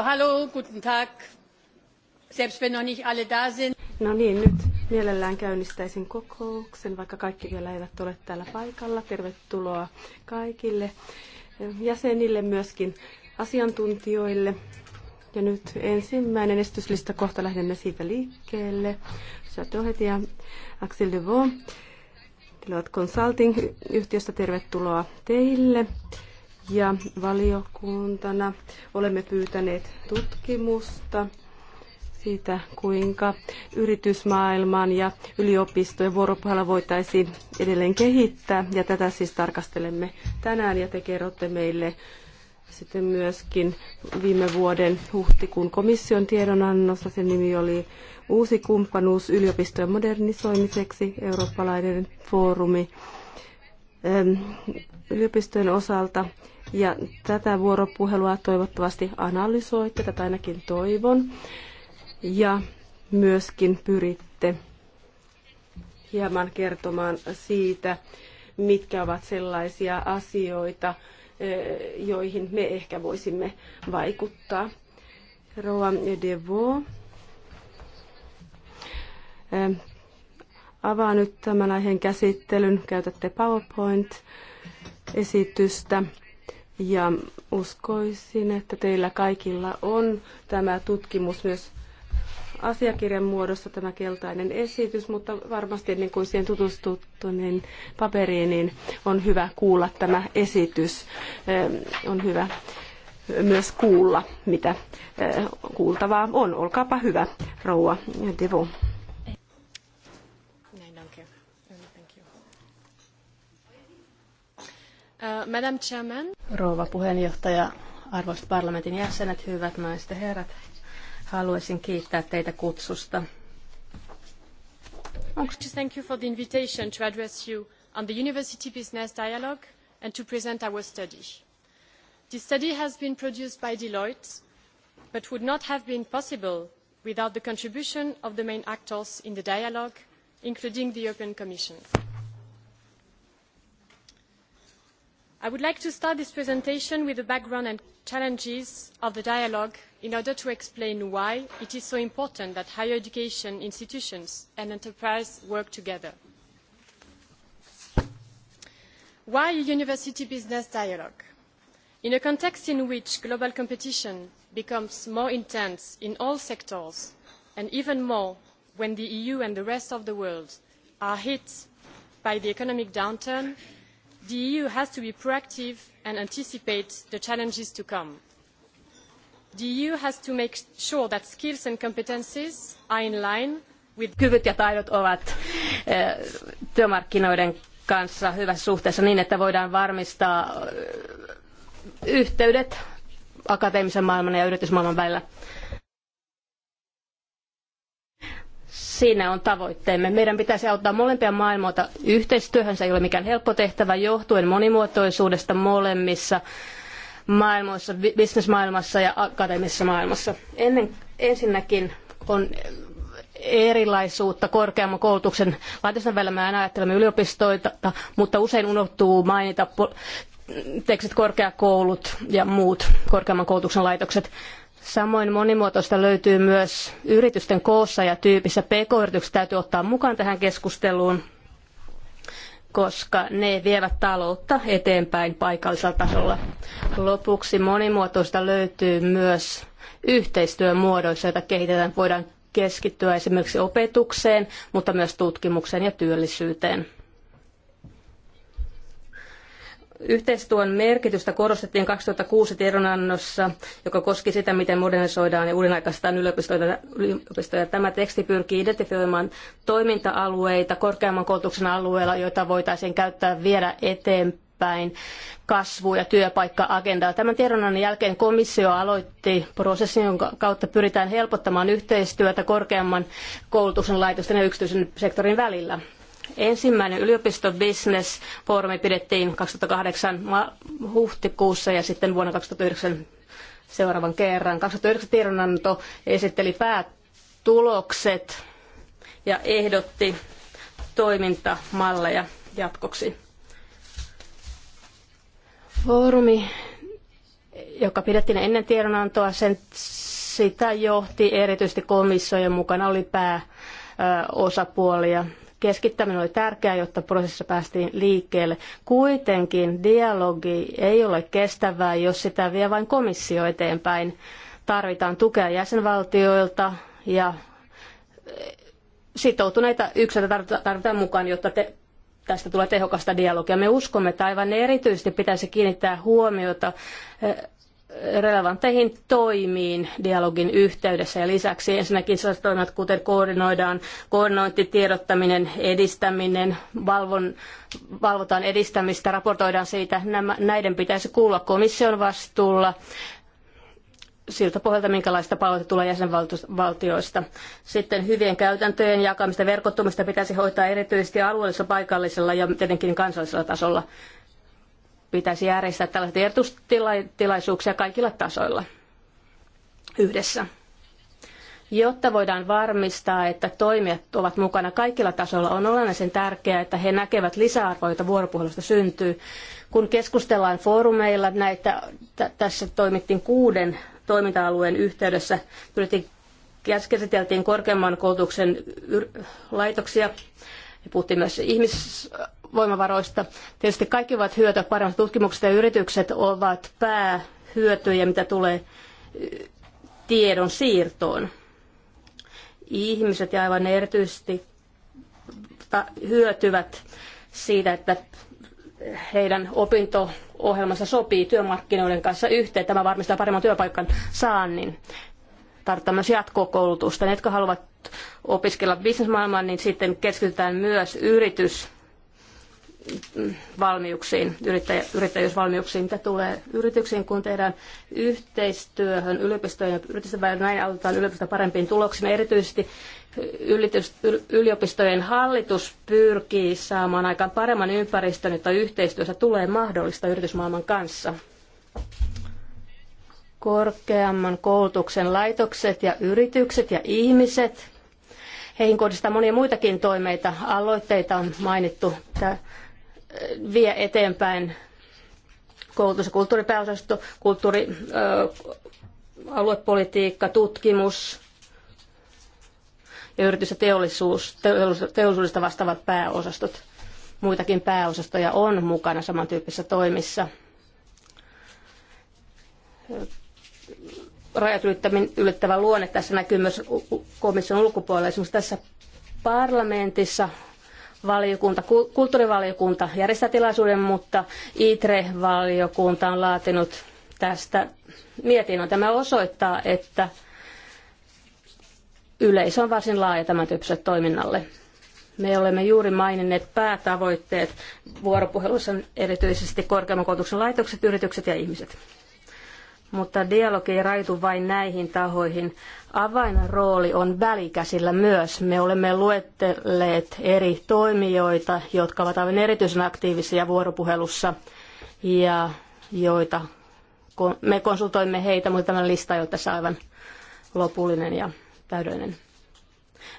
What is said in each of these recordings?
hallo, guten Tag. Selbst wenn noch nicht alle da sind. No niin, nyt mielellään käynnistäisin kokouksen, vaikka kaikki vielä eivät ole täällä paikalla. Tervetuloa kaikille jäsenille, myöskin asiantuntijoille. Ja nyt ensimmäinen esityslista, kohta lähdemme siitä liikkeelle. Chateauhet ja Axel Devaux, Deloitte Consulting-yhtiöstä tervetuloa teille ja valiokuntana olemme pyytäneet tutkimusta siitä, kuinka yritysmaailman ja yliopistojen vuoropuhella voitaisiin edelleen kehittää. Ja tätä siis tarkastelemme tänään ja te kerrotte meille sitten myöskin viime vuoden huhtikuun komission tiedonannossa. Sen nimi oli Uusi kumppanuus yliopistojen modernisoimiseksi, eurooppalainen foorumi ehm, yliopistojen osalta ja tätä vuoropuhelua toivottavasti analysoitte, tätä ainakin toivon. Ja myöskin pyritte hieman kertomaan siitä, mitkä ovat sellaisia asioita, eh, joihin me ehkä voisimme vaikuttaa. Roa Devo eh, avaa nyt tämän aiheen käsittelyn. Käytätte PowerPoint-esitystä. Ja uskoisin, että teillä kaikilla on tämä tutkimus myös asiakirjan muodossa tämä keltainen esitys, mutta varmasti niin kuin siihen tutustuttu niin paperiin, niin on hyvä kuulla tämä esitys. Ehm, on hyvä myös kuulla, mitä ehm, kuultavaa on. Olkaapa hyvä, rouva Devo. Uh, Madam Chairman. Rouva puheenjohtaja, arvoisat parlamentin jäsenet, hyvät naiset ja herrat, haluaisin kiittää teitä kutsusta. Thank you for the invitation to address you on the University Business Dialogue and to present our study. This study has been produced by Deloitte, but would not have been possible without the contribution of the main actors in the dialogue, including the European Commission. I would like to start this presentation with the background and challenges of the dialogue in order to explain why it is so important that higher education institutions and enterprise work together. Why a university business dialogue? In a context in which global competition becomes more intense in all sectors, and even more when the EU and the rest of the world are hit by the economic downturn, the eu has to be proactive and anticipate the challenges to come. the eu has to make sure that skills and competences are in line with kyvyt ja taidot ovat eh, työmarkkinoiden kanssa hyvässä suhteessa niin, että voidaan varmistaa eh, yhteydet akateemisen maailman ja yritysmaailman välillä. Siinä on tavoitteemme. Meidän pitäisi auttaa molempia maailmoita yhteistyöhön. Se ei ole mikään helppo tehtävä johtuen monimuotoisuudesta molemmissa maailmoissa, bisnesmaailmassa ja akateemisessa maailmassa. Ennen, ensinnäkin on erilaisuutta korkeamman koulutuksen laitosten välillä. Me aina ajattelemme yliopistoita, mutta usein unohtuu mainita tekstit korkeakoulut ja muut korkeamman koulutuksen laitokset. Samoin monimuotoista löytyy myös yritysten koossa ja tyypissä. PK-yritykset täytyy ottaa mukaan tähän keskusteluun, koska ne vievät taloutta eteenpäin paikallisella tasolla. Lopuksi monimuotoista löytyy myös yhteistyön muodoissa, joita kehitetään. Voidaan keskittyä esimerkiksi opetukseen, mutta myös tutkimukseen ja työllisyyteen. Yhteistyön merkitystä korostettiin 2006 tiedonannossa, joka koski sitä, miten modernisoidaan ja uudenaikaistetaan yliopistoja. Tämä teksti pyrkii identifioimaan toiminta-alueita korkeamman koulutuksen alueella, joita voitaisiin käyttää viedä eteenpäin kasvu- ja työpaikka-agendaa. Tämän tiedonannon jälkeen komissio aloitti prosessin, jonka kautta pyritään helpottamaan yhteistyötä korkeamman koulutuksen laitosten ja yksityisen sektorin välillä Ensimmäinen yliopistobisnesfoorumi pidettiin 2008 huhtikuussa ja sitten vuonna 2009 seuraavan kerran. 2009 tiedonanto esitteli päätulokset ja ehdotti toimintamalleja jatkoksi. Foorumi, joka pidettiin ennen tiedonantoa, sen, sitä johti erityisesti komissio ja mukana oli pääosapuolia keskittäminen oli tärkeää, jotta prosessissa päästiin liikkeelle. Kuitenkin dialogi ei ole kestävää, jos sitä vie vain komissio eteenpäin. Tarvitaan tukea jäsenvaltioilta ja eh, sitoutuneita yksilöitä tarvitaan mukaan, jotta te, tästä tulee tehokasta dialogia. Me uskomme, että aivan erityisesti pitäisi kiinnittää huomiota eh, Relevantteihin toimiin dialogin yhteydessä. Ja lisäksi ensinnäkin sellaiset toimet, kuten koordinoidaan, koordinointi, tiedottaminen, edistäminen, valvon, valvotaan edistämistä, raportoidaan siitä. Nämä, näiden pitäisi kuulua komission vastuulla siltä pohjalta, minkälaista palautetta tulee jäsenvaltioista. Sitten hyvien käytäntöjen jakamista, verkottumista pitäisi hoitaa erityisesti alueellisella, paikallisella ja tietenkin kansallisella tasolla pitäisi järjestää tällaisia tiedotustilaisuuksia kaikilla tasoilla yhdessä, jotta voidaan varmistaa, että toimijat ovat mukana kaikilla tasoilla. On olennaisen tärkeää, että he näkevät lisäarvoa, jota vuoropuhelusta syntyy. Kun keskustellaan foorumeilla, näitä, tässä toimittiin kuuden toiminta-alueen yhteydessä, käsiteltiin korkeamman koulutuksen laitoksia, ja puhuttiin myös ihmis- voimavaroista. Tietysti kaikki ovat hyötyä parhaasta tutkimuksesta ja yritykset ovat päähyötyjä, mitä tulee tiedon siirtoon. Ihmiset ja aivan erityisesti hyötyvät siitä, että heidän opinto-ohjelmansa sopii työmarkkinoiden kanssa yhteen. Tämä varmistaa paremman työpaikan saannin. Tarvitaan myös jatkokoulutusta. Ne, jotka haluavat opiskella bisnesmaailmaan, niin sitten keskitytään myös yritys valmiuksiin, yrittäjä, yrittäjyysvalmiuksiin, mitä tulee yrityksiin, kun tehdään yhteistyöhön yliopistojen ja yritysten välillä, näin autetaan yliopistoa parempiin tuloksiin. Erityisesti yliopistojen hallitus pyrkii saamaan aikaan paremman ympäristön, jotta yhteistyössä tulee mahdollista yritysmaailman kanssa. Korkeamman koulutuksen laitokset ja yritykset ja ihmiset, heihin kohdistaa monia muitakin toimeita. Aloitteita on mainittu vie eteenpäin koulutus- ja kulttuuripääosasto, kulttuuri, aluepolitiikka, tutkimus ja yritys- ja teollisuus, teollisuudesta vastaavat pääosastot. Muitakin pääosastoja on mukana samantyyppisissä toimissa. Rajat ylittävä luonne tässä näkyy myös komission ulkopuolella. Esimerkiksi tässä parlamentissa valiokunta, kulttuurivaliokunta järjestää tilaisuuden, mutta ITRE-valiokunta on laatinut tästä mietinnön. Tämä osoittaa, että yleisö on varsin laaja tämän tyyppiselle toiminnalle. Me olemme juuri maininneet päätavoitteet vuoropuhelussa erityisesti korkeamman koulutuksen laitokset, yritykset ja ihmiset mutta dialogi ei raitu vain näihin tahoihin. Avainrooli on välikäsillä myös. Me olemme luettelleet eri toimijoita, jotka ovat aivan erityisen aktiivisia vuoropuhelussa ja joita me konsultoimme heitä, mutta tämä lista ei ole tässä aivan lopullinen ja täydellinen.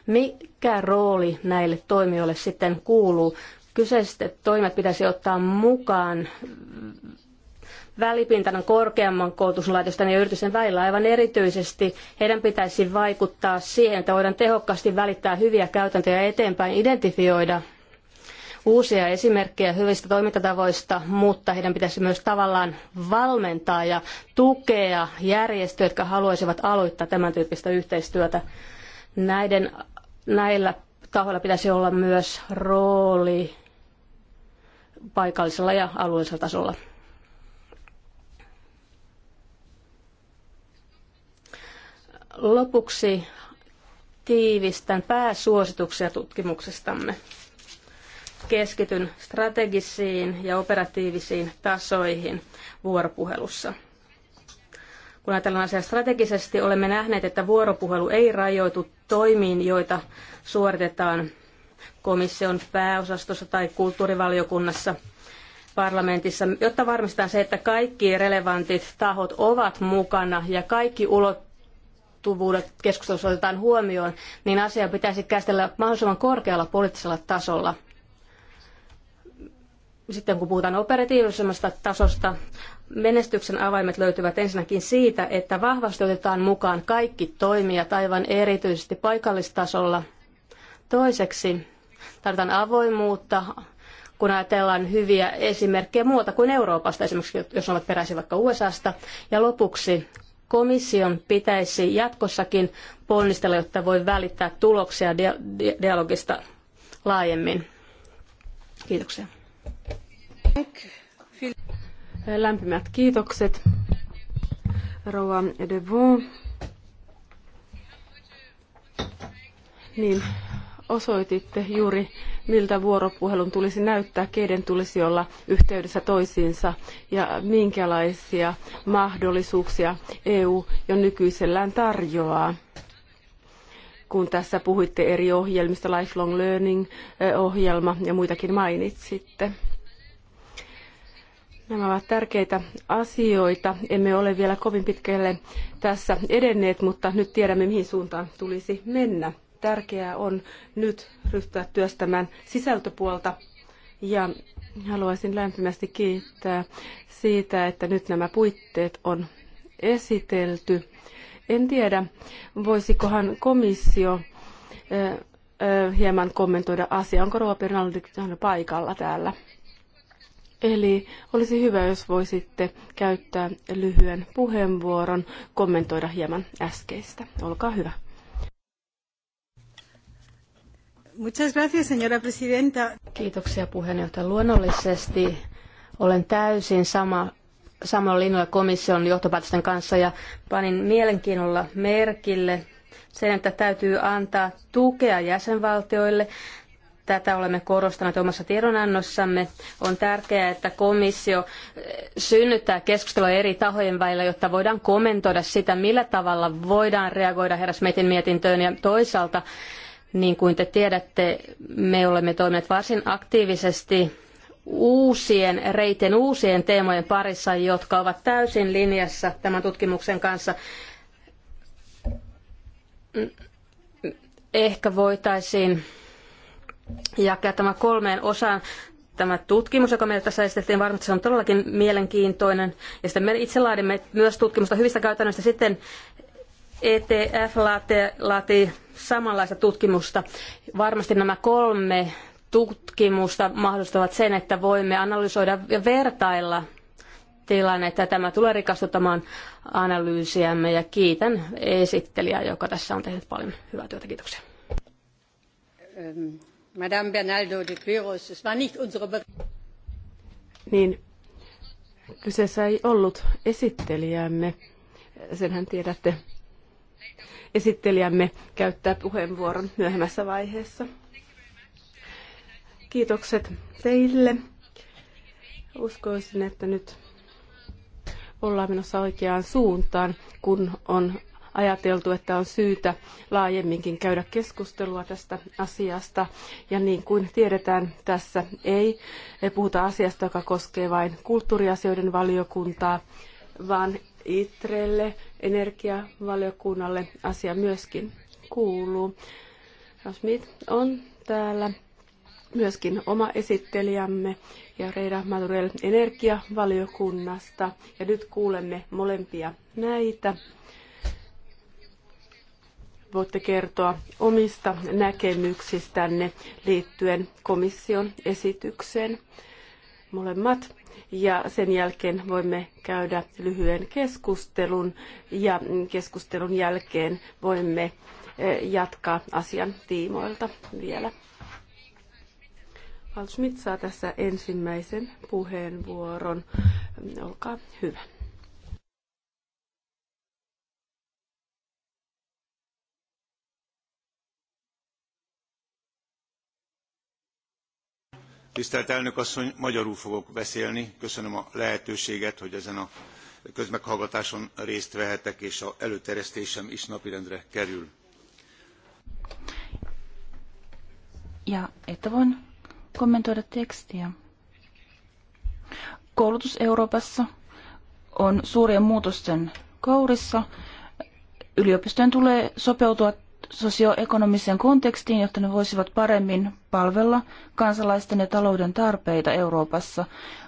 Mikä rooli näille toimijoille sitten kuuluu? Kyseiset toimet pitäisi ottaa mukaan välipintana korkeamman koulutuslaitosten ja yritysten välillä aivan erityisesti. Heidän pitäisi vaikuttaa siihen, että voidaan tehokkaasti välittää hyviä käytäntöjä eteenpäin, identifioida uusia esimerkkejä hyvistä toimintatavoista, mutta heidän pitäisi myös tavallaan valmentaa ja tukea järjestöjä, jotka haluaisivat aloittaa tämän tyyppistä yhteistyötä. Näiden, näillä tahoilla pitäisi olla myös rooli paikallisella ja alueellisella tasolla. Lopuksi tiivistän pääsuosituksia tutkimuksestamme. Keskityn strategisiin ja operatiivisiin tasoihin vuoropuhelussa. Kun ajatellaan asiaa strategisesti, olemme nähneet, että vuoropuhelu ei rajoitu toimiin, joita suoritetaan komission pääosastossa tai kulttuurivaliokunnassa parlamentissa, jotta varmistetaan se, että kaikki relevantit tahot ovat mukana ja kaikki ulottuvat ulottuvuudet keskustelussa otetaan huomioon, niin asia pitäisi käsitellä mahdollisimman korkealla poliittisella tasolla. Sitten kun puhutaan operatiivisemmasta tasosta, menestyksen avaimet löytyvät ensinnäkin siitä, että vahvasti otetaan mukaan kaikki toimijat aivan erityisesti paikallistasolla. Toiseksi tarvitaan avoimuutta, kun ajatellaan hyviä esimerkkejä muuta kuin Euroopasta, esimerkiksi jos ovat peräisin vaikka USAsta. Ja lopuksi komission pitäisi jatkossakin ponnistella, jotta voi välittää tuloksia dialogista laajemmin. Kiitoksia. Lämpimät kiitokset. Rouva Devon. Niin, osoititte juuri, miltä vuoropuhelun tulisi näyttää, keiden tulisi olla yhteydessä toisiinsa ja minkälaisia mahdollisuuksia EU jo nykyisellään tarjoaa. Kun tässä puhuitte eri ohjelmista, Lifelong Learning-ohjelma ja muitakin mainitsitte. Nämä ovat tärkeitä asioita. Emme ole vielä kovin pitkälle tässä edenneet, mutta nyt tiedämme, mihin suuntaan tulisi mennä tärkeää on nyt ryhtyä työstämään sisältöpuolta ja haluaisin lämpimästi kiittää siitä, että nyt nämä puitteet on esitelty. En tiedä, voisikohan komissio hieman kommentoida asiaa. Onko Rova Bernaldi paikalla täällä? Eli olisi hyvä, jos voisitte käyttää lyhyen puheenvuoron, kommentoida hieman äskeistä. Olkaa hyvä. Muchas gracias, señora presidenta. Kiitoksia puheenjohtaja. Luonnollisesti olen täysin sama samalla linjalla komission johtopäätösten kanssa ja panin mielenkiinnolla merkille sen, että täytyy antaa tukea jäsenvaltioille. Tätä olemme korostaneet omassa tiedonannossamme. On tärkeää, että komissio eh, synnyttää keskustelua eri tahojen välillä, jotta voidaan kommentoida sitä, millä tavalla voidaan reagoida herrasmetin mietintöön ja toisaalta niin kuin te tiedätte, me olemme toimineet varsin aktiivisesti uusien reitien, uusien teemojen parissa, jotka ovat täysin linjassa tämän tutkimuksen kanssa. Ehkä voitaisiin jakaa tämä kolmeen osaan tämä tutkimus, joka meille tässä esitettiin, varmasti se on todellakin mielenkiintoinen. Ja sitten me itse laadimme myös tutkimusta hyvistä käytännöistä. Sitten ETF laatii samanlaista tutkimusta. Varmasti nämä kolme tutkimusta mahdollistavat sen, että voimme analysoida ja vertailla tilannetta. Tämä tulee rikastuttamaan analyysiämme ja kiitän esittelijää, joka tässä on tehnyt paljon hyvää työtä. Kiitoksia. Ähm, Madame Bernaldo de Quiros, es war nicht unsere... Niin, kyseessä ei ollut esittelijämme, senhän tiedätte esittelijämme käyttää puheenvuoron myöhemmässä vaiheessa. Kiitokset teille. Uskoisin, että nyt ollaan menossa oikeaan suuntaan, kun on ajateltu, että on syytä laajemminkin käydä keskustelua tästä asiasta. Ja niin kuin tiedetään, tässä ei puhuta asiasta, joka koskee vain kulttuuriasioiden valiokuntaa, vaan ITRElle, energiavaliokunnalle asia myöskin kuuluu. Smith on täällä myöskin oma esittelijämme ja Reida Madurel energiavaliokunnasta. Ja nyt kuulemme molempia näitä. Voitte kertoa omista näkemyksistänne liittyen komission esitykseen molemmat. Ja sen jälkeen voimme käydä lyhyen keskustelun ja keskustelun jälkeen voimme eh, jatkaa asian tiimoilta vielä. Al Schmidt saa tässä ensimmäisen puheenvuoron. Olkaa hyvä. Tisztelt elnök asszony, magyarul fogok beszélni. Köszönöm a lehetőséget, hogy ezen a közmeghallgatáson részt vehetek, és az előterjesztésem is napirendre kerül. Ja, että voin kommentoida tekstiä. Koulutus Euroopassa on suurien muutosten kourissa. Yliopistojen tulee sopeutua sosioekonomiseen kontekstiin, jotta ne voisivat paremmin palvella kansalaisten ja talouden tarpeita Euroopassa,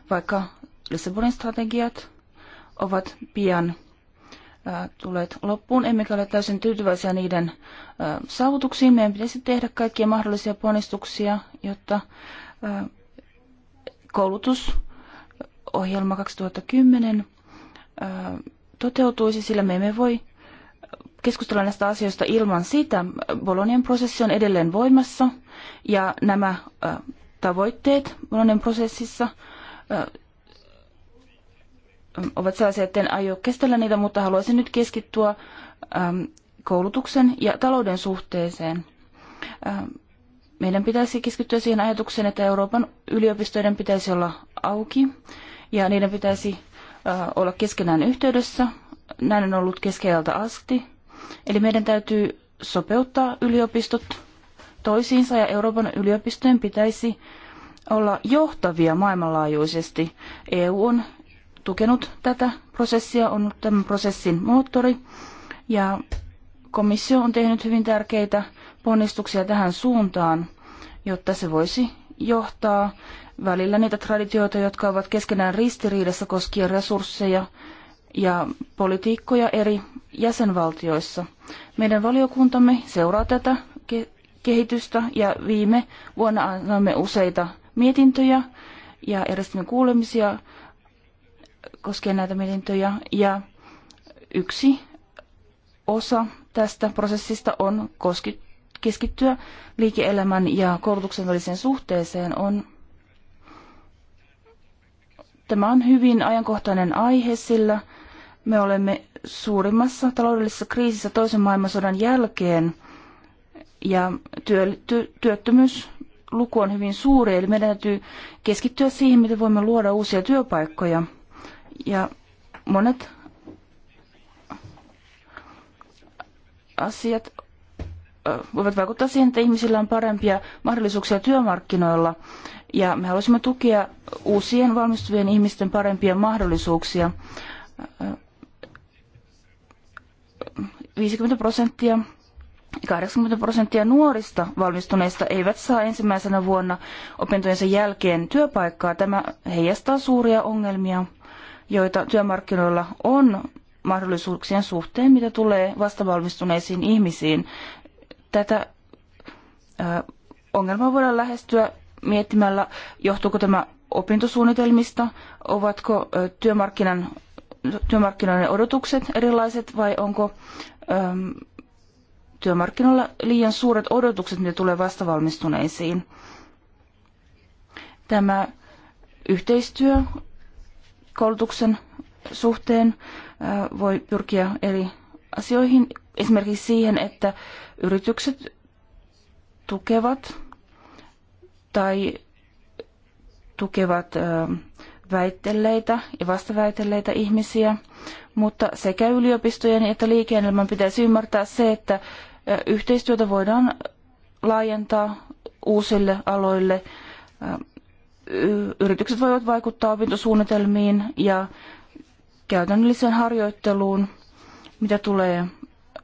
vaikka Lissabonin strategiat ovat pian tulleet loppuun, emmekä ole täysin tyytyväisiä niiden saavutuksiin. Meidän pitäisi tehdä kaikkia mahdollisia ponnistuksia, jotta koulutusohjelma 2010 toteutuisi, sillä me emme voi keskustella näistä asioista ilman sitä. Bolonian prosessi on edelleen voimassa ja nämä tavoitteet Bolonian prosessissa ovat sellaisia, että en aio kestellä niitä, mutta haluaisin nyt keskittyä koulutuksen ja talouden suhteeseen. Meidän pitäisi keskittyä siihen ajatukseen, että Euroopan yliopistoiden pitäisi olla auki ja niiden pitäisi olla keskenään yhteydessä. Näin on ollut keskeiltä asti. Eli meidän täytyy sopeuttaa yliopistot toisiinsa ja Euroopan yliopistojen pitäisi olla johtavia maailmanlaajuisesti. EU on tukenut tätä prosessia, on ollut tämän prosessin moottori ja komissio on tehnyt hyvin tärkeitä ponnistuksia tähän suuntaan, jotta se voisi johtaa välillä niitä traditioita, jotka ovat keskenään ristiriidassa koskien resursseja ja politiikkoja eri jäsenvaltioissa. Meidän valiokuntamme seuraa tätä kehitystä ja viime vuonna annamme useita mietintöjä ja järjestimme kuulemisia koskien näitä mietintöjä ja yksi osa tästä prosessista on koski, keskittyä liike-elämän ja koulutuksen väliseen suhteeseen on Tämä on hyvin ajankohtainen aihe, sillä me olemme suurimmassa taloudellisessa kriisissä toisen maailmansodan jälkeen ja työ, ty, työttömyysluku on hyvin suuri, eli meidän täytyy keskittyä siihen, miten voimme luoda uusia työpaikkoja. Ja monet asiat voivat vaikuttaa siihen, että ihmisillä on parempia mahdollisuuksia työmarkkinoilla. Ja me haluaisimme tukea uusien valmistuvien ihmisten parempia mahdollisuuksia. 50 prosenttia 80 prosenttia nuorista valmistuneista eivät saa ensimmäisenä vuonna opintojensa jälkeen työpaikkaa. Tämä heijastaa suuria ongelmia, joita työmarkkinoilla on mahdollisuuksien suhteen, mitä tulee vastavalmistuneisiin ihmisiin. Tätä ongelmaa voidaan lähestyä miettimällä, johtuuko tämä opintosuunnitelmista, ovatko työmarkkinan työmarkkinoiden odotukset erilaiset vai onko äm, työmarkkinoilla liian suuret odotukset, mitä tulee vastavalmistuneisiin? Tämä yhteistyö koulutuksen suhteen äh, voi pyrkiä eri asioihin, esimerkiksi siihen, että yritykset tukevat tai tukevat ähm, väitelleitä ja vastaväitelleitä ihmisiä, mutta sekä yliopistojen että liike pitäisi ymmärtää se, että yhteistyötä voidaan laajentaa uusille aloille. Yritykset voivat vaikuttaa opintosuunnitelmiin ja käytännölliseen harjoitteluun, mitä tulee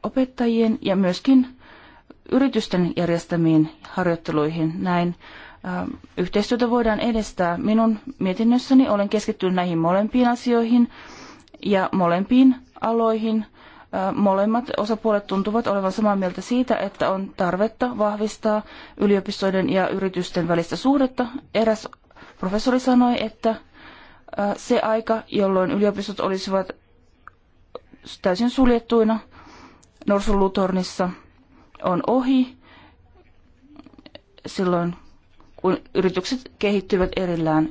opettajien ja myöskin yritysten järjestämiin harjoitteluihin. Näin yhteistyötä voidaan edistää. Minun mietinnössäni olen keskittynyt näihin molempiin asioihin ja molempiin aloihin. Molemmat osapuolet tuntuvat olevan samaa mieltä siitä, että on tarvetta vahvistaa yliopistoiden ja yritysten välistä suhdetta. Eräs professori sanoi, että se aika, jolloin yliopistot olisivat täysin suljettuina norsulutornissa, on ohi. Silloin kun yritykset kehittyvät erillään.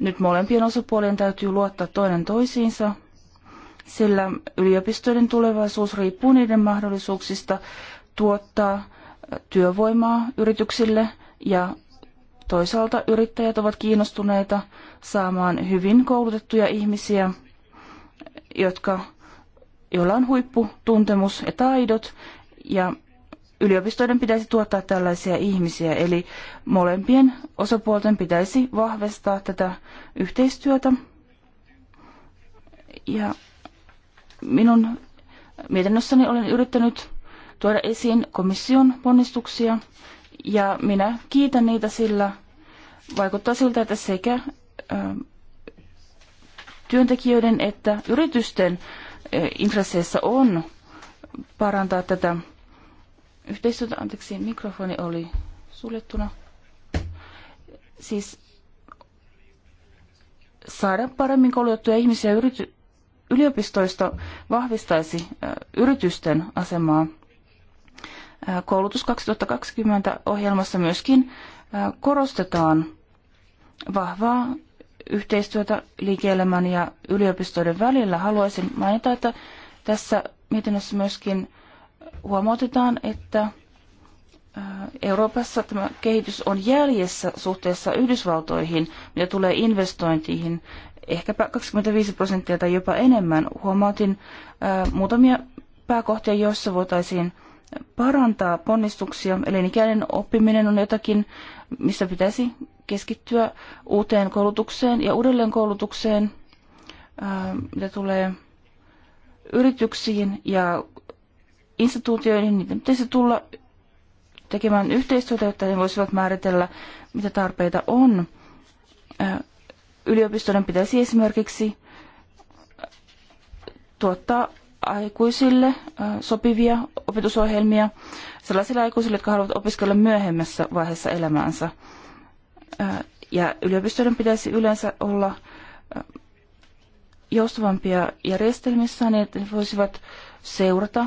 Nyt molempien osapuolien täytyy luottaa toinen toisiinsa, sillä yliopistojen tulevaisuus riippuu niiden mahdollisuuksista tuottaa työvoimaa yrityksille ja toisaalta yrittäjät ovat kiinnostuneita saamaan hyvin koulutettuja ihmisiä, jotka, joilla on huipputuntemus ja taidot ja yliopistoiden pitäisi tuottaa tällaisia ihmisiä, eli molempien osapuolten pitäisi vahvistaa tätä yhteistyötä. Ja minun mietinnössäni olen yrittänyt tuoda esiin komission ponnistuksia, ja minä kiitän niitä, sillä vaikuttaa siltä, että sekä työntekijöiden että yritysten intresseissä on parantaa tätä yhteistyötä, anteeksi, mikrofoni oli suljettuna. Siis saada paremmin koulutettuja ihmisiä yrity, yliopistoista vahvistaisi äh, yritysten asemaa. Äh, koulutus 2020 ohjelmassa myöskin äh, korostetaan vahvaa yhteistyötä liike-elämän ja yliopistoiden välillä. Haluaisin mainita, että tässä mietinnössä myöskin huomautetaan, että Euroopassa tämä kehitys on jäljessä suhteessa Yhdysvaltoihin, mitä tulee investointiin, ehkäpä 25 prosenttia tai jopa enemmän. Huomautin muutamia pääkohtia, joissa voitaisiin parantaa ponnistuksia. Elinikäinen oppiminen on jotakin, missä pitäisi keskittyä uuteen koulutukseen ja uudelleenkoulutukseen, mitä tulee yrityksiin ja instituutioihin, niiden pitäisi tulla tekemään yhteistyötä, jotta he voisivat määritellä, mitä tarpeita on. Yliopistojen pitäisi esimerkiksi tuottaa aikuisille sopivia opetusohjelmia sellaisille aikuisille, jotka haluavat opiskella myöhemmässä vaiheessa elämäänsä. Ja yliopistojen pitäisi yleensä olla joustavampia järjestelmissä, niin että ne voisivat seurata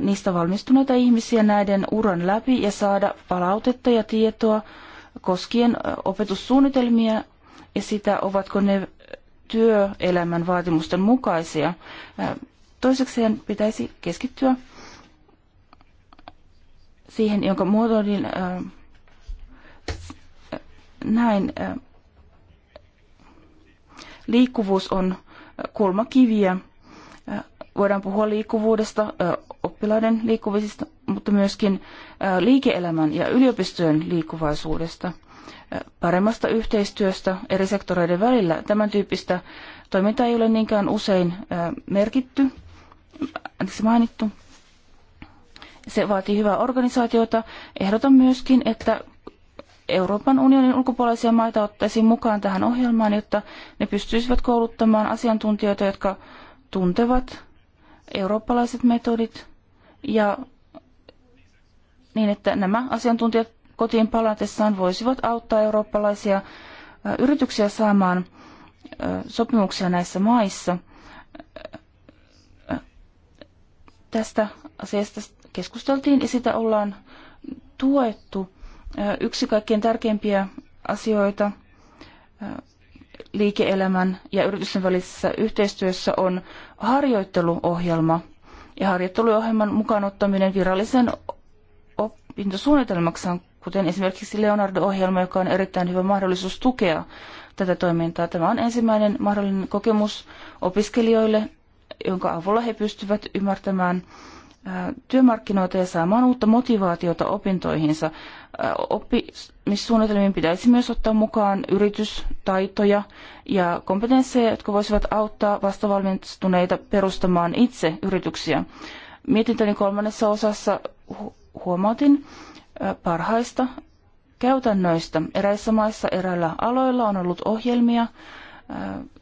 niistä valmistuneita ihmisiä näiden uran läpi ja saada palautetta ja tietoa koskien opetussuunnitelmia ja sitä, ovatko ne työelämän vaatimusten mukaisia. Toisekseen pitäisi keskittyä siihen, jonka muotoilin näin. Liikkuvuus on kulmakiviä voidaan puhua liikkuvuudesta, oppilaiden liikkuvisista, mutta myöskin liike-elämän ja yliopistojen liikkuvaisuudesta, paremmasta yhteistyöstä eri sektoreiden välillä. Tämän tyyppistä toimintaa ei ole niinkään usein merkitty, anteeksi mainittu. Se vaatii hyvää organisaatiota. Ehdotan myöskin, että Euroopan unionin ulkopuolisia maita ottaisiin mukaan tähän ohjelmaan, jotta ne pystyisivät kouluttamaan asiantuntijoita, jotka tuntevat eurooppalaiset metodit ja niin, että nämä asiantuntijat kotiin palatessaan voisivat auttaa eurooppalaisia yrityksiä saamaan sopimuksia näissä maissa. Tästä asiasta keskusteltiin ja sitä ollaan tuettu. Yksi kaikkein tärkeimpiä asioita liike-elämän ja yritysten välisessä yhteistyössä on harjoitteluohjelma ja harjoitteluohjelman mukaan ottaminen virallisen opintosuunnitelmaksi on kuten esimerkiksi Leonardo-ohjelma, joka on erittäin hyvä mahdollisuus tukea tätä toimintaa. Tämä on ensimmäinen mahdollinen kokemus opiskelijoille, jonka avulla he pystyvät ymmärtämään työmarkkinoita ja saamaan uutta motivaatiota opintoihinsa. Oppimissuunnitelmiin pitäisi myös ottaa mukaan yritystaitoja ja kompetensseja, jotka voisivat auttaa vastavalmistuneita perustamaan itse yrityksiä. Mietintöni kolmannessa osassa huomautin parhaista käytännöistä. Eräissä maissa eräillä aloilla on ollut ohjelmia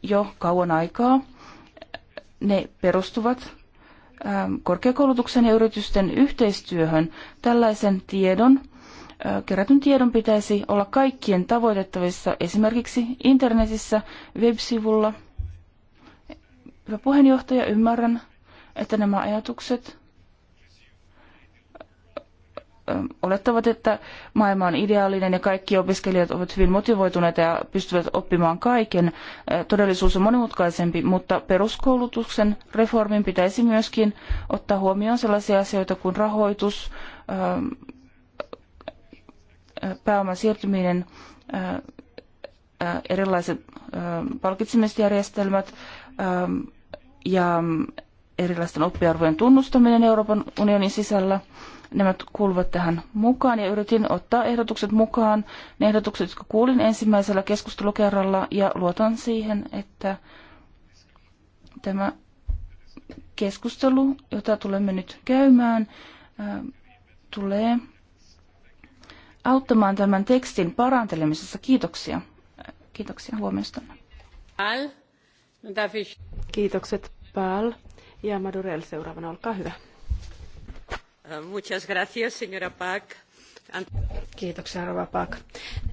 jo kauan aikaa. Ne perustuvat Ähm, korkeakoulutuksen ja yritysten yhteistyöhön. Tällaisen tiedon, äh, kerätyn tiedon pitäisi olla kaikkien tavoitettavissa esimerkiksi internetissä, websivulla. Hyvä puheenjohtaja, ymmärrän, että nämä ajatukset olettavat, että maailma on ideaalinen ja kaikki opiskelijat ovat hyvin motivoituneita ja pystyvät oppimaan kaiken. Äh, todellisuus on monimutkaisempi, mutta peruskoulutuksen reformin pitäisi myöskin ottaa huomioon sellaisia asioita kuin rahoitus, äh, äh, pääoman siirtyminen, erilaiset palkitsemisjärjestelmät ja erilaisten oppiarvojen tunnustaminen Euroopan unionin sisällä – nämä kuuluvat tähän mukaan ja yritin ottaa ehdotukset mukaan, ne ehdotukset, jotka kuulin ensimmäisellä keskustelukerralla ja luotan siihen, että tämä keskustelu, jota tulemme nyt käymään, tulee auttamaan tämän tekstin parantelemisessa. Kiitoksia. Kiitoksia huomiostanne. Kiitokset Pääl ja Madurel seuraavana, olkaa hyvä. Kiitoksia, Rova Pak.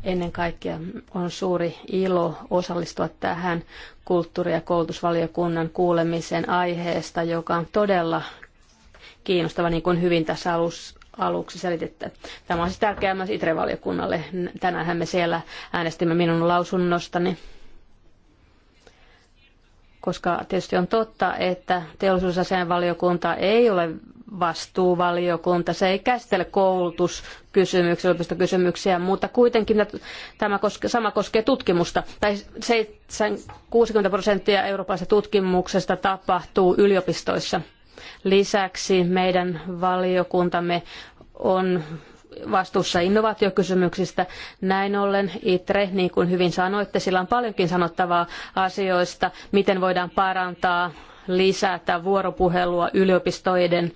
Ennen kaikkea on suuri ilo osallistua tähän kulttuuri- ja koulutusvaliokunnan kuulemiseen aiheesta, joka on todella kiinnostava, niin kuin hyvin tässä aluksi selititte. Tämä on siis tärkeää myös ITRE-valiokunnalle. Tänäänhän me siellä äänestimme minun lausunnostani. Koska tietysti on totta, että teollisuusasian valiokunta ei ole vastuuvaliokunta. Se ei käsittele koulutuskysymyksiä, yliopistokysymyksiä, mutta kuitenkin tämä koske, sama koskee tutkimusta. Tai 60 prosenttia eurooppalaisesta tutkimuksesta tapahtuu yliopistoissa. Lisäksi meidän valiokuntamme on vastuussa innovaatiokysymyksistä. Näin ollen ITRE, niin kuin hyvin sanoitte, sillä on paljonkin sanottavaa asioista, miten voidaan parantaa, lisätä vuoropuhelua yliopistoiden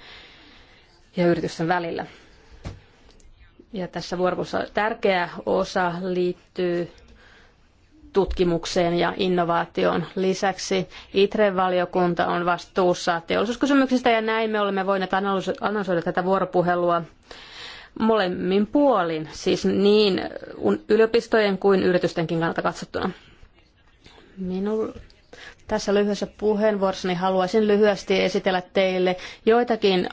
ja yritysten välillä. Ja tässä vuorossa tärkeä osa liittyy tutkimukseen ja innovaatioon. Lisäksi ITRE-valiokunta on vastuussa teollisuuskysymyksistä ja näin me olemme voineet analysoida tätä vuoropuhelua molemmin puolin, siis niin yliopistojen kuin yritystenkin kannalta katsottuna. Minulla tässä lyhyessä puheenvuorossani haluaisin lyhyesti esitellä teille joitakin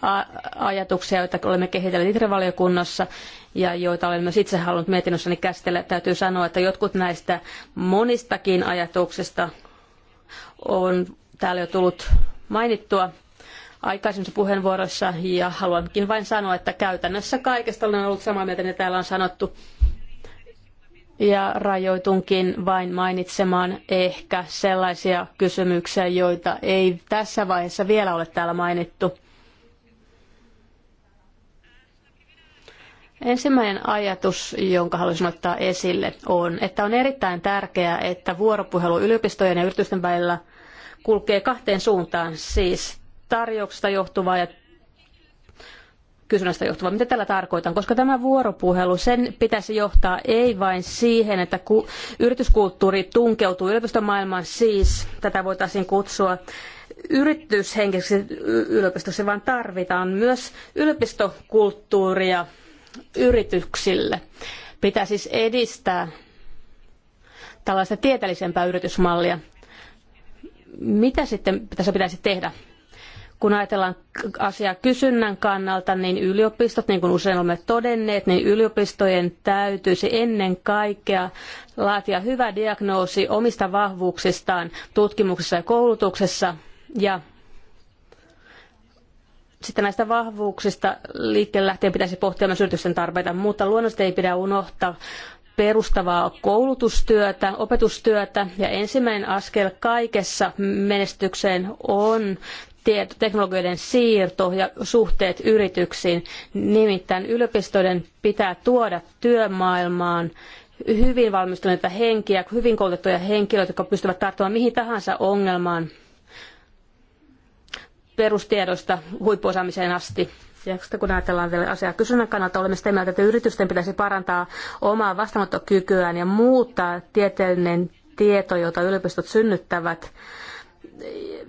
ajatuksia, joita olemme kehitelleet itrevaliokunnassa ja joita olen myös itse halunnut mietinnössäni käsitellä. Täytyy sanoa, että jotkut näistä monistakin ajatuksista on täällä jo tullut mainittua aikaisemmissa puheenvuoroissa ja haluankin vain sanoa, että käytännössä kaikesta olen ollut samaa mieltä, mitä täällä on sanottu ja rajoitunkin vain mainitsemaan ehkä sellaisia kysymyksiä, joita ei tässä vaiheessa vielä ole täällä mainittu. Ensimmäinen ajatus, jonka haluaisin ottaa esille, on, että on erittäin tärkeää, että vuoropuhelu yliopistojen ja yritysten välillä kulkee kahteen suuntaan, siis tarjouksesta johtuvaa ja kysynnästä johtuva. Mitä tällä tarkoitan? Koska tämä vuoropuhelu, sen pitäisi johtaa ei vain siihen, että ku, yrityskulttuuri tunkeutuu yliopistomaailmaan, siis tätä voitaisiin kutsua yrityshenkiseksi yliopistossa, vaan tarvitaan myös yliopistokulttuuria yrityksille. Pitää siis edistää tällaista tieteellisempää yritysmallia. Mitä sitten tässä pitäisi tehdä? Kun ajatellaan asiaa kysynnän kannalta, niin yliopistot, niin kuin usein olemme todenneet, niin yliopistojen täytyisi ennen kaikkea laatia hyvä diagnoosi omista vahvuuksistaan tutkimuksessa ja koulutuksessa ja sitten näistä vahvuuksista liikkeelle lähtien pitäisi pohtia myös yritysten tarpeita, mutta luonnollisesti ei pidä unohtaa perustavaa koulutustyötä, opetustyötä ja ensimmäinen askel kaikessa menestykseen on teknologioiden siirto ja suhteet yrityksiin. Nimittäin yliopistoiden pitää tuoda työmaailmaan hyvin valmistuneita henkiä, hyvin koulutettuja henkilöitä, jotka pystyvät tarttumaan mihin tahansa ongelmaan perustiedosta huippuosaamiseen asti. Ja sitten kun ajatellaan vielä asiaa kysynnän kannalta, olemme sitä mieltä, että yritysten pitäisi parantaa omaa vastaanottokykyään ja muuttaa tieteellinen tieto, jota yliopistot synnyttävät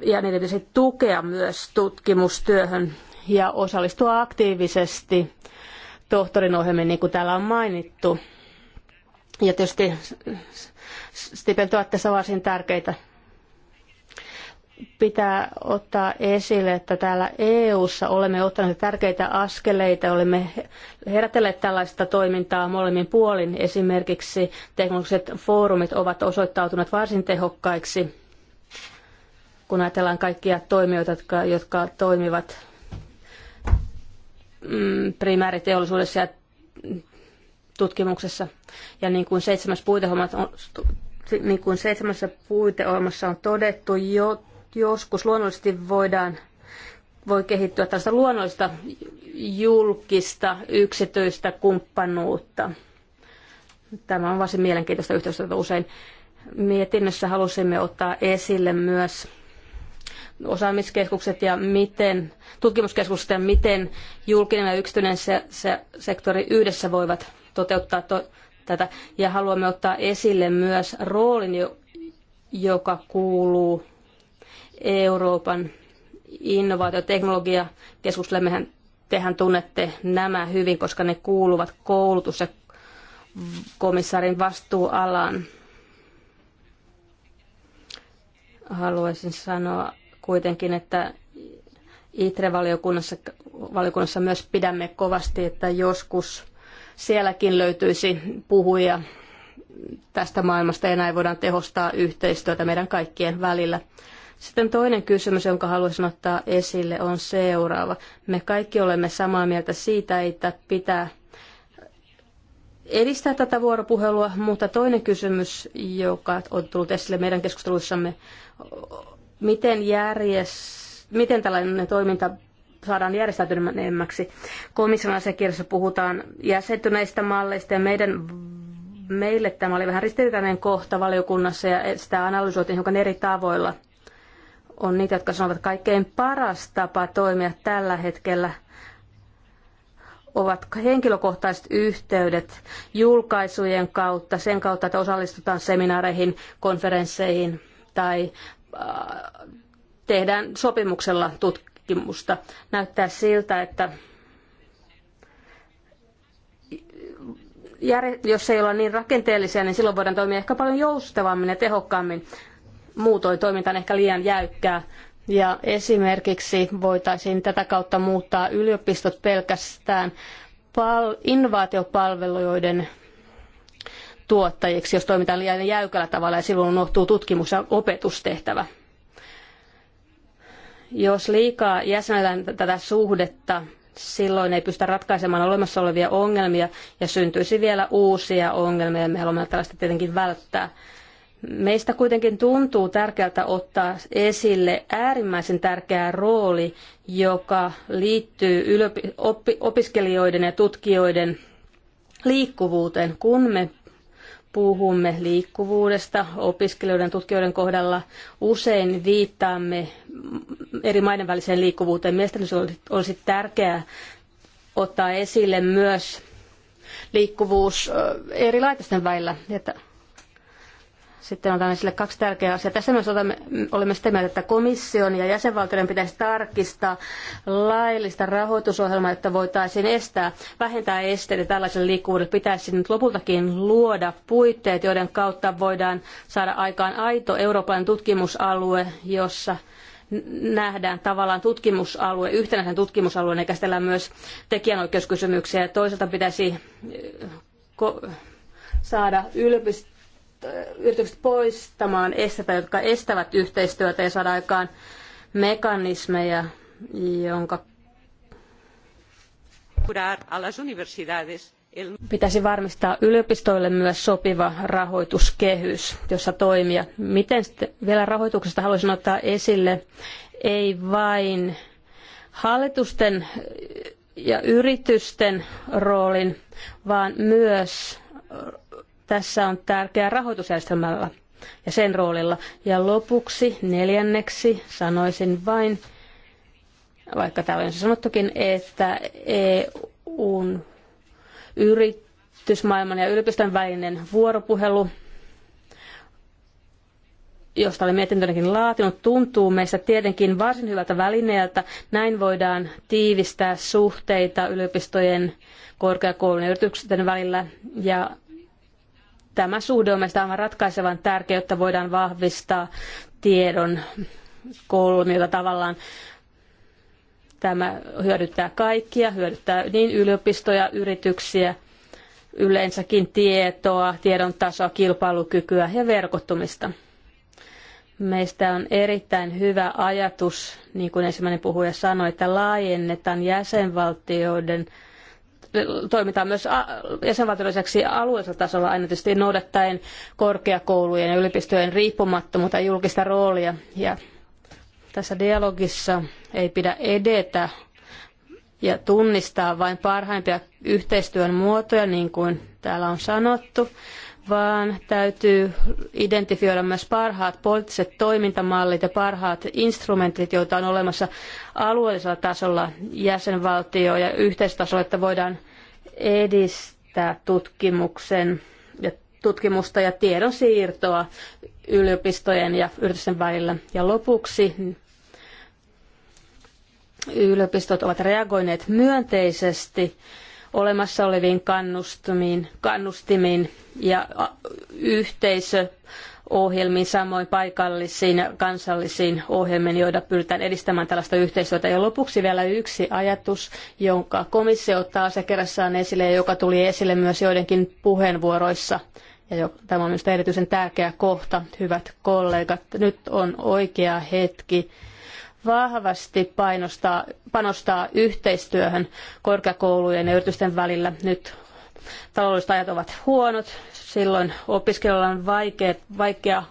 ja niiden pitäisi tukea myös tutkimustyöhön ja osallistua aktiivisesti tohtorin ohjelmiin, niin kuin täällä on mainittu. Ja tietysti stipendit ovat tässä varsin tärkeitä. Pitää ottaa esille, että täällä EU:ssa olemme ottaneet tärkeitä askeleita, olemme herätelleet tällaista toimintaa molemmin puolin. Esimerkiksi teknologiset foorumit ovat osoittautuneet varsin tehokkaiksi kun ajatellaan kaikkia toimijoita, jotka, jotka toimivat mm, primääriteollisuudessa ja tutkimuksessa. Ja niin kuin seitsemäs puiteohjelmat on, niin kuin seitsemässä puiteohjelmassa on todettu, jo, joskus luonnollisesti voidaan voi kehittyä tällaista luonnollista julkista yksityistä kumppanuutta. Tämä on varsin mielenkiintoista yhteistyötä usein. Mietinnössä halusimme ottaa esille myös osaamiskeskukset ja miten, tutkimuskeskukset ja miten julkinen ja yksityinen se, se, sektori yhdessä voivat toteuttaa to, tätä. Ja haluamme ottaa esille myös roolin, joka kuuluu Euroopan innovaatioteknologiakeskukselle. Mehän tehän tunnette nämä hyvin, koska ne kuuluvat koulutus- ja komissaarin vastuualaan. Haluaisin sanoa, kuitenkin, että ITRE-valiokunnassa valiokunnassa myös pidämme kovasti, että joskus sielläkin löytyisi puhuja tästä maailmasta ja näin voidaan tehostaa yhteistyötä meidän kaikkien välillä. Sitten toinen kysymys, jonka haluaisin ottaa esille, on seuraava. Me kaikki olemme samaa mieltä siitä, että pitää edistää tätä vuoropuhelua, mutta toinen kysymys, joka on tullut esille meidän keskusteluissamme, miten, järjes, miten tällainen toiminta saadaan järjestäytyneemmäksi. Komission asiakirjassa puhutaan jäsentyneistä malleista ja meidän meille tämä oli vähän ristiriitainen kohta valiokunnassa ja sitä analysoitiin hiukan eri tavoilla. On niitä, jotka sanovat, että kaikkein paras tapa toimia tällä hetkellä ovat henkilökohtaiset yhteydet julkaisujen kautta, sen kautta, että osallistutaan seminaareihin, konferensseihin tai tehdään sopimuksella tutkimusta. Näyttää siltä, että jos ei olla niin rakenteellisia, niin silloin voidaan toimia ehkä paljon joustavammin ja tehokkaammin. Muutoin toiminta on ehkä liian jäykkää. Ja esimerkiksi voitaisiin tätä kautta muuttaa yliopistot pelkästään innovaatiopalveluiden tuottajiksi, jos toimitaan liian jäykällä tavalla ja silloin unohtuu tutkimus- ja opetustehtävä. Jos liikaa jäsenellään tätä suhdetta, silloin ei pystytä ratkaisemaan olemassa olevia ongelmia ja syntyisi vielä uusia ongelmia ja me haluamme tällaista tietenkin välttää. Meistä kuitenkin tuntuu tärkeältä ottaa esille äärimmäisen tärkeä rooli, joka liittyy opiskelijoiden ja tutkijoiden liikkuvuuteen. Kun me puhumme liikkuvuudesta opiskelijoiden tutkijoiden kohdalla, usein viittaamme eri maiden väliseen liikkuvuuteen. Mielestäni se olisi tärkeää ottaa esille myös liikkuvuus eri laitosten välillä, että sitten otan esille kaksi tärkeää asiaa. Tässä myös olemme, olemme sitä mieltä, että komission ja jäsenvaltioiden pitäisi tarkistaa laillista rahoitusohjelmaa, jotta voitaisiin estää, vähentää esteitä tällaiselle liikkuvuudelle. Pitäisi nyt lopultakin luoda puitteet, joiden kautta voidaan saada aikaan aito eurooppalainen tutkimusalue, jossa nähdään tavallaan tutkimusalue, yhtenäisen tutkimusalueen eikä käsitellään myös tekijänoikeuskysymyksiä. Toisaalta pitäisi saada yliopistoja yritykset poistamaan esteitä, jotka estävät yhteistyötä ja saada aikaan mekanismeja, jonka pitäisi varmistaa yliopistoille myös sopiva rahoituskehys, jossa toimia. Miten sitten vielä rahoituksesta haluaisin ottaa esille, ei vain hallitusten ja yritysten roolin, vaan myös tässä on tärkeää rahoitusjärjestelmällä ja sen roolilla. Ja lopuksi neljänneksi sanoisin vain, vaikka täällä on sanottukin, että EUn yritysmaailman ja yliopistojen välinen vuoropuhelu, josta olen mietintönäkin laatinut, tuntuu meistä tietenkin varsin hyvältä välineeltä. Näin voidaan tiivistää suhteita yliopistojen, korkeakoulun ja yritysten välillä ja Tämä suhde on mielestäni aivan ratkaisevan tärkeä, jotta voidaan vahvistaa tiedon kolmiota tavallaan. Tämä hyödyttää kaikkia, hyödyttää niin yliopistoja, yrityksiä, yleensäkin tietoa, tiedon tasoa, kilpailukykyä ja verkottumista. Meistä on erittäin hyvä ajatus, niin kuin ensimmäinen puhuja sanoi, että laajennetaan jäsenvaltioiden toimitaan myös lisäksi alueellisella tasolla aina tietysti noudattaen korkeakoulujen ja yliopistojen riippumattomuutta ja julkista roolia. Ja tässä dialogissa ei pidä edetä ja tunnistaa vain parhaimpia yhteistyön muotoja, niin kuin täällä on sanottu, vaan täytyy identifioida myös parhaat poliittiset toimintamallit ja parhaat instrumentit, joita on olemassa alueellisella tasolla jäsenvaltio- ja yhteistasolla, että voidaan edistää tutkimuksen ja tutkimusta ja tiedon siirtoa yliopistojen ja yritysten välillä. Ja lopuksi yliopistot ovat reagoineet myönteisesti olemassa oleviin kannustimiin, kannustimiin ja yhteisöohjelmiin, samoin paikallisiin ja kansallisiin ohjelmiin, joilla pyritään edistämään tällaista yhteistyötä. Ja lopuksi vielä yksi ajatus, jonka komissio ottaa asiakirjassaan esille ja joka tuli esille myös joidenkin puheenvuoroissa. Ja jo, tämä on minusta erityisen tärkeä kohta, hyvät kollegat. Nyt on oikea hetki vahvasti painostaa, panostaa yhteistyöhön korkeakoulujen ja yritysten välillä. Nyt taloudelliset ajat ovat huonot, silloin opiskelijoilla on vaikea, vaikea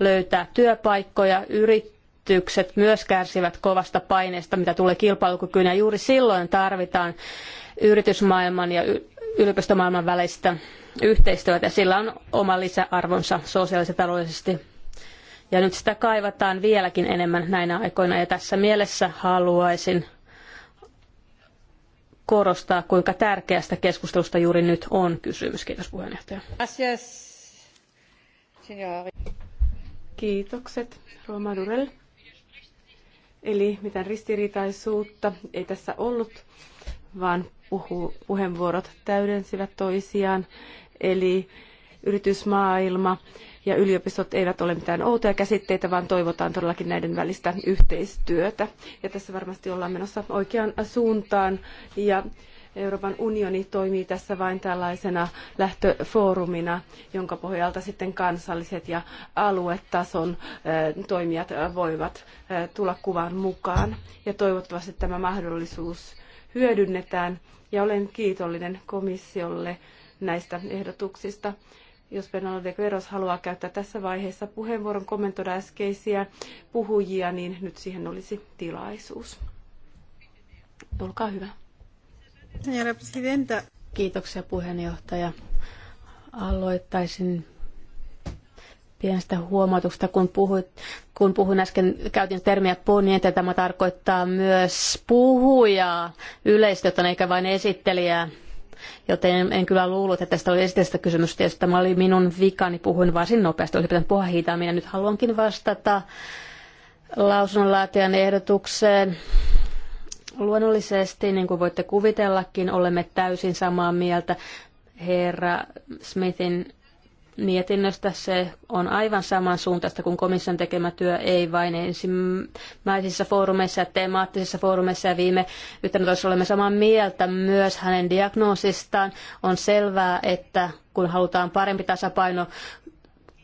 löytää työpaikkoja, yritykset myös kärsivät kovasta paineesta, mitä tulee kilpailukykyyn, ja juuri silloin tarvitaan yritysmaailman ja yliopistomaailman välistä yhteistyötä. Sillä on oma lisäarvonsa sosiaalisesti ja taloudellisesti ja nyt sitä kaivataan vieläkin enemmän näinä aikoina. Ja tässä mielessä haluaisin korostaa, kuinka tärkeästä keskustelusta juuri nyt on kysymys. Kiitos puheenjohtaja. Kiitokset, Roma Durell. Eli mitään ristiriitaisuutta ei tässä ollut, vaan puhu, puheenvuorot täydensivät toisiaan. Eli yritysmaailma ja yliopistot eivät ole mitään outoja käsitteitä, vaan toivotaan todellakin näiden välistä yhteistyötä. Ja tässä varmasti ollaan menossa oikeaan suuntaan ja Euroopan unioni toimii tässä vain tällaisena lähtöfoorumina, jonka pohjalta sitten kansalliset ja aluetason toimijat voivat tulla kuvan mukaan. Ja toivottavasti tämä mahdollisuus hyödynnetään. Ja olen kiitollinen komissiolle näistä ehdotuksista jos Bernardo de Queros haluaa käyttää tässä vaiheessa puheenvuoron kommentoida äskeisiä puhujia, niin nyt siihen olisi tilaisuus. Olkaa hyvä. presidenta. Kiitoksia puheenjohtaja. Aloittaisin pienestä huomautuksesta, kun, puhuit, kun puhuin äsken, käytin termiä poniente, tämä tarkoittaa myös puhujaa yleistötön eikä vain esittelijää. Joten en kyllä luullut, että tästä oli esitestä kysymys. Tietysti tämä oli minun vikani, puhuin varsin nopeasti, olisi pitänyt puhua hitaammin. Nyt haluankin vastata lausunnonlaatijan ehdotukseen. Luonnollisesti, niin kuin voitte kuvitellakin, olemme täysin samaa mieltä herra Smithin mietinnöstä. Se on aivan samansuuntaista kuin komission tekemä työ, ei vain ensimmäisissä foorumeissa ja temaattisissa foorumeissa. Ja viime yhteydessä olemme samaa mieltä myös hänen diagnoosistaan. On selvää, että kun halutaan parempi tasapaino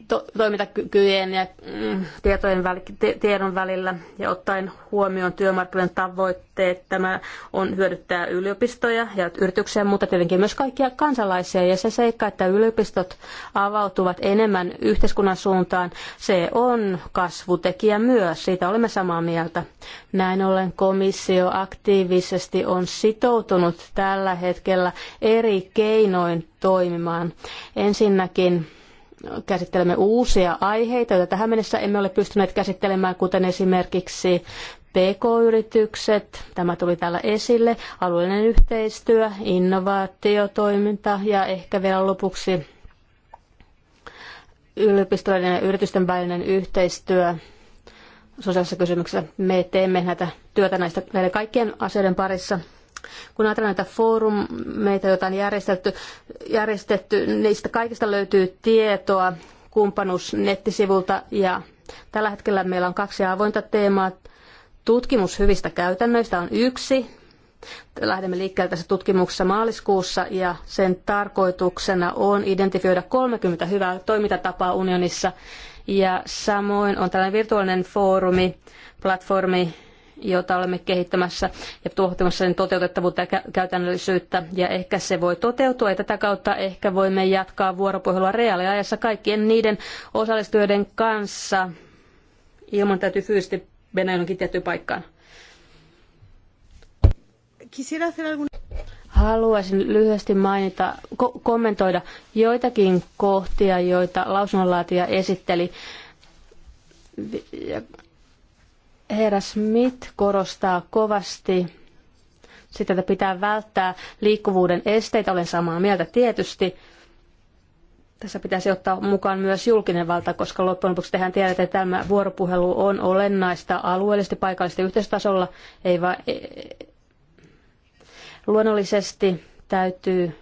to- toimintakykyjen ja mm, tietojen väl- tiedon välillä ja ottaen huomioon työmarkkinoiden tavoitteet. Tämä on hyödyttää yliopistoja ja yrityksiä, mutta tietenkin myös kaikkia kansalaisia. Ja se seikka, että yliopistot avautuvat enemmän yhteiskunnan suuntaan, se on kasvutekijä myös. Siitä olemme samaa mieltä. Näin ollen komissio aktiivisesti on sitoutunut tällä hetkellä eri keinoin toimimaan. Ensinnäkin käsittelemme uusia aiheita, joita tähän mennessä emme ole pystyneet käsittelemään, kuten esimerkiksi PK-yritykset, tämä tuli täällä esille, alueellinen yhteistyö, innovaatiotoiminta ja ehkä vielä lopuksi yliopistojen ja yritysten välinen yhteistyö sosiaalisissa kysymyksissä. Me teemme näitä työtä näistä, näiden kaikkien asioiden parissa kun ajatellaan näitä foorumeita, joita on järjestetty, järjestetty, niistä kaikista löytyy tietoa Kumpanus-nettisivulta ja tällä hetkellä meillä on kaksi avointa teemaa. Tutkimus hyvistä käytännöistä on yksi, Lähdemme liikkeelle tässä tutkimuksessa maaliskuussa ja sen tarkoituksena on identifioida 30 hyvää toimintatapaa unionissa. Ja samoin on tällainen virtuaalinen foorumi, platformi, jota olemme kehittämässä ja tuottamassa sen niin toteutettavuutta ja käytännöllisyyttä. Ja ehkä se voi toteutua ja tätä kautta ehkä voimme jatkaa vuoropuhelua reaaliajassa kaikkien niiden osallistujien kanssa ilman täytyy fyysisesti mennä johonkin tiettyyn paikkaan. Haluaisin lyhyesti mainita, ko- kommentoida joitakin kohtia, joita lausunnonlaatija esitteli Herra Smith korostaa kovasti sitä, että pitää välttää liikkuvuuden esteitä. Olen samaa mieltä tietysti. Tässä pitäisi ottaa mukaan myös julkinen valta, koska loppujen lopuksi tehän tiedätte, että tämä vuoropuhelu on olennaista alueellisesti, paikallisesti yhteistasolla. Ei va- e, Luonnollisesti täytyy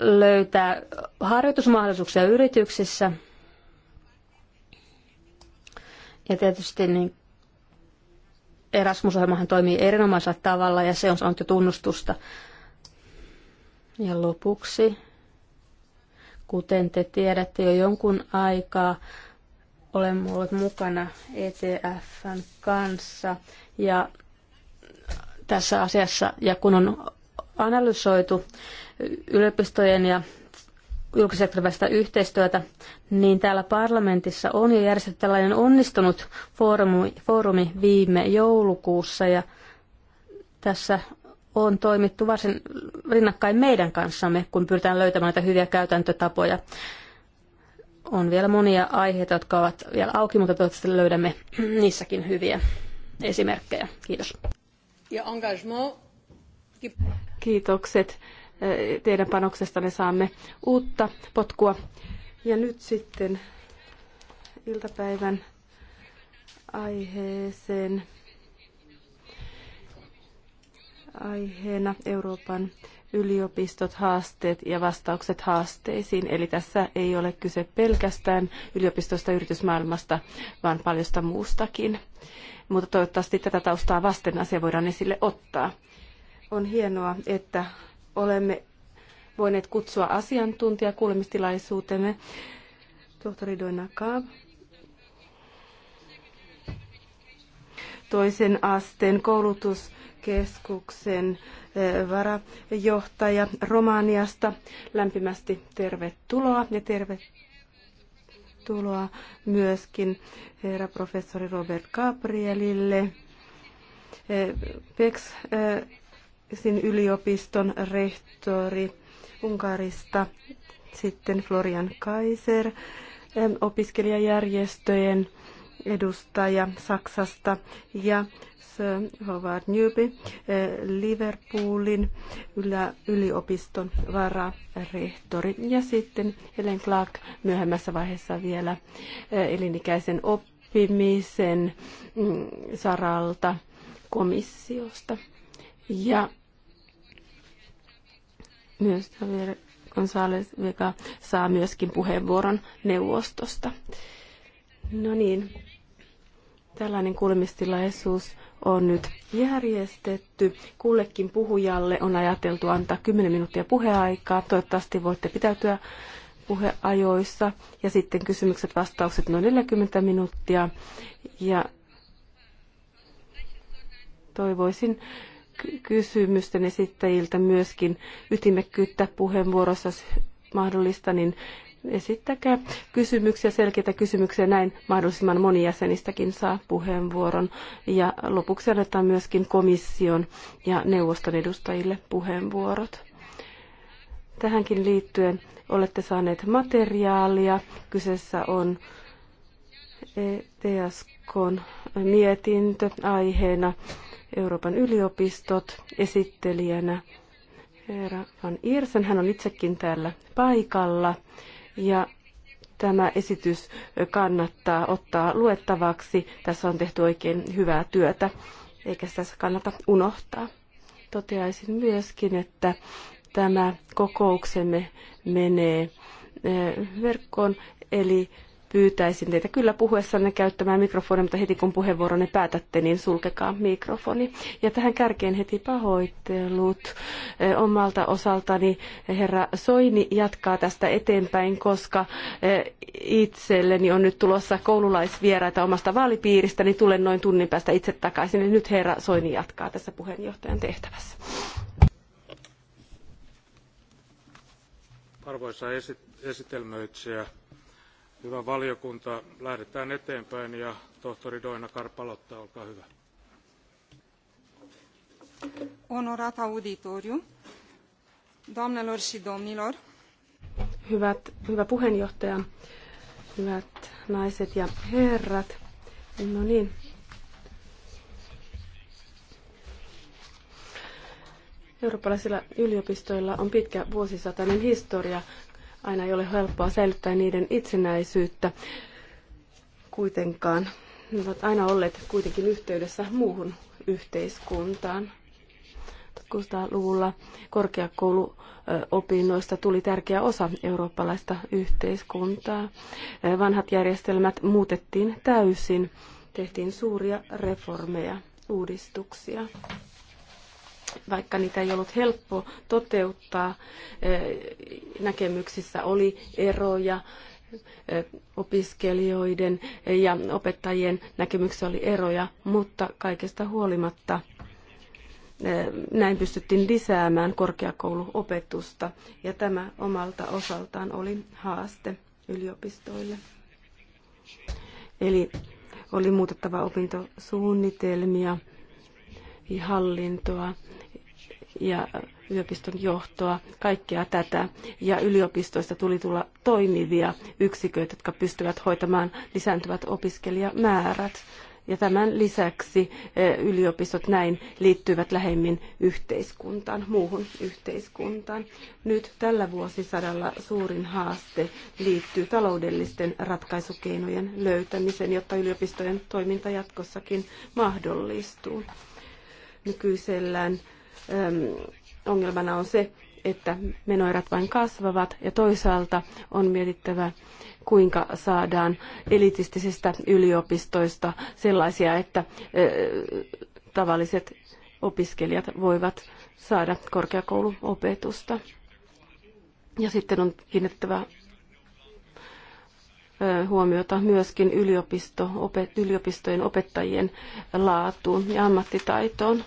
löytää harjoitusmahdollisuuksia yrityksissä – ja tietysti niin Erasmus-ohjelmahan toimii erinomaisella tavalla ja se on saanut jo tunnustusta. Ja lopuksi, kuten te tiedätte jo jonkun aikaa, olen ollut mukana ETFn kanssa ja tässä asiassa, ja kun on analysoitu yliopistojen ja julkisektorin välistä yhteistyötä, niin täällä parlamentissa on jo järjestetty tällainen onnistunut foorumi, foorumi viime joulukuussa ja tässä on toimittu varsin rinnakkain meidän kanssamme, kun pyritään löytämään näitä hyviä käytäntötapoja. On vielä monia aiheita, jotka ovat vielä auki, mutta toivottavasti löydämme niissäkin hyviä esimerkkejä. Kiitos. Ja engagement. Kiitokset teidän panoksestanne saamme uutta potkua. Ja nyt sitten iltapäivän aiheeseen. Aiheena Euroopan yliopistot, haasteet ja vastaukset haasteisiin. Eli tässä ei ole kyse pelkästään yliopistosta yritysmaailmasta, vaan paljosta muustakin. Mutta toivottavasti tätä taustaa vasten asia voidaan esille ottaa. On hienoa, että olemme voineet kutsua kuulemistilaisuutemme, tohtori Doina Kaab, toisen asteen koulutuskeskuksen eh, varajohtaja Romaniasta. Lämpimästi tervetuloa ja tervetuloa myöskin herra professori Robert Gabrielille. Eh, Peks eh, Sin yliopiston rehtori Unkarista, sitten Florian Kaiser, opiskelijajärjestöjen edustaja Saksasta ja Sir Howard Newby eh, Liverpoolin yliopiston vararehtori ja sitten Helen Clark myöhemmässä vaiheessa vielä eh, elinikäisen oppimisen mm, saralta komissiosta. Ja myös Javier González Vega saa myöskin puheenvuoron neuvostosta. No niin, tällainen kuulemistilaisuus on nyt järjestetty. Kullekin puhujalle on ajateltu antaa 10 minuuttia puheaikaa. Toivottavasti voitte pitäytyä puheajoissa ja sitten kysymykset vastaukset noin 40 minuuttia. Ja toivoisin kysymysten esittäjiltä myöskin ytimekkyyttä puheenvuorossa mahdollista, niin esittäkää kysymyksiä, selkeitä kysymyksiä, näin mahdollisimman moni jäsenistäkin saa puheenvuoron. Ja lopuksi annetaan myöskin komission ja neuvoston edustajille puheenvuorot. Tähänkin liittyen olette saaneet materiaalia. Kyseessä on ETSKn mietintö aiheena Euroopan yliopistot esittelijänä. Eera Van Irsen, hän on itsekin täällä paikalla ja tämä esitys kannattaa ottaa luettavaksi. Tässä on tehty oikein hyvää työtä, eikä sitä kannata unohtaa. Toteaisin myöskin, että tämä kokouksemme menee eh, verkkoon, eli pyytäisin teitä kyllä puhuessanne käyttämään mikrofonia, mutta heti kun puheenvuoronne päätätte, niin sulkekaa mikrofoni. Ja tähän kärkeen heti pahoittelut omalta osaltani. Herra Soini jatkaa tästä eteenpäin, koska itselleni on nyt tulossa koululaisvieraita omasta vaalipiiristäni. Niin tulen noin tunnin päästä itse takaisin. Ja nyt herra Soini jatkaa tässä puheenjohtajan tehtävässä. Arvoisa esitelmöitsijä, Hyvä valiokunta, lähdetään eteenpäin ja tohtori Doina Karpalotta, olkaa hyvä. Onorat auditorium, domnilor și domnilor. Hyvät, hyvä puheenjohtaja, hyvät naiset ja herrat. No niin, Eurooppalaisilla yliopistoilla on pitkä vuosisatainen historia. Aina ei ole helppoa säilyttää niiden itsenäisyyttä kuitenkaan. Ne ovat aina olleet kuitenkin yhteydessä muuhun yhteiskuntaan. 1600-luvulla korkeakouluopinnoista tuli tärkeä osa eurooppalaista yhteiskuntaa. Vanhat järjestelmät muutettiin täysin, tehtiin suuria reformeja, uudistuksia vaikka niitä ei ollut helppo toteuttaa, eh, näkemyksissä oli eroja eh, opiskelijoiden ja opettajien näkemyksissä oli eroja, mutta kaikesta huolimatta eh, näin pystyttiin lisäämään korkeakouluopetusta ja tämä omalta osaltaan oli haaste yliopistoille. Eli oli muutettava opintosuunnitelmia, hallintoa ja yliopiston johtoa, kaikkea tätä. Ja yliopistoista tuli tulla toimivia yksiköitä, jotka pystyvät hoitamaan lisääntyvät opiskelijamäärät. Ja tämän lisäksi e, yliopistot näin liittyvät lähemmin yhteiskuntaan, muuhun yhteiskuntaan. Nyt tällä vuosisadalla suurin haaste liittyy taloudellisten ratkaisukeinojen löytämiseen, jotta yliopistojen toiminta jatkossakin mahdollistuu. Nykyisellään ongelmana on se, että menoerät vain kasvavat ja toisaalta on mietittävä, kuinka saadaan elitistisistä yliopistoista sellaisia, että tavalliset opiskelijat voivat saada korkeakouluopetusta. Ja sitten on kiinnittävä huomiota myöskin yliopisto, opet, yliopistojen opettajien laatuun ja ammattitaitoon.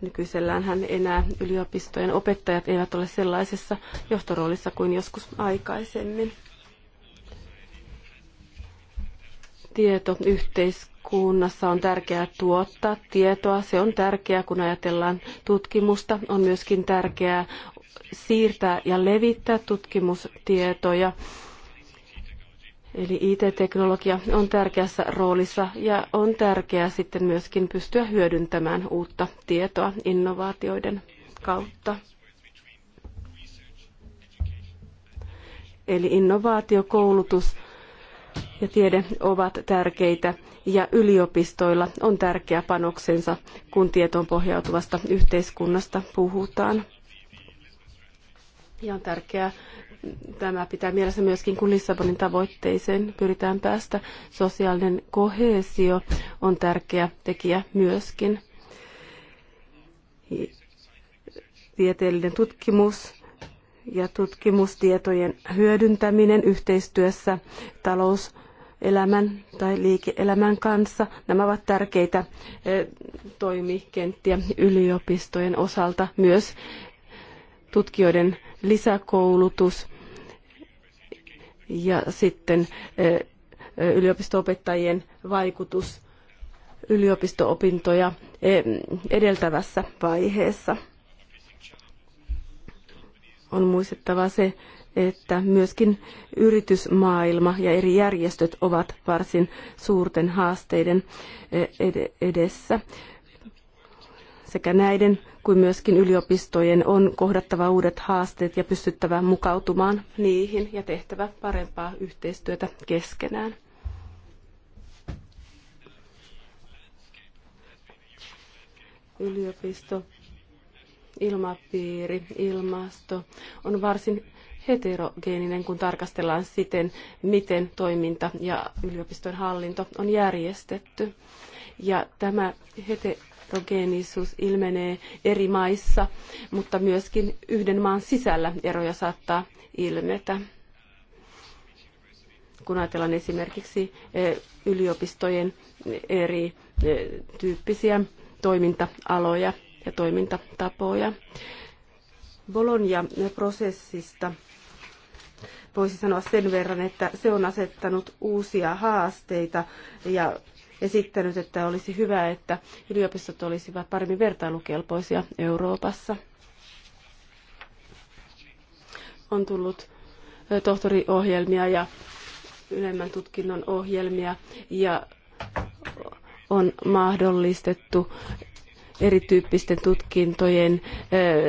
Nykyisellään hän enää yliopistojen opettajat eivät ole sellaisessa johtoroolissa kuin joskus aikaisemmin. Tietoyhteiskunnassa on tärkeää tuottaa tietoa. Se on tärkeää, kun ajatellaan tutkimusta. On myöskin tärkeää siirtää ja levittää tutkimustietoja Eli IT-teknologia on tärkeässä roolissa ja on tärkeää sitten myöskin pystyä hyödyntämään uutta tietoa innovaatioiden kautta. Eli innovaatio, koulutus ja tiede ovat tärkeitä ja yliopistoilla on tärkeä panoksensa, kun tietoon pohjautuvasta yhteiskunnasta puhutaan. Ja on tärkeää Tämä pitää mielessä myöskin, kun Lissabonin tavoitteeseen pyritään päästä. Sosiaalinen kohesio on tärkeä tekijä myöskin. Tieteellinen tutkimus ja tutkimustietojen hyödyntäminen yhteistyössä talouselämän tai liike-elämän kanssa. Nämä ovat tärkeitä e, toimikenttiä yliopistojen osalta, myös tutkijoiden lisäkoulutus ja sitten yliopistoopettajien vaikutus yliopistoopintoja edeltävässä vaiheessa. On muistettava se, että myöskin yritysmaailma ja eri järjestöt ovat varsin suurten haasteiden edessä sekä näiden kuin myöskin yliopistojen on kohdattava uudet haasteet ja pystyttävä mukautumaan niihin ja tehtävä parempaa yhteistyötä keskenään. Yliopisto, ilmapiiri, ilmasto on varsin heterogeeninen, kun tarkastellaan siten, miten toiminta ja yliopiston hallinto on järjestetty. Ja tämä hete- heterogeenisuus ilmenee eri maissa, mutta myöskin yhden maan sisällä eroja saattaa ilmetä. Kun ajatellaan esimerkiksi e, yliopistojen eri e, tyyppisiä toiminta-aloja ja toimintatapoja. Bologna-prosessista voisi sanoa sen verran, että se on asettanut uusia haasteita ja esittänyt, että olisi hyvä, että yliopistot olisivat paremmin vertailukelpoisia Euroopassa. On tullut tohtoriohjelmia ja ylemmän tutkinnon ohjelmia ja on mahdollistettu erityyppisten tutkintojen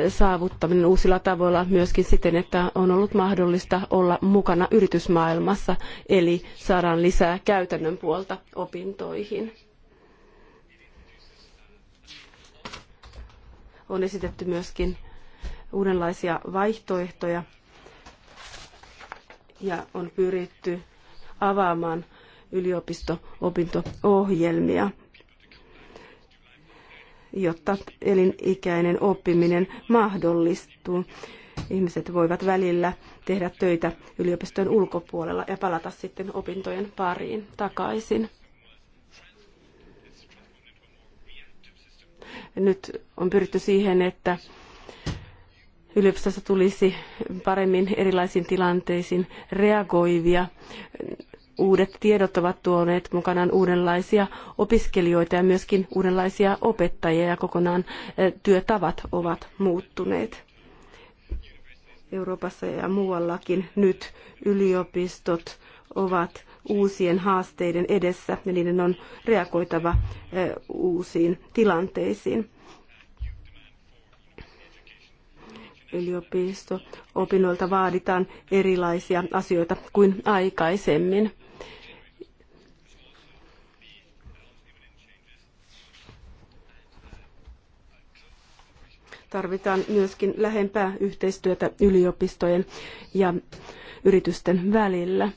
saavuttaminen uusilla tavoilla myöskin siten, että on ollut mahdollista olla mukana yritysmaailmassa, eli saadaan lisää käytännön puolta opintoihin. On esitetty myöskin uudenlaisia vaihtoehtoja ja on pyritty avaamaan yliopisto-opinto-ohjelmia jotta elinikäinen oppiminen mahdollistuu. Ihmiset voivat välillä tehdä töitä yliopiston ulkopuolella ja palata sitten opintojen pariin takaisin. Nyt on pyritty siihen, että yliopistossa tulisi paremmin erilaisiin tilanteisiin reagoivia Uudet tiedot ovat tuoneet mukanaan uudenlaisia opiskelijoita ja myöskin uudenlaisia opettajia ja kokonaan eh, työtavat ovat muuttuneet. Euroopassa ja muuallakin nyt yliopistot ovat uusien haasteiden edessä ja niiden on reagoitava eh, uusiin tilanteisiin. Yliopisto-opinnoilta vaaditaan erilaisia asioita kuin aikaisemmin. tarvitaan myöskin lähempää yhteistyötä yliopistojen ja yritysten välillä.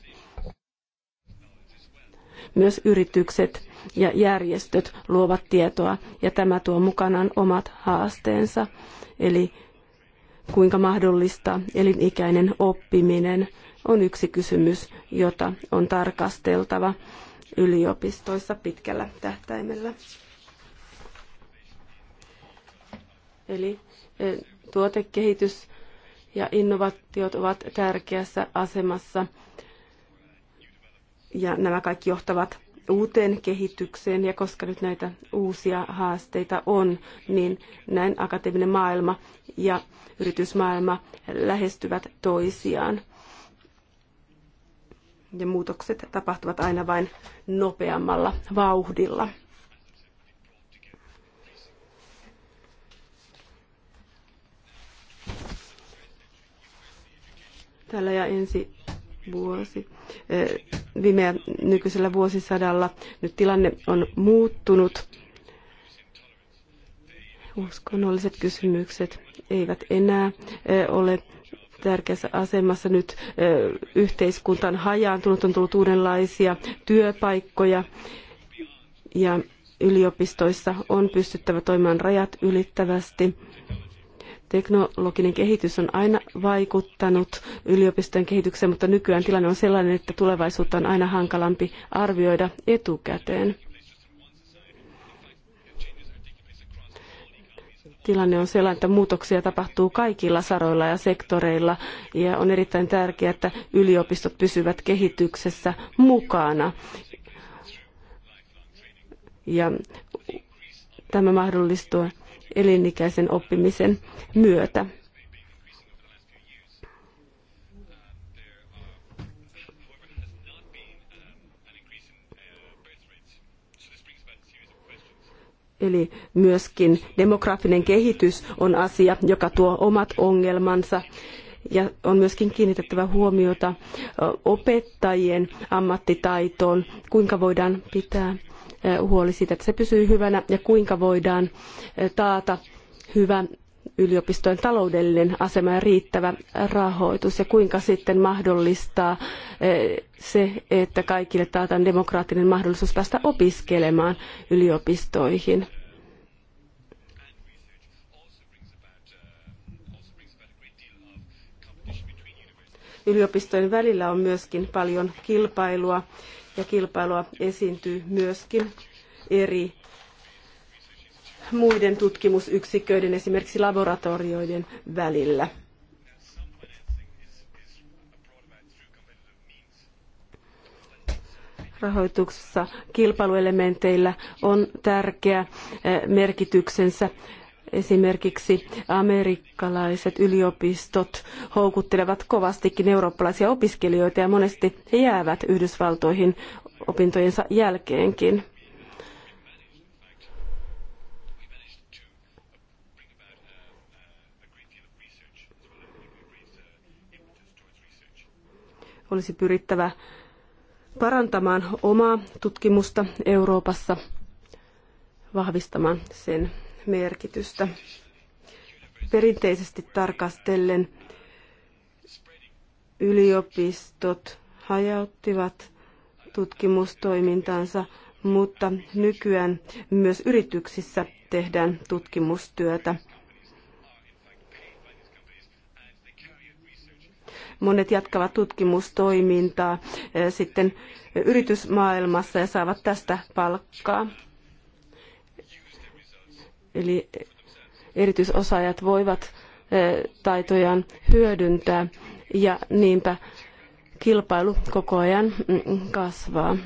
Myös yritykset ja järjestöt luovat tietoa ja tämä tuo mukanaan omat haasteensa, eli kuinka mahdollista elinikäinen oppiminen on yksi kysymys, jota on tarkasteltava yliopistoissa pitkällä tähtäimellä. Eli tuotekehitys ja innovaatiot ovat tärkeässä asemassa. Ja nämä kaikki johtavat uuteen kehitykseen, ja koska nyt näitä uusia haasteita on, niin näin akateeminen maailma ja yritysmaailma lähestyvät toisiaan. Ja muutokset tapahtuvat aina vain nopeammalla vauhdilla. täällä ja ensi vuosi, eh, viime nykyisellä vuosisadalla. Nyt tilanne on muuttunut. Uskonnolliset kysymykset eivät enää eh, ole tärkeässä asemassa nyt eh, yhteiskunta on hajaantunut, on tullut uudenlaisia työpaikkoja ja yliopistoissa on pystyttävä toimimaan rajat ylittävästi Teknologinen kehitys on aina vaikuttanut yliopistojen kehitykseen, mutta nykyään tilanne on sellainen, että tulevaisuutta on aina hankalampi arvioida etukäteen. tilanne on sellainen, että muutoksia tapahtuu kaikilla saroilla ja sektoreilla ja on erittäin tärkeää, että yliopistot pysyvät kehityksessä mukana. Ja tämä mahdollistuu elinikäisen oppimisen myötä. Eli myöskin demografinen kehitys on asia, joka tuo omat ongelmansa. Ja on myöskin kiinnitettävä huomiota opettajien ammattitaitoon, kuinka voidaan pitää Eh, huoli siitä, että se pysyy hyvänä ja kuinka voidaan eh, taata hyvä yliopistojen taloudellinen asema ja riittävä rahoitus ja kuinka sitten mahdollistaa eh, se, että kaikille taataan demokraattinen mahdollisuus päästä opiskelemaan yliopistoihin. Yliopistojen välillä on myöskin paljon kilpailua ja kilpailua esiintyy myöskin eri muiden tutkimusyksiköiden, esimerkiksi laboratorioiden välillä. Rahoituksessa kilpailuelementeillä on tärkeä eh, merkityksensä Esimerkiksi amerikkalaiset yliopistot houkuttelevat kovastikin eurooppalaisia opiskelijoita ja monesti he jäävät Yhdysvaltoihin opintojensa jälkeenkin. Olisi pyrittävä parantamaan omaa tutkimusta Euroopassa, vahvistamaan sen merkitystä. Perinteisesti tarkastellen yliopistot hajauttivat tutkimustoimintansa, mutta nykyään myös yrityksissä tehdään tutkimustyötä. Monet jatkavat tutkimustoimintaa eh, sitten yritysmaailmassa ja saavat tästä palkkaa eli erityisosaajat voivat eh, taitojaan hyödyntää ja niinpä kilpailu koko ajan mm, mm, kasvaa.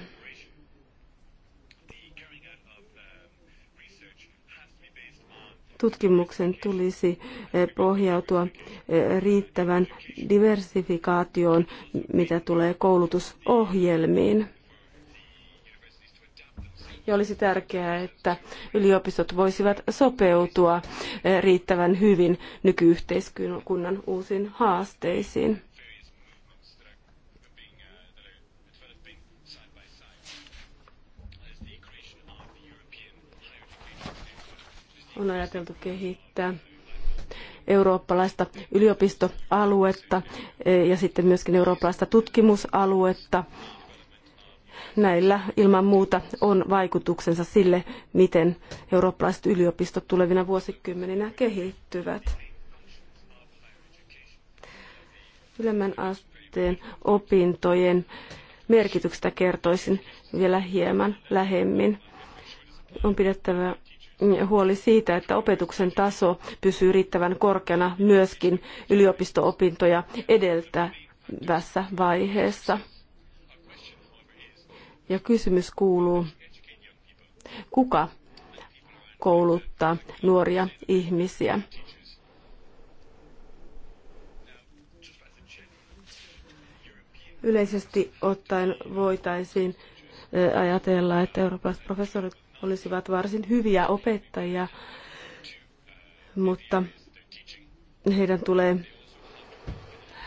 Tutkimuksen tulisi eh, pohjautua eh, riittävän diversifikaatioon, mitä tulee koulutusohjelmiin ja olisi tärkeää, että yliopistot voisivat sopeutua eh, riittävän hyvin nykyyhteiskunnan uusiin haasteisiin. On ajateltu kehittää eurooppalaista yliopistoaluetta eh, ja sitten myöskin eurooppalaista tutkimusaluetta näillä ilman muuta on vaikutuksensa sille, miten eurooppalaiset yliopistot tulevina vuosikymmeninä kehittyvät. Ylemmän asteen opintojen merkityksestä kertoisin vielä hieman lähemmin. On pidettävä huoli siitä, että opetuksen taso pysyy riittävän korkeana myöskin yliopisto-opintoja edeltävässä vaiheessa ja kysymys kuuluu, kuka kouluttaa nuoria ihmisiä? Yleisesti ottaen voitaisiin ajatella, että Euroopan professorit olisivat varsin hyviä opettajia, mutta heidän tulee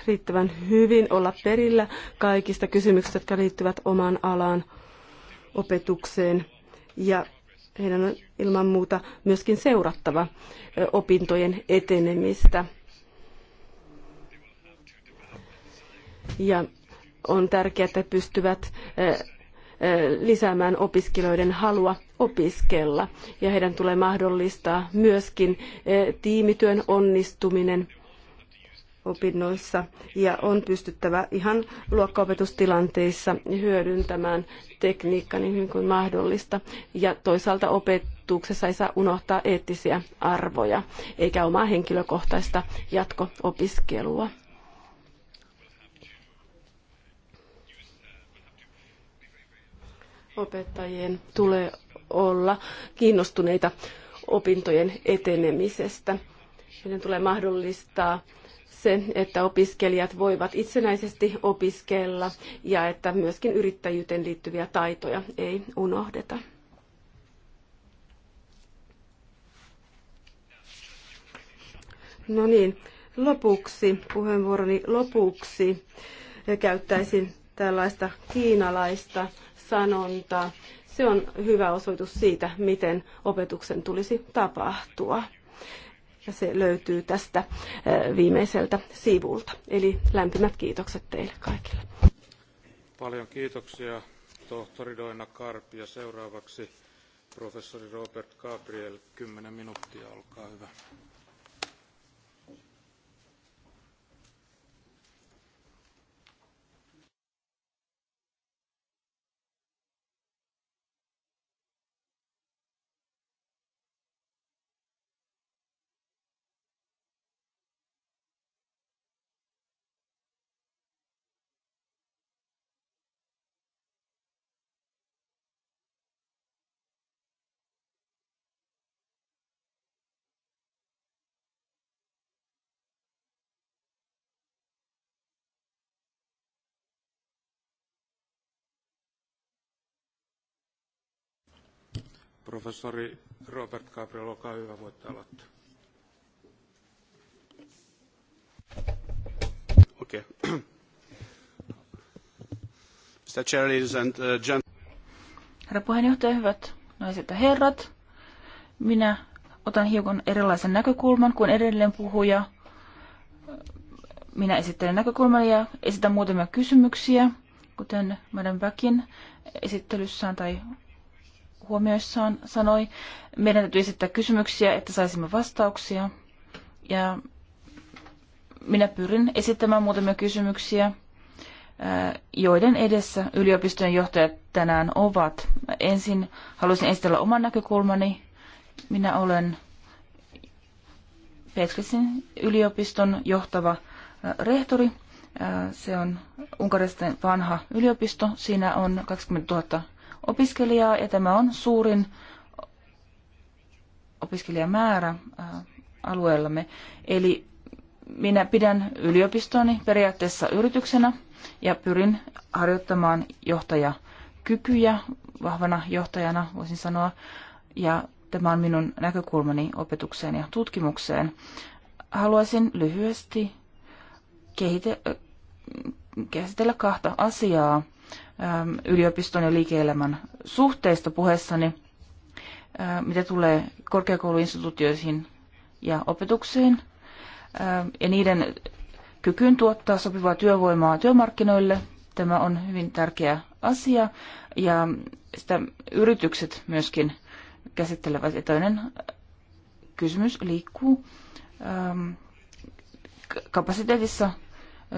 riittävän hyvin olla perillä kaikista kysymyksistä, jotka liittyvät omaan alaan opetukseen ja heidän on ilman muuta myöskin seurattava opintojen etenemistä. Ja on tärkeää, että pystyvät lisäämään opiskelijoiden halua opiskella ja heidän tulee mahdollistaa myöskin tiimityön onnistuminen opinnoissa ja on pystyttävä ihan luokkaopetustilanteissa hyödyntämään tekniikka niin hyvin kuin mahdollista. Ja toisaalta opetuksessa ei saa unohtaa eettisiä arvoja eikä omaa henkilökohtaista jatko-opiskelua. Opettajien tulee olla kiinnostuneita opintojen etenemisestä. Meidän tulee mahdollistaa se, että opiskelijat voivat itsenäisesti opiskella ja että myöskin yrittäjyyteen liittyviä taitoja ei unohdeta. No niin, lopuksi, puheenvuoroni lopuksi käyttäisin tällaista kiinalaista sanontaa. Se on hyvä osoitus siitä, miten opetuksen tulisi tapahtua ja se löytyy tästä viimeiseltä sivulta. Eli lämpimät kiitokset teille kaikille. Paljon kiitoksia tohtori Doina Karp ja seuraavaksi professori Robert Gabriel, 10 minuuttia, olkaa hyvä. Professori Robert Gabriel, olkaa hyvä, voitte aloittaa. Okay. Mr. Chair, ladies and uh, Herra puheenjohtaja, hyvät naiset ja herrat. Minä otan hiukan erilaisen näkökulman kuin edellinen puhuja. Minä esittelen näkökulman ja esitän muutamia kysymyksiä, kuten meidän väkin esittelyssään tai huomioissaan sanoi. Meidän täytyy esittää kysymyksiä, että saisimme vastauksia. Ja minä pyrin esittämään muutamia kysymyksiä, joiden edessä yliopistojen johtajat tänään ovat. Ensin haluaisin esitellä oman näkökulmani. Minä olen Petrisin yliopiston johtava rehtori. Se on Unkaristen vanha yliopisto. Siinä on 20 000 opiskelijaa ja tämä on suurin opiskelijamäärä alueellamme. Eli minä pidän yliopistoni periaatteessa yrityksenä ja pyrin harjoittamaan johtajakykyjä vahvana johtajana, voisin sanoa. Ja tämä on minun näkökulmani opetukseen ja tutkimukseen. Haluaisin lyhyesti kehite- äh, käsitellä kahta asiaa, Ähm, yliopiston ja liike-elämän suhteista puheessani, äh, mitä tulee korkeakouluinstituutioihin ja opetukseen äh, ja niiden kykyyn tuottaa sopivaa työvoimaa työmarkkinoille. Tämä on hyvin tärkeä asia ja sitä yritykset myöskin käsittelevät. Ja toinen äh, kysymys liikkuu ähm, kapasiteetissa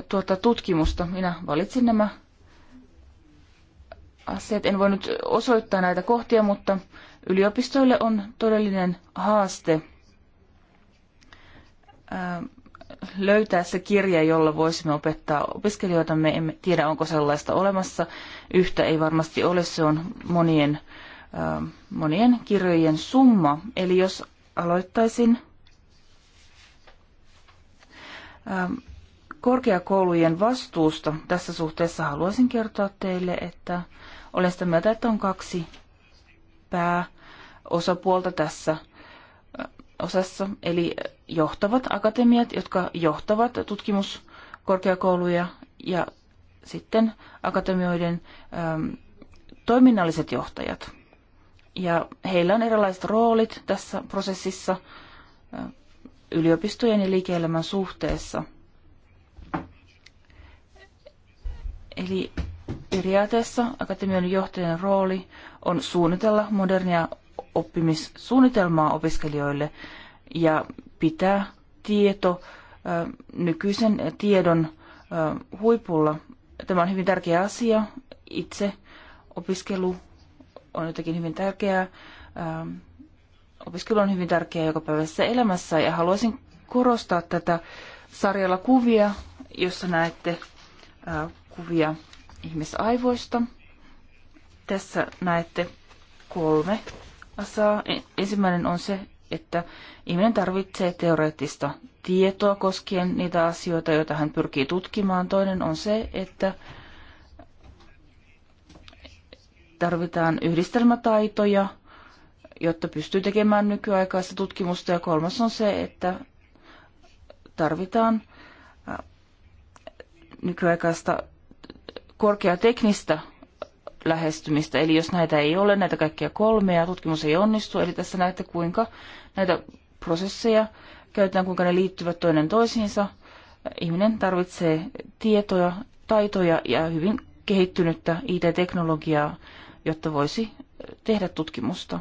tuottaa tutkimusta. Minä valitsin nämä asiat. En voinut osoittaa näitä kohtia, mutta yliopistoille on todellinen haaste löytää se kirja, jolla voisimme opettaa opiskelijoita. Me emme tiedä, onko sellaista olemassa. Yhtä ei varmasti ole, se on monien, monien kirjojen summa. Eli jos aloittaisin korkeakoulujen vastuusta tässä suhteessa haluaisin kertoa teille, että olen sitä mieltä, että on kaksi pääosapuolta tässä osassa, eli johtavat akatemiat, jotka johtavat tutkimuskorkeakouluja ja sitten akatemioiden äm, toiminnalliset johtajat. Ja heillä on erilaiset roolit tässä prosessissa yliopistojen ja liike-elämän suhteessa. Eli Periaatteessa akatemian johtajan rooli on suunnitella modernia oppimissuunnitelmaa opiskelijoille ja pitää tieto nykyisen tiedon huipulla. Tämä on hyvin tärkeä asia. Itse opiskelu on jotenkin hyvin tärkeää. Opiskelu on hyvin tärkeää joka päivässä elämässä ja haluaisin korostaa tätä sarjalla kuvia, jossa näette kuvia ihmisaivoista. Tässä näette kolme asiaa. E- ensimmäinen on se, että ihminen tarvitsee teoreettista tietoa koskien niitä asioita, joita hän pyrkii tutkimaan. Toinen on se, että tarvitaan yhdistelmätaitoja, jotta pystyy tekemään nykyaikaista tutkimusta. Ja kolmas on se, että tarvitaan nykyaikaista korkeaa teknistä lähestymistä. Eli jos näitä ei ole, näitä kaikkia kolmea, tutkimus ei onnistu. Eli tässä näette, kuinka näitä prosesseja käytetään, kuinka ne liittyvät toinen toisiinsa. Ihminen tarvitsee tietoja, taitoja ja hyvin kehittynyttä IT-teknologiaa, jotta voisi tehdä tutkimusta.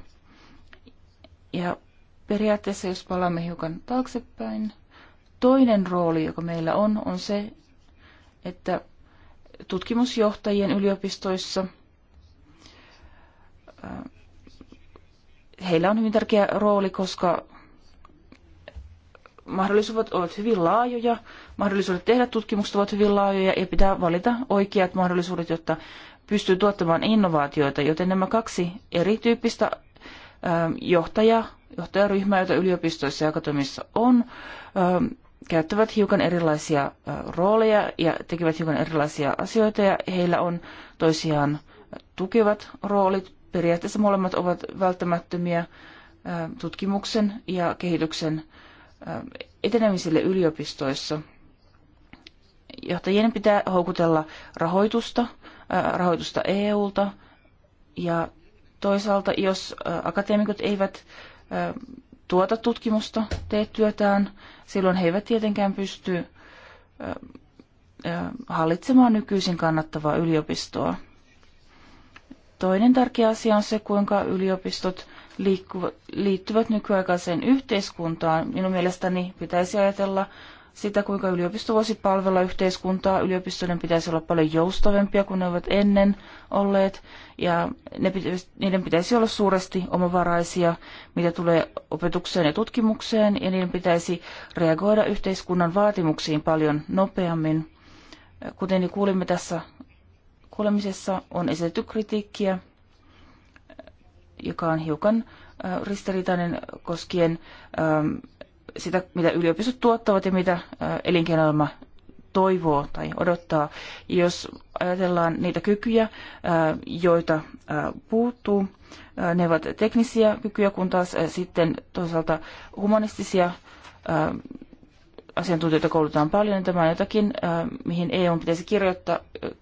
Ja periaatteessa, jos palaamme hiukan taaksepäin, toinen rooli, joka meillä on, on se, että tutkimusjohtajien yliopistoissa. Heillä on hyvin tärkeä rooli, koska mahdollisuudet ovat hyvin laajoja, mahdollisuudet tehdä tutkimukset ovat hyvin laajoja ja pitää valita oikeat mahdollisuudet, jotta pystyy tuottamaan innovaatioita, joten nämä kaksi erityyppistä ähm, johtaja, johtajaryhmää, joita yliopistoissa ja akatomissa on, ähm, käyttävät hiukan erilaisia rooleja ja tekevät hiukan erilaisia asioita ja heillä on toisiaan tukevat roolit. Periaatteessa molemmat ovat välttämättömiä tutkimuksen ja kehityksen etenemiselle yliopistoissa. Johtajien pitää houkutella rahoitusta, rahoitusta EUlta ja toisaalta, jos akateemikot eivät tuota tutkimusta, tee työtään, silloin he eivät tietenkään pysty hallitsemaan nykyisin kannattavaa yliopistoa. Toinen tärkeä asia on se, kuinka yliopistot liittyvät nykyaikaiseen yhteiskuntaan. Minun mielestäni pitäisi ajatella sitä, kuinka yliopisto voisi palvella yhteiskuntaa. Yliopistojen pitäisi olla paljon joustavempia kuin ne ovat ennen olleet, ja ne pitäisi, niiden pitäisi olla suuresti omavaraisia, mitä tulee opetukseen ja tutkimukseen, ja niiden pitäisi reagoida yhteiskunnan vaatimuksiin paljon nopeammin. Kuten kuulimme tässä kuulemisessa, on esitetty kritiikkiä, joka on hiukan äh, ristiriitainen koskien ähm, sitä, mitä yliopistot tuottavat ja mitä elinkeinoelämä toivoo tai odottaa. Jos ajatellaan niitä kykyjä, joita puuttuu, ne ovat teknisiä kykyjä, kun taas sitten toisaalta humanistisia asiantuntijoita koulutetaan paljon. Niin tämä on jotakin, mihin EU pitäisi kirjoittaa,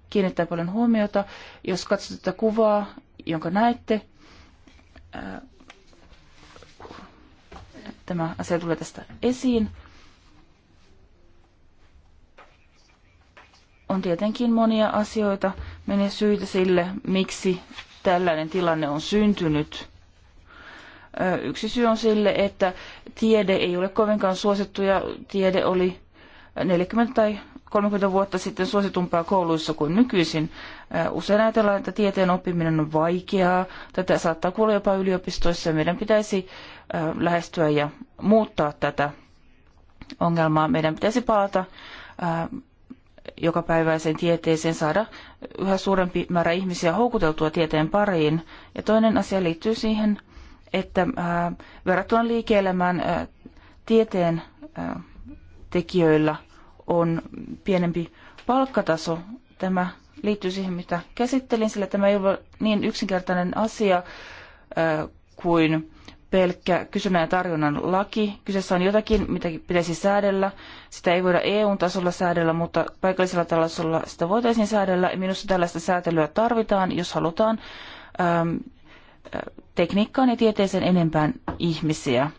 kiinnittää paljon huomiota. Jos katsot tätä kuvaa, jonka näette, tämä asia tulee tästä esiin. On tietenkin monia asioita, menee syitä sille, miksi tällainen tilanne on syntynyt. Yksi syy on sille, että tiede ei ole kovinkaan suosittu ja tiede oli 40 tai 30 vuotta sitten suositumpaa kouluissa kuin nykyisin. Usein ajatellaan, että tieteen oppiminen on vaikeaa. Tätä saattaa kuulla jopa yliopistoissa. Meidän pitäisi lähestyä ja muuttaa tätä ongelmaa. Meidän pitäisi palata jokapäiväiseen tieteeseen, saada yhä suurempi määrä ihmisiä houkuteltua tieteen pariin. Ja toinen asia liittyy siihen, että verrattuna liike-elämään tieteen tekijöillä – on pienempi palkkataso. Tämä liittyy siihen, mitä käsittelin, sillä tämä ei ole niin yksinkertainen asia kuin pelkkä kysynnän ja tarjonnan laki. Kyseessä on jotakin, mitä pitäisi säädellä. Sitä ei voida EU-tasolla säädellä, mutta paikallisella tasolla sitä voitaisiin säädellä. Minusta tällaista säätelyä tarvitaan, jos halutaan ähm, tekniikkaan ja tieteeseen enempään ihmisiä.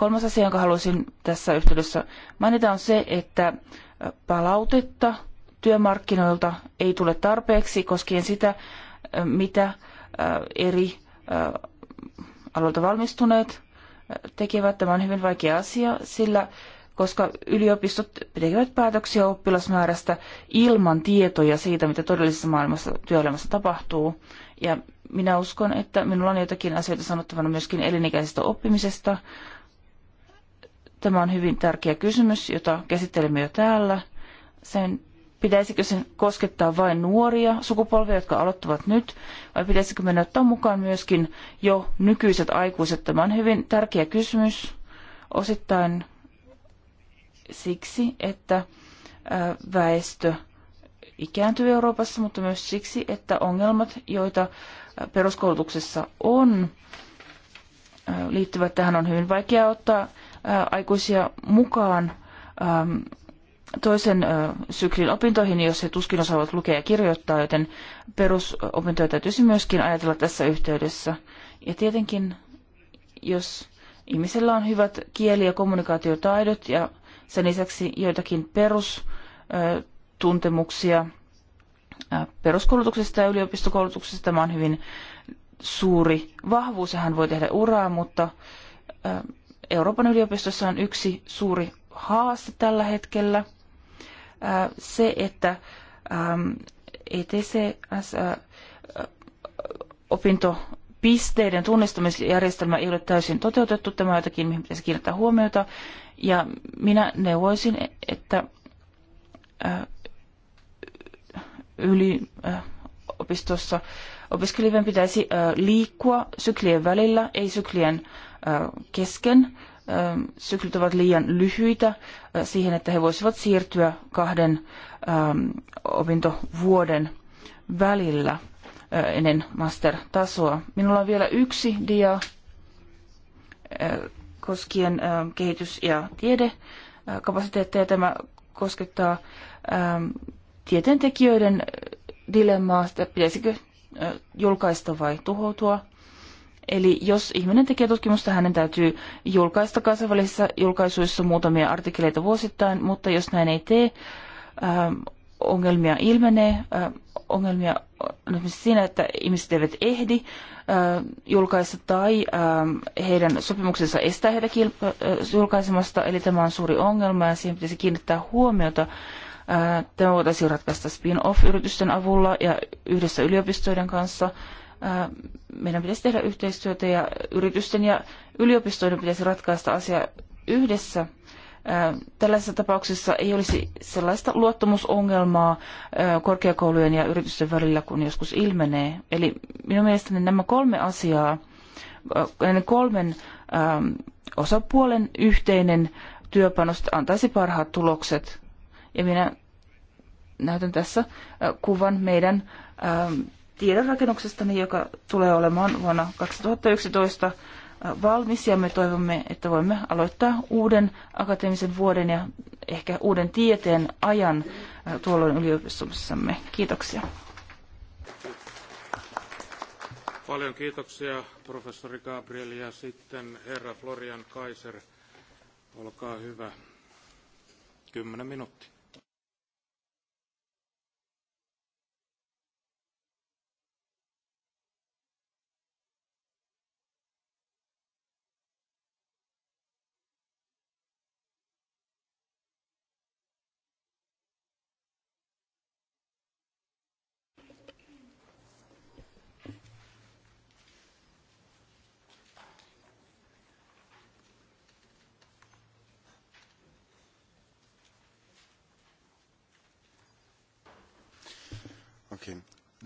Kolmas asia, jonka haluaisin tässä yhteydessä mainita, on se, että palautetta työmarkkinoilta ei tule tarpeeksi koskien sitä, mitä äh, eri äh, aloilta valmistuneet äh, tekevät. Tämä on hyvin vaikea asia, sillä koska yliopistot tekevät päätöksiä oppilasmäärästä ilman tietoja siitä, mitä todellisessa maailmassa työelämässä tapahtuu. Ja minä uskon, että minulla on jotakin asioita sanottavana myöskin elinikäisestä oppimisesta, Tämä on hyvin tärkeä kysymys, jota käsittelemme jo täällä. Sen pitäisikö sen koskettaa vain nuoria sukupolvia, jotka aloittavat nyt, vai pitäisikö mennä ottaa mukaan myöskin jo nykyiset aikuiset? Tämä on hyvin tärkeä kysymys osittain siksi, että väestö ikääntyy Euroopassa, mutta myös siksi, että ongelmat, joita peruskoulutuksessa on, liittyvät tähän, on hyvin vaikea ottaa aikuisia mukaan toisen syklin opintoihin, niin jos he tuskin osaavat lukea ja kirjoittaa, joten perusopintoja täytyisi myöskin ajatella tässä yhteydessä. Ja tietenkin, jos ihmisellä on hyvät kieli- ja kommunikaatiotaidot ja sen lisäksi joitakin perustuntemuksia peruskoulutuksesta ja yliopistokoulutuksesta, tämä on hyvin suuri vahvuus ja hän voi tehdä uraa, mutta Euroopan yliopistossa on yksi suuri haaste tällä hetkellä. Se, että ETCS opintopisteiden tunnistamisjärjestelmä ei ole täysin toteutettu. Tämä on jotakin, mihin pitäisi kiinnittää huomiota. Ja minä neuvoisin, että yliopistossa opiskelijan pitäisi liikkua syklien välillä, ei syklien kesken. Syklit ovat liian lyhyitä siihen, että he voisivat siirtyä kahden opintovuoden välillä ennen master-tasoa. Minulla on vielä yksi dia koskien kehitys- ja tiedekapasiteetteja. Tämä koskettaa tieteentekijöiden dilemmaa, että pitäisikö julkaista vai tuhoutua. Eli jos ihminen tekee tutkimusta, hänen täytyy julkaista kansainvälisissä julkaisuissa muutamia artikkeleita vuosittain, mutta jos näin ei tee, ähm, ongelmia ilmenee. Äh, ongelmia on siinä, että ihmiset eivät ehdi äh, julkaista tai äh, heidän sopimuksensa estää heitä julkaisemasta, eli tämä on suuri ongelma ja siihen pitäisi kiinnittää huomiota. Tämä voitaisiin ratkaista spin-off-yritysten avulla ja yhdessä yliopistoiden kanssa – meidän pitäisi tehdä yhteistyötä ja yritysten ja yliopistoiden pitäisi ratkaista asia yhdessä. Tällaisessa tapauksessa ei olisi sellaista luottamusongelmaa korkeakoulujen ja yritysten välillä, kun joskus ilmenee. Eli minun mielestäni nämä kolme asiaa, näiden kolmen osapuolen yhteinen työpanos antaisi parhaat tulokset. Ja minä näytän tässä kuvan meidän tiedonrakennuksestani, joka tulee olemaan vuonna 2011 äh, valmis ja me toivomme, että voimme aloittaa uuden akateemisen vuoden ja ehkä uuden tieteen ajan äh, tuolloin yliopistossamme. Kiitoksia. Paljon kiitoksia professori Gabriel ja sitten herra Florian Kaiser. Olkaa hyvä. Kymmenen minuuttia.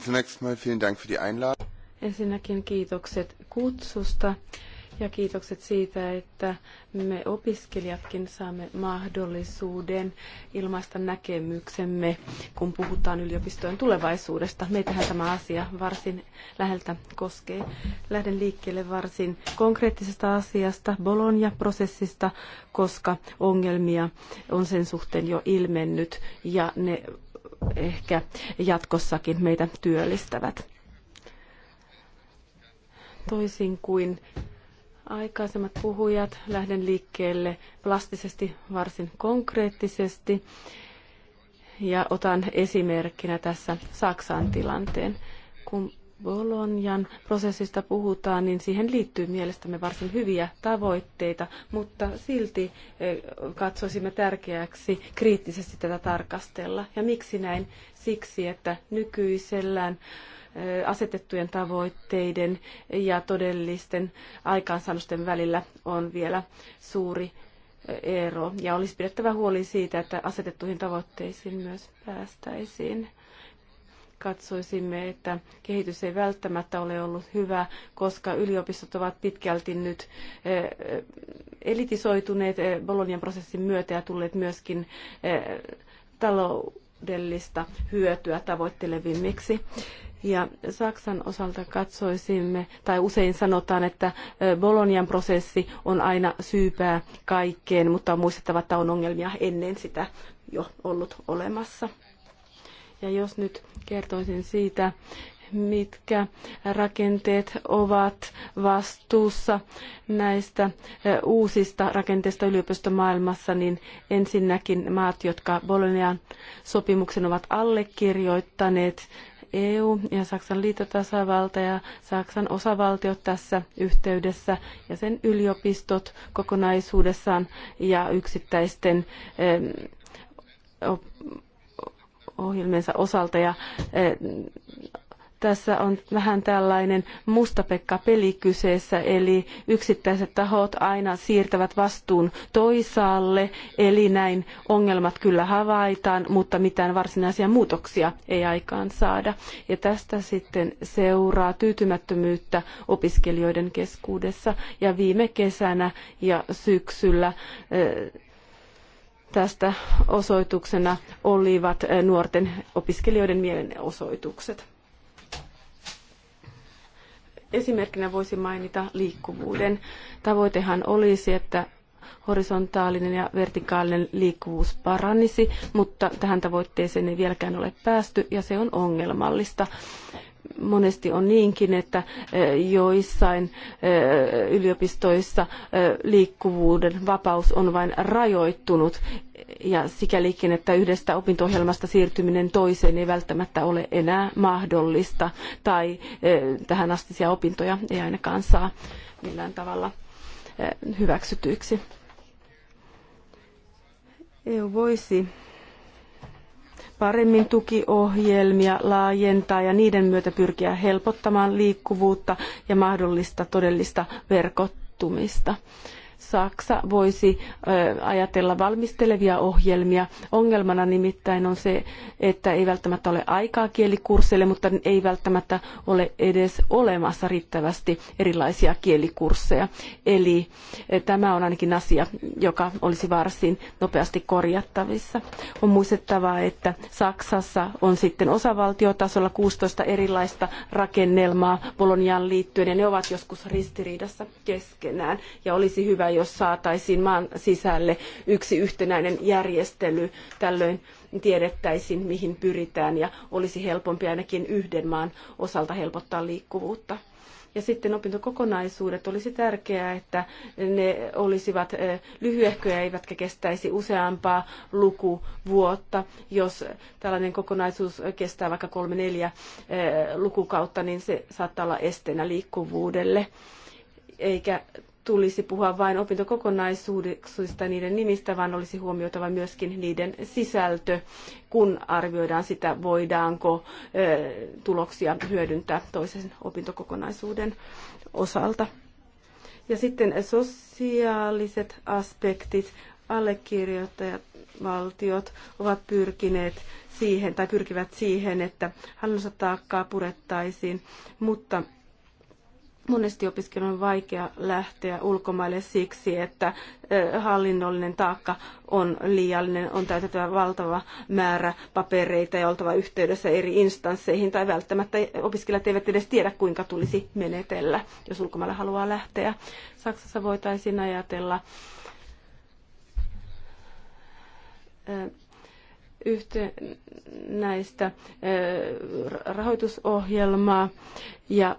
Zunächst mal vielen Dank für die Einladung. Ensinnäkin kiitokset kutsusta ja kiitokset siitä, että me opiskelijatkin saamme mahdollisuuden ilmaista näkemyksemme, kun puhutaan yliopistojen tulevaisuudesta. Meitähän tämä asia varsin läheltä koskee. Lähden liikkeelle varsin konkreettisesta asiasta, Bologna-prosessista, koska ongelmia on sen suhteen jo ilmennyt ja ne ehkä jatkossakin meitä työllistävät. Toisin kuin aikaisemmat puhujat, lähden liikkeelle plastisesti varsin konkreettisesti ja otan esimerkkinä tässä Saksan tilanteen. Kun Bolonjan prosessista puhutaan, niin siihen liittyy mielestämme varsin hyviä tavoitteita, mutta silti eh, katsoisimme tärkeäksi kriittisesti tätä tarkastella. Ja miksi näin? Siksi, että nykyisellään eh, asetettujen tavoitteiden ja todellisten aikaansaannosten välillä on vielä suuri eh, ero. Ja olisi pidettävä huoli siitä, että asetettuihin tavoitteisiin myös päästäisiin katsoisimme, että kehitys ei välttämättä ole ollut hyvä, koska yliopistot ovat pitkälti nyt eh, elitisoituneet eh, Bolonian prosessin myötä ja tulleet myöskin eh, taloudellista hyötyä tavoittelevimmiksi. Ja Saksan osalta katsoisimme, tai usein sanotaan, että Bolonian prosessi on aina syypää kaikkeen, mutta on muistettava, että on ongelmia ennen sitä jo ollut olemassa. Ja jos nyt kertoisin siitä, mitkä rakenteet ovat vastuussa näistä uusista rakenteista yliopistomaailmassa, niin ensinnäkin maat, jotka Bolonian sopimuksen ovat allekirjoittaneet, EU ja Saksan liitotasavalta ja Saksan osavaltiot tässä yhteydessä ja sen yliopistot kokonaisuudessaan ja yksittäisten ohjelmiensa osalta ja e, tässä on vähän tällainen mustapekka-peli kyseessä, eli yksittäiset tahot aina siirtävät vastuun toisaalle, eli näin ongelmat kyllä havaitaan, mutta mitään varsinaisia muutoksia ei aikaan saada. Ja tästä sitten seuraa tyytymättömyyttä opiskelijoiden keskuudessa, ja viime kesänä ja syksyllä äh, Tästä osoituksena olivat eh, nuorten opiskelijoiden mielenosoitukset. Esimerkkinä voisi mainita liikkuvuuden. Tavoitehan olisi, että horisontaalinen ja vertikaalinen liikkuvuus paranisi, mutta tähän tavoitteeseen ei vieläkään ole päästy ja se on ongelmallista monesti on niinkin, että eh, joissain eh, yliopistoissa eh, liikkuvuuden vapaus on vain rajoittunut ja sikälikin, että yhdestä opinto-ohjelmasta siirtyminen toiseen ei välttämättä ole enää mahdollista tai tähän astisia opintoja ei ainakaan saa millään tavalla hyväksytyiksi. EU voisi paremmin tukiohjelmia laajentaa ja niiden myötä pyrkiä helpottamaan liikkuvuutta ja mahdollista todellista verkottumista. Saksa voisi ajatella valmistelevia ohjelmia. Ongelmana nimittäin on se, että ei välttämättä ole aikaa kielikursseille, mutta ei välttämättä ole edes olemassa riittävästi erilaisia kielikursseja. Eli tämä on ainakin asia, joka olisi varsin nopeasti korjattavissa. On muistettava, että Saksassa on sitten osavaltiotasolla 16 erilaista rakennelmaa Boloniaan liittyen, ja ne ovat joskus ristiriidassa keskenään, ja olisi hyvä, jos saataisiin maan sisälle yksi yhtenäinen järjestely. Tällöin tiedettäisiin, mihin pyritään ja olisi helpompi ainakin yhden maan osalta helpottaa liikkuvuutta. Ja sitten opintokokonaisuudet olisi tärkeää, että ne olisivat lyhyehköjä eivätkä kestäisi useampaa lukuvuotta. Jos tällainen kokonaisuus kestää vaikka kolme neljä lukukautta, niin se saattaa olla esteenä liikkuvuudelle eikä tulisi puhua vain opintokokonaisuuksista ja niiden nimistä, vaan olisi huomioitava myöskin niiden sisältö, kun arvioidaan sitä, voidaanko tuloksia hyödyntää toisen opintokokonaisuuden osalta. Ja sitten sosiaaliset aspektit, allekirjoittajat, valtiot ovat pyrkineet siihen tai pyrkivät siihen, että hallinnossa taakkaa purettaisiin, mutta monesti opiskelijan on vaikea lähteä ulkomaille siksi, että hallinnollinen taakka on liiallinen, on täytettävä valtava määrä papereita ja oltava yhteydessä eri instansseihin, tai välttämättä opiskelijat eivät edes tiedä, kuinka tulisi menetellä, jos ulkomaille haluaa lähteä. Saksassa voitaisiin ajatella yhtenäistä rahoitusohjelmaa ja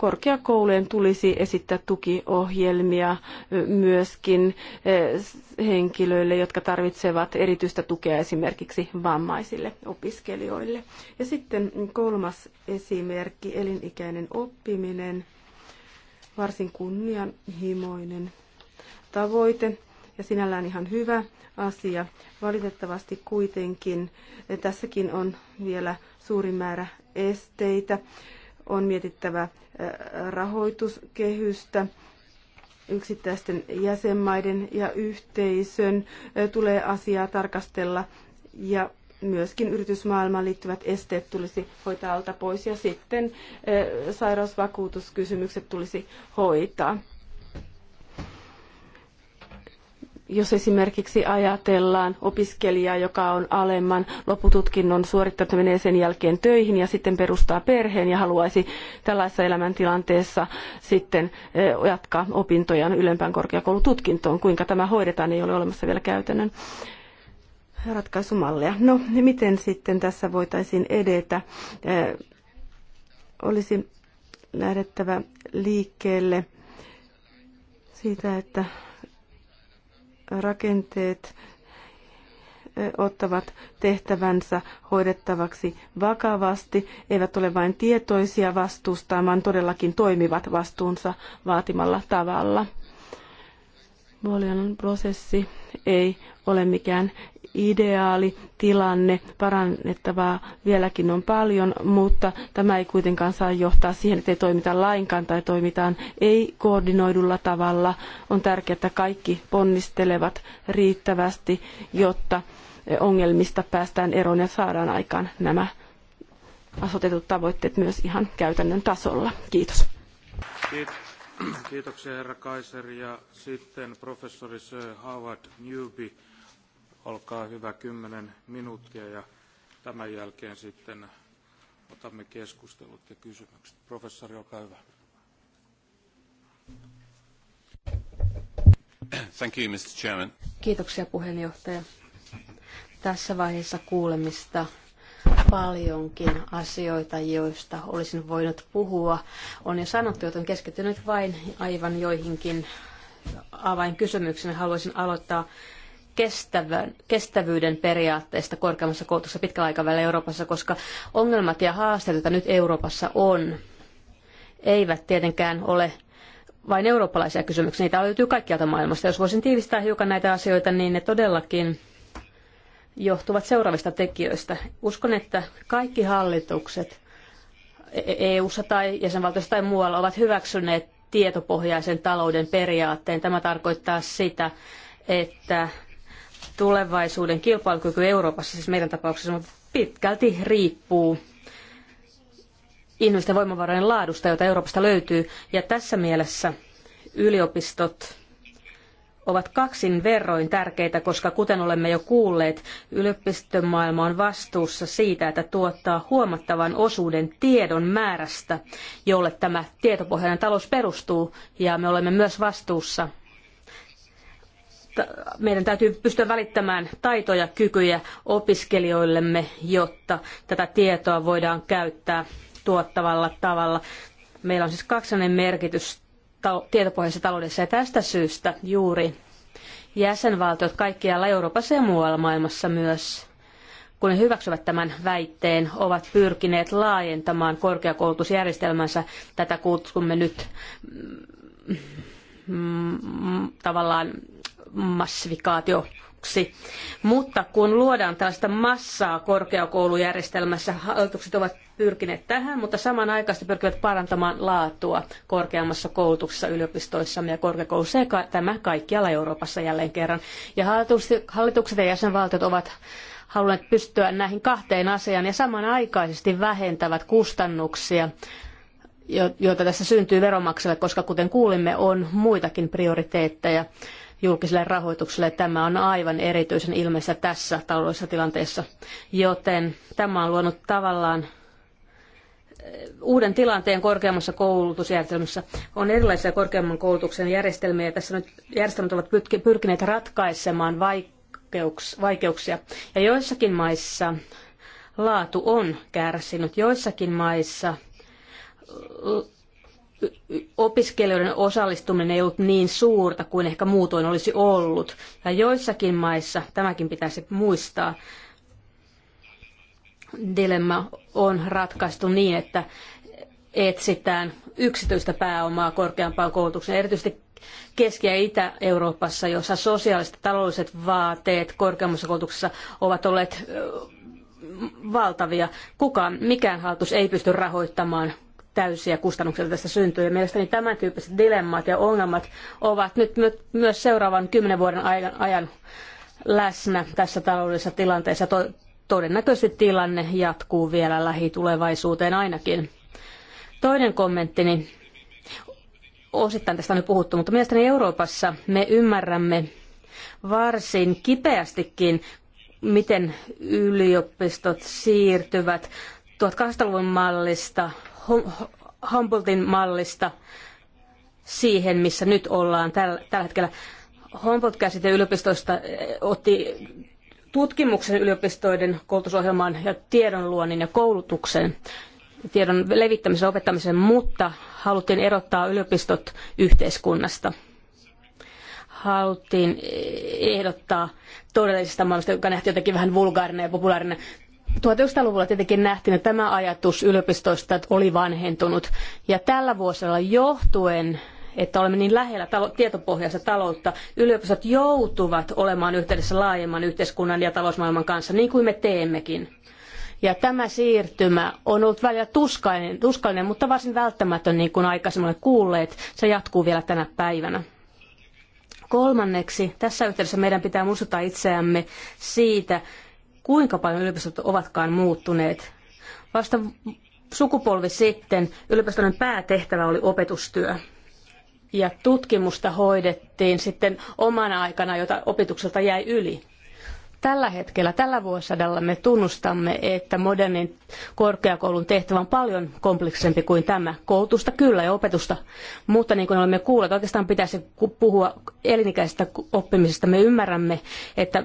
korkeakoulujen tulisi esittää tukiohjelmia myöskin henkilöille, jotka tarvitsevat erityistä tukea esimerkiksi vammaisille opiskelijoille. Ja sitten kolmas esimerkki, elinikäinen oppiminen, varsin kunnianhimoinen tavoite ja sinällään ihan hyvä asia. Valitettavasti kuitenkin e, tässäkin on vielä suuri määrä esteitä on mietittävä rahoituskehystä yksittäisten jäsenmaiden ja yhteisön tulee asiaa tarkastella ja myöskin yritysmaailmaan liittyvät esteet tulisi hoitaa alta pois ja sitten sairausvakuutuskysymykset tulisi hoitaa. jos esimerkiksi ajatellaan opiskelijaa, joka on alemman lopututkinnon suorittanut, menee sen jälkeen töihin ja sitten perustaa perheen ja haluaisi tällaisessa elämäntilanteessa sitten jatkaa opintojaan ylempään korkeakoulututkintoon. Kuinka tämä hoidetaan, ei ole olemassa vielä käytännön ratkaisumalleja. No, niin miten sitten tässä voitaisiin edetä? Olisi lähdettävä liikkeelle siitä, että rakenteet ottavat tehtävänsä hoidettavaksi vakavasti, eivät ole vain tietoisia vastuusta, vaan todellakin toimivat vastuunsa vaatimalla tavalla. Volion prosessi ei ole mikään ideaali tilanne, parannettavaa vieläkin on paljon, mutta tämä ei kuitenkaan saa johtaa siihen, ettei toimita lainkaan tai toimitaan ei-koordinoidulla tavalla. On tärkeää, että kaikki ponnistelevat riittävästi, jotta ongelmista päästään eroon ja saadaan aikaan nämä asetetut tavoitteet myös ihan käytännön tasolla. Kiitos. Kiitoksia herra Kaiser ja sitten professori Sir Howard Newby. Olkaa hyvä, kymmenen minuuttia ja tämän jälkeen sitten otamme keskustelut ja kysymykset. Professori, olkaa hyvä. Thank you, Mr. Chairman. Kiitoksia puheenjohtaja. Tässä vaiheessa kuulemista paljonkin asioita, joista olisin voinut puhua. On jo sanottu, joten keskityn nyt vain aivan joihinkin avainkysymyksiin. Haluaisin aloittaa kestävän, kestävyyden periaatteesta korkeammassa koulutuksessa pitkällä aikavälillä Euroopassa, koska ongelmat ja haasteet, joita nyt Euroopassa on, eivät tietenkään ole vain eurooppalaisia kysymyksiä. Niitä löytyy kaikkialta maailmasta. Jos voisin tiivistää hiukan näitä asioita, niin ne todellakin johtuvat seuraavista tekijöistä. Uskon, että kaikki hallitukset EU-ssa e-, e tai jäsenvaltiossa tai muualla ovat hyväksyneet tietopohjaisen talouden periaatteen. Tämä tarkoittaa sitä, että tulevaisuuden kilpailukyky Euroopassa, siis meidän tapauksessa, pitkälti riippuu ihmisten voimavarojen laadusta, jota Euroopasta löytyy. Ja tässä mielessä yliopistot ovat kaksin verroin tärkeitä, koska kuten olemme jo kuulleet, yliopistomaailma on vastuussa siitä, että tuottaa huomattavan osuuden tiedon määrästä, jolle tämä tietopohjainen talous perustuu, ja me olemme myös vastuussa meidän täytyy pystyä välittämään taitoja, kykyjä opiskelijoillemme, jotta tätä tietoa voidaan käyttää tuottavalla tavalla. Meillä on siis kaksainen merkitys tietopohjaisessa taloudessa ja tästä syystä juuri jäsenvaltiot kaikkialla Euroopassa ja muualla maailmassa myös, kun ne hyväksyvät tämän väitteen, ovat pyrkineet laajentamaan korkeakoulutusjärjestelmänsä. Tätä kutsumme nyt mm, mm tavallaan massifikaatioksi. Mutta kun luodaan tällaista massaa korkeakoulujärjestelmässä, hallitukset ovat pyrkineet tähän, mutta samanaikaisesti pyrkivät parantamaan laatua korkeammassa koulutuksessa yliopistoissa ja korkeakoulussa ja tämä kaikkialla Euroopassa jälleen kerran. Ja hallitukset ja jäsenvaltiot ovat halunneet pystyä näihin kahteen asiaan ja samanaikaisesti vähentävät kustannuksia joita tässä syntyy veronmaksajille, koska kuten kuulimme, on muitakin prioriteetteja julkiselle rahoitukselle. Tämä on aivan erityisen ilmeistä tässä taloudellisessa tilanteessa, joten tämä on luonut tavallaan eh, uuden tilanteen korkeammassa koulutusjärjestelmässä. On erilaisia korkeamman koulutuksen järjestelmiä ja tässä nyt järjestelmät ovat pyrkineet ratkaisemaan vaikeuksia. Ja joissakin maissa laatu on kärsinyt, joissakin maissa opiskelijoiden osallistuminen ei ollut niin suurta kuin ehkä muutoin olisi ollut. Ja joissakin maissa, tämäkin pitäisi muistaa, dilemma on ratkaistu niin, että etsitään yksityistä pääomaa korkeampaan koulutukseen, erityisesti Keski- ja Itä-Euroopassa, jossa sosiaaliset ja taloudelliset vaateet korkeammassa koulutuksessa ovat olleet valtavia. Kukaan, mikään hallitus ei pysty rahoittamaan täysiä kustannuksia tästä syntyy. Ja mielestäni tämän tyyppiset dilemmat ja ongelmat ovat nyt myös seuraavan kymmenen vuoden ajan läsnä tässä taloudellisessa tilanteessa. todennäköisesti tilanne jatkuu vielä lähitulevaisuuteen ainakin. Toinen kommenttini, osittain tästä on nyt puhuttu, mutta mielestäni Euroopassa me ymmärrämme varsin kipeästikin, miten yliopistot siirtyvät 1800-luvun mallista Humboldtin mallista siihen, missä nyt ollaan tällä, tällä hetkellä. Humboldt-käsite yliopistoista eh, otti tutkimuksen yliopistoiden koulutusohjelmaan ja tiedonluonnin ja koulutuksen tiedon levittämisen ja opettamisen, mutta haluttiin erottaa yliopistot yhteiskunnasta. Haluttiin eh, ehdottaa todellisesta maailmasta, joka nähtiin jotenkin vähän vulgaarinen ja populaarinen 1900-luvulla tietenkin nähtiin, että tämä ajatus yliopistoista oli vanhentunut. Ja tällä vuosella johtuen että olemme niin lähellä talo, tietopohjaista taloutta, yliopistot joutuvat olemaan yhteydessä laajemman yhteiskunnan ja talousmaailman kanssa, niin kuin me teemmekin. Ja tämä siirtymä on ollut välillä tuskainen, tuskainen mutta varsin välttämätön, niin kuin aikaisemmin olemme kuulleet. Se jatkuu vielä tänä päivänä. Kolmanneksi, tässä yhteydessä meidän pitää muistuttaa itseämme siitä, kuinka paljon yliopistot ovatkaan muuttuneet. Vasta sukupolvi sitten yliopistojen päätehtävä oli opetustyö. Ja tutkimusta hoidettiin sitten omana aikana, jota opetukselta jäi yli. Tällä hetkellä, tällä vuosisadalla me tunnustamme, että modernin korkeakoulun tehtävä on paljon kompleksisempi kuin tämä. Koulutusta kyllä ja opetusta, mutta niin kuin olemme kuulleet, oikeastaan pitäisi puhua elinikäisestä oppimisesta. Me ymmärrämme, että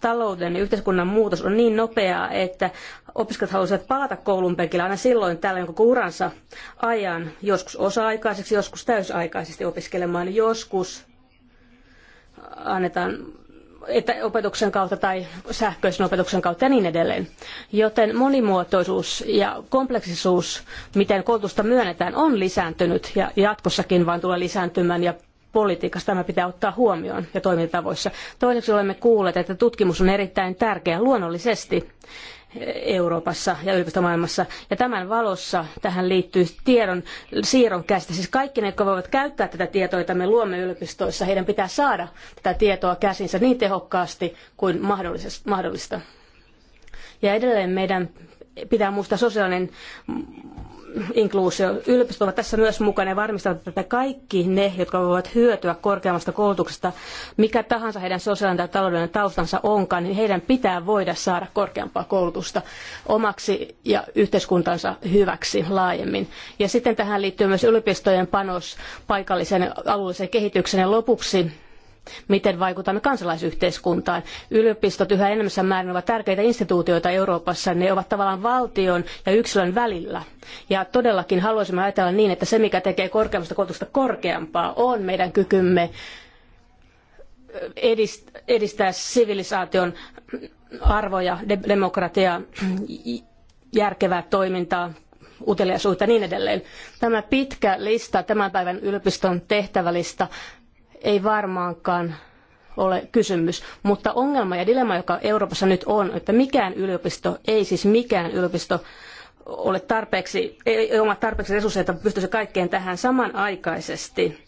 talouden ja yhteiskunnan muutos on niin nopeaa, että opiskelijat haluaisivat palata koulun penkillä aina silloin tällöin koko uransa ajan, joskus osa-aikaiseksi, joskus täysaikaisesti opiskelemaan, joskus annetaan etäopetuksen kautta tai sähköisen opetuksen kautta ja niin edelleen. Joten monimuotoisuus ja kompleksisuus, miten koulutusta myönnetään, on lisääntynyt ja jatkossakin vain tulee lisääntymään ja politiikassa tämä pitää ottaa huomioon ja toimintatavoissa. Toiseksi olemme kuulleet, että tutkimus on erittäin tärkeää luonnollisesti Euroopassa ja yliopistomaailmassa. Ja tämän valossa tähän liittyy tiedon siirron käsite. Siis kaikki ne, jotka voivat käyttää tätä tietoa, jota me luomme yliopistoissa, heidän pitää saada tätä tietoa käsinsä niin tehokkaasti kuin mahdollista. Ja edelleen meidän pitää muistaa sosiaalinen inkluusio. Yliopistot ovat tässä myös mukana ja varmistavat, että kaikki ne, jotka voivat hyötyä korkeammasta koulutuksesta, mikä tahansa heidän sosiaalinen tai taloudellinen taustansa onkaan, niin heidän pitää voida saada korkeampaa koulutusta omaksi ja yhteiskuntansa hyväksi laajemmin. Ja sitten tähän liittyy myös yliopistojen panos paikalliseen alueelliseen kehitykseen. Ja lopuksi miten vaikutamme kansalaisyhteiskuntaan. Yliopistot yhä enemmän määrin ovat tärkeitä instituutioita Euroopassa. Ne ovat tavallaan valtion ja yksilön välillä. Ja todellakin haluaisimme ajatella niin, että se mikä tekee korkeammasta koulutuksesta korkeampaa on meidän kykymme edistää sivilisaation arvoja, demokratiaa, järkevää toimintaa, uteliaisuutta ja niin edelleen. Tämä pitkä lista, tämän päivän yliopiston tehtävälista, ei varmaankaan ole kysymys. Mutta ongelma ja dilemma, joka Euroopassa nyt on, että mikään yliopisto, ei siis mikään yliopisto ole tarpeeksi, ei ole tarpeeksi resursseja, että pystyisi kaikkeen tähän samanaikaisesti.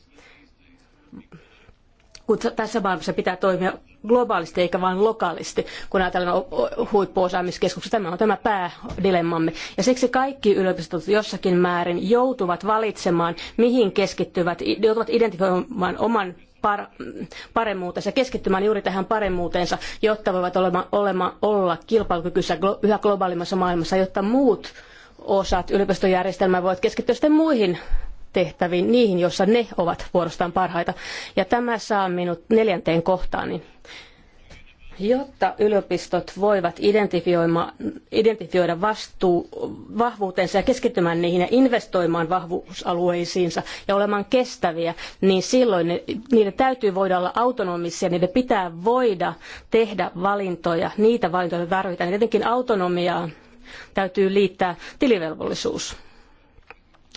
Kun tässä maailmassa pitää toimia globaalisti eikä vain lokaalisti, kun ajatellaan huippuosaamiskeskuksia. Tämä on tämä päädilemmamme. Ja siksi kaikki yliopistot jossakin määrin joutuvat valitsemaan, mihin keskittyvät, joutuvat identifioimaan oman par, paremmuutensa, keskittymään juuri tähän paremmuuteensa, jotta voivat olema, olema, olla kilpailukykyisiä yhä globaalimmassa maailmassa, jotta muut osat yliopistojärjestelmää voivat keskittyä sitten muihin tehtäviin, niihin, joissa ne ovat vuorostaan parhaita. Ja tämä saa minut neljänteen kohtaan. Niin Jotta yliopistot voivat identifioida vastuu, vahvuutensa ja keskittymään niihin ja investoimaan vahvuusalueisiinsa ja olemaan kestäviä, niin silloin ne, niiden täytyy voida olla autonomisia, niiden pitää voida tehdä valintoja, niitä valintoja tarvitaan. Tietenkin autonomiaa täytyy liittää tilivelvollisuus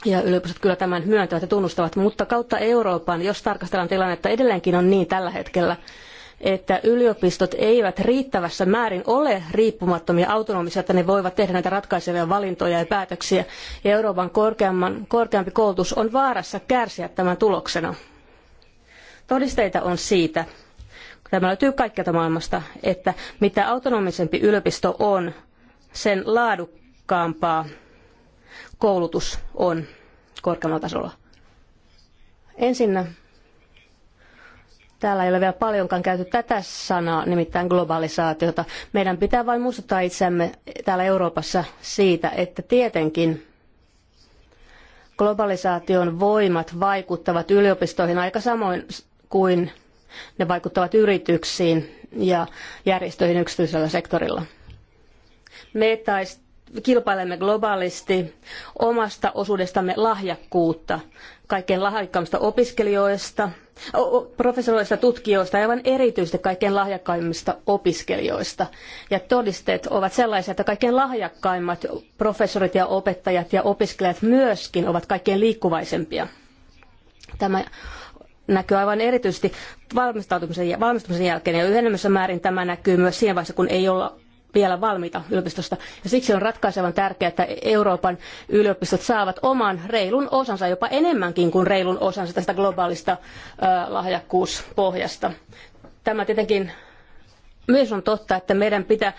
ja yliopistot kyllä tämän myöntävät ja tunnustavat, mutta kautta Euroopan, jos tarkastellaan tilannetta, edelleenkin on niin tällä hetkellä, että yliopistot eivät riittävässä määrin ole riippumattomia autonomisia, että ne voivat tehdä näitä ratkaisevia valintoja ja päätöksiä. Ja Euroopan korkeampi koulutus on vaarassa kärsiä tämän tuloksena. Todisteita on siitä, tämä löytyy kaikkialta maailmasta, että mitä autonomisempi yliopisto on, sen laadukkaampaa koulutus on korkeammalla tasolla. Ensinnä täällä ei ole vielä paljonkaan käyty tätä sanaa, nimittäin globalisaatiota. Meidän pitää vain muistuttaa itsemme täällä Euroopassa siitä, että tietenkin globalisaation voimat vaikuttavat yliopistoihin aika samoin kuin ne vaikuttavat yrityksiin ja järjestöihin yksityisellä sektorilla. Me taist- kilpailemme globaalisti omasta osuudestamme lahjakkuutta, kaikkein lahjakkaimmista opiskelijoista, professoreista, tutkijoista, aivan erityisesti kaikkein lahjakkaimmista opiskelijoista. Ja todisteet ovat sellaisia, että kaikkein lahjakkaimmat professorit ja opettajat ja opiskelijat myöskin ovat kaikkein liikkuvaisempia. Tämä näkyy aivan erityisesti valmistautumisen, valmistumisen jälkeen ja yhdennemmässä määrin tämä näkyy myös siinä vaiheessa, kun ei olla vielä valmiita yliopistosta. Ja siksi on ratkaisevan tärkeää, että Euroopan yliopistot saavat oman reilun osansa, jopa enemmänkin kuin reilun osansa tästä globaalista lahjakkuuspohjasta. Tämä tietenkin myös on totta, että meidän pitää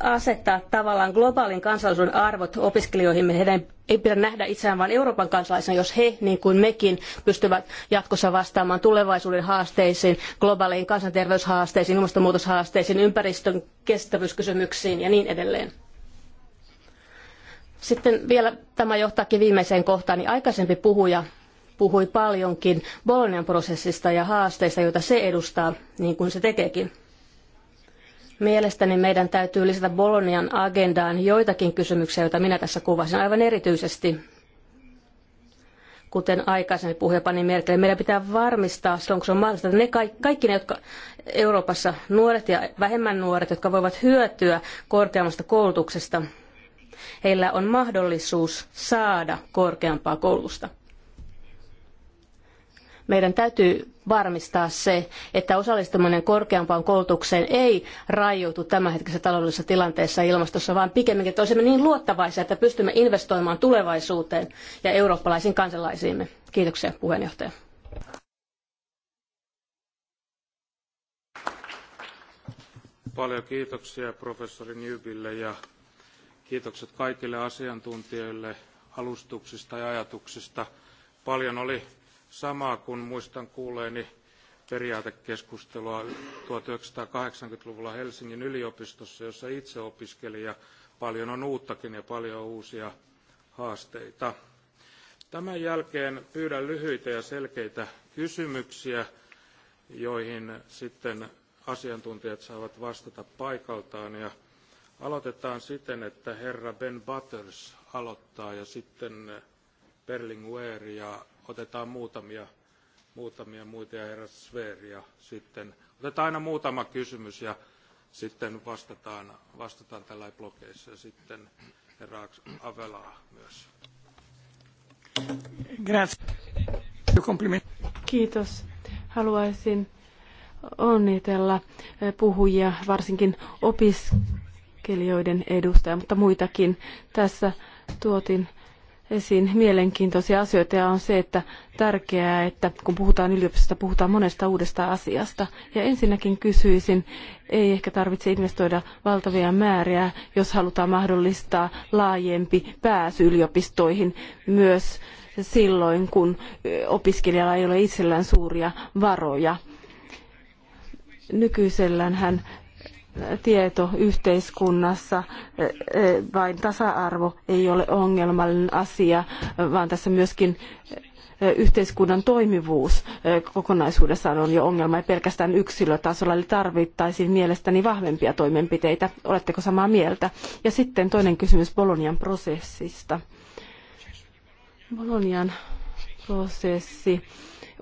asettaa tavallaan globaalin kansallisuuden arvot opiskelijoihin. Heidän ei pidä nähdä itseään vain Euroopan kansalaisena, jos he, niin kuin mekin, pystyvät jatkossa vastaamaan tulevaisuuden haasteisiin, globaaleihin kansanterveyshaasteisiin, ilmastonmuutoshaasteisiin, ympäristön kestävyyskysymyksiin ja niin edelleen. Sitten vielä tämä johtaakin viimeiseen kohtaan, niin aikaisempi puhuja puhui paljonkin Bolonian prosessista ja haasteista, joita se edustaa, niin kuin se tekeekin. Mielestäni meidän täytyy lisätä Bolonian agendaan joitakin kysymyksiä, joita minä tässä kuvasin aivan erityisesti. Kuten aikaisemmin puhuja pani merkille, meidän pitää varmistaa silloin, se on mahdollista, että ne kaikki, kaikki ne, jotka Euroopassa nuoret ja vähemmän nuoret, jotka voivat hyötyä korkeammasta koulutuksesta, heillä on mahdollisuus saada korkeampaa koulutusta. Meidän täytyy varmistaa se, että osallistuminen korkeampaan koulutukseen ei rajoitu tämänhetkisessä taloudellisessa tilanteessa ja ilmastossa, vaan pikemminkin, että olisimme niin luottavaisia, että pystymme investoimaan tulevaisuuteen ja eurooppalaisiin kansalaisiimme. Kiitoksia puheenjohtaja. Paljon kiitoksia professori Newbille ja kiitokset kaikille asiantuntijoille alustuksista ja ajatuksista. Paljon oli samaa kuin muistan kuulleeni periaatekeskustelua 1980-luvulla Helsingin yliopistossa, jossa itse opiskelin ja paljon on uuttakin ja paljon uusia haasteita. Tämän jälkeen pyydän lyhyitä ja selkeitä kysymyksiä, joihin sitten asiantuntijat saavat vastata paikaltaan. Ja aloitetaan siten, että herra Ben Butters aloittaa ja sitten Berlinguer ja otetaan muutamia, muutamia muita ja herra Sveer ja sitten otetaan aina muutama kysymys ja sitten vastataan, vastataan tällä blokeissa ja sitten herra Avelaa myös. Kiitos. Haluaisin onnitella eh, puhujia, varsinkin opiskelijoiden edustajia, mutta muitakin. Tässä tuotin esiin mielenkiintoisia asioita ja on se, että tärkeää, että kun puhutaan yliopistosta, puhutaan monesta uudesta asiasta. Ja ensinnäkin kysyisin, ei ehkä tarvitse investoida valtavia määriä, jos halutaan mahdollistaa laajempi pääsy yliopistoihin myös silloin, kun opiskelijalla ei ole itsellään suuria varoja nykyisellään hän tietoyhteiskunnassa vain tasa-arvo ei ole ongelmallinen asia, vaan tässä myöskin yhteiskunnan toimivuus kokonaisuudessaan on jo ongelma, ei pelkästään yksilötasolla, eli tarvittaisiin mielestäni vahvempia toimenpiteitä. Oletteko samaa mieltä? Ja sitten toinen kysymys Bolonian prosessista. Bolonian prosessi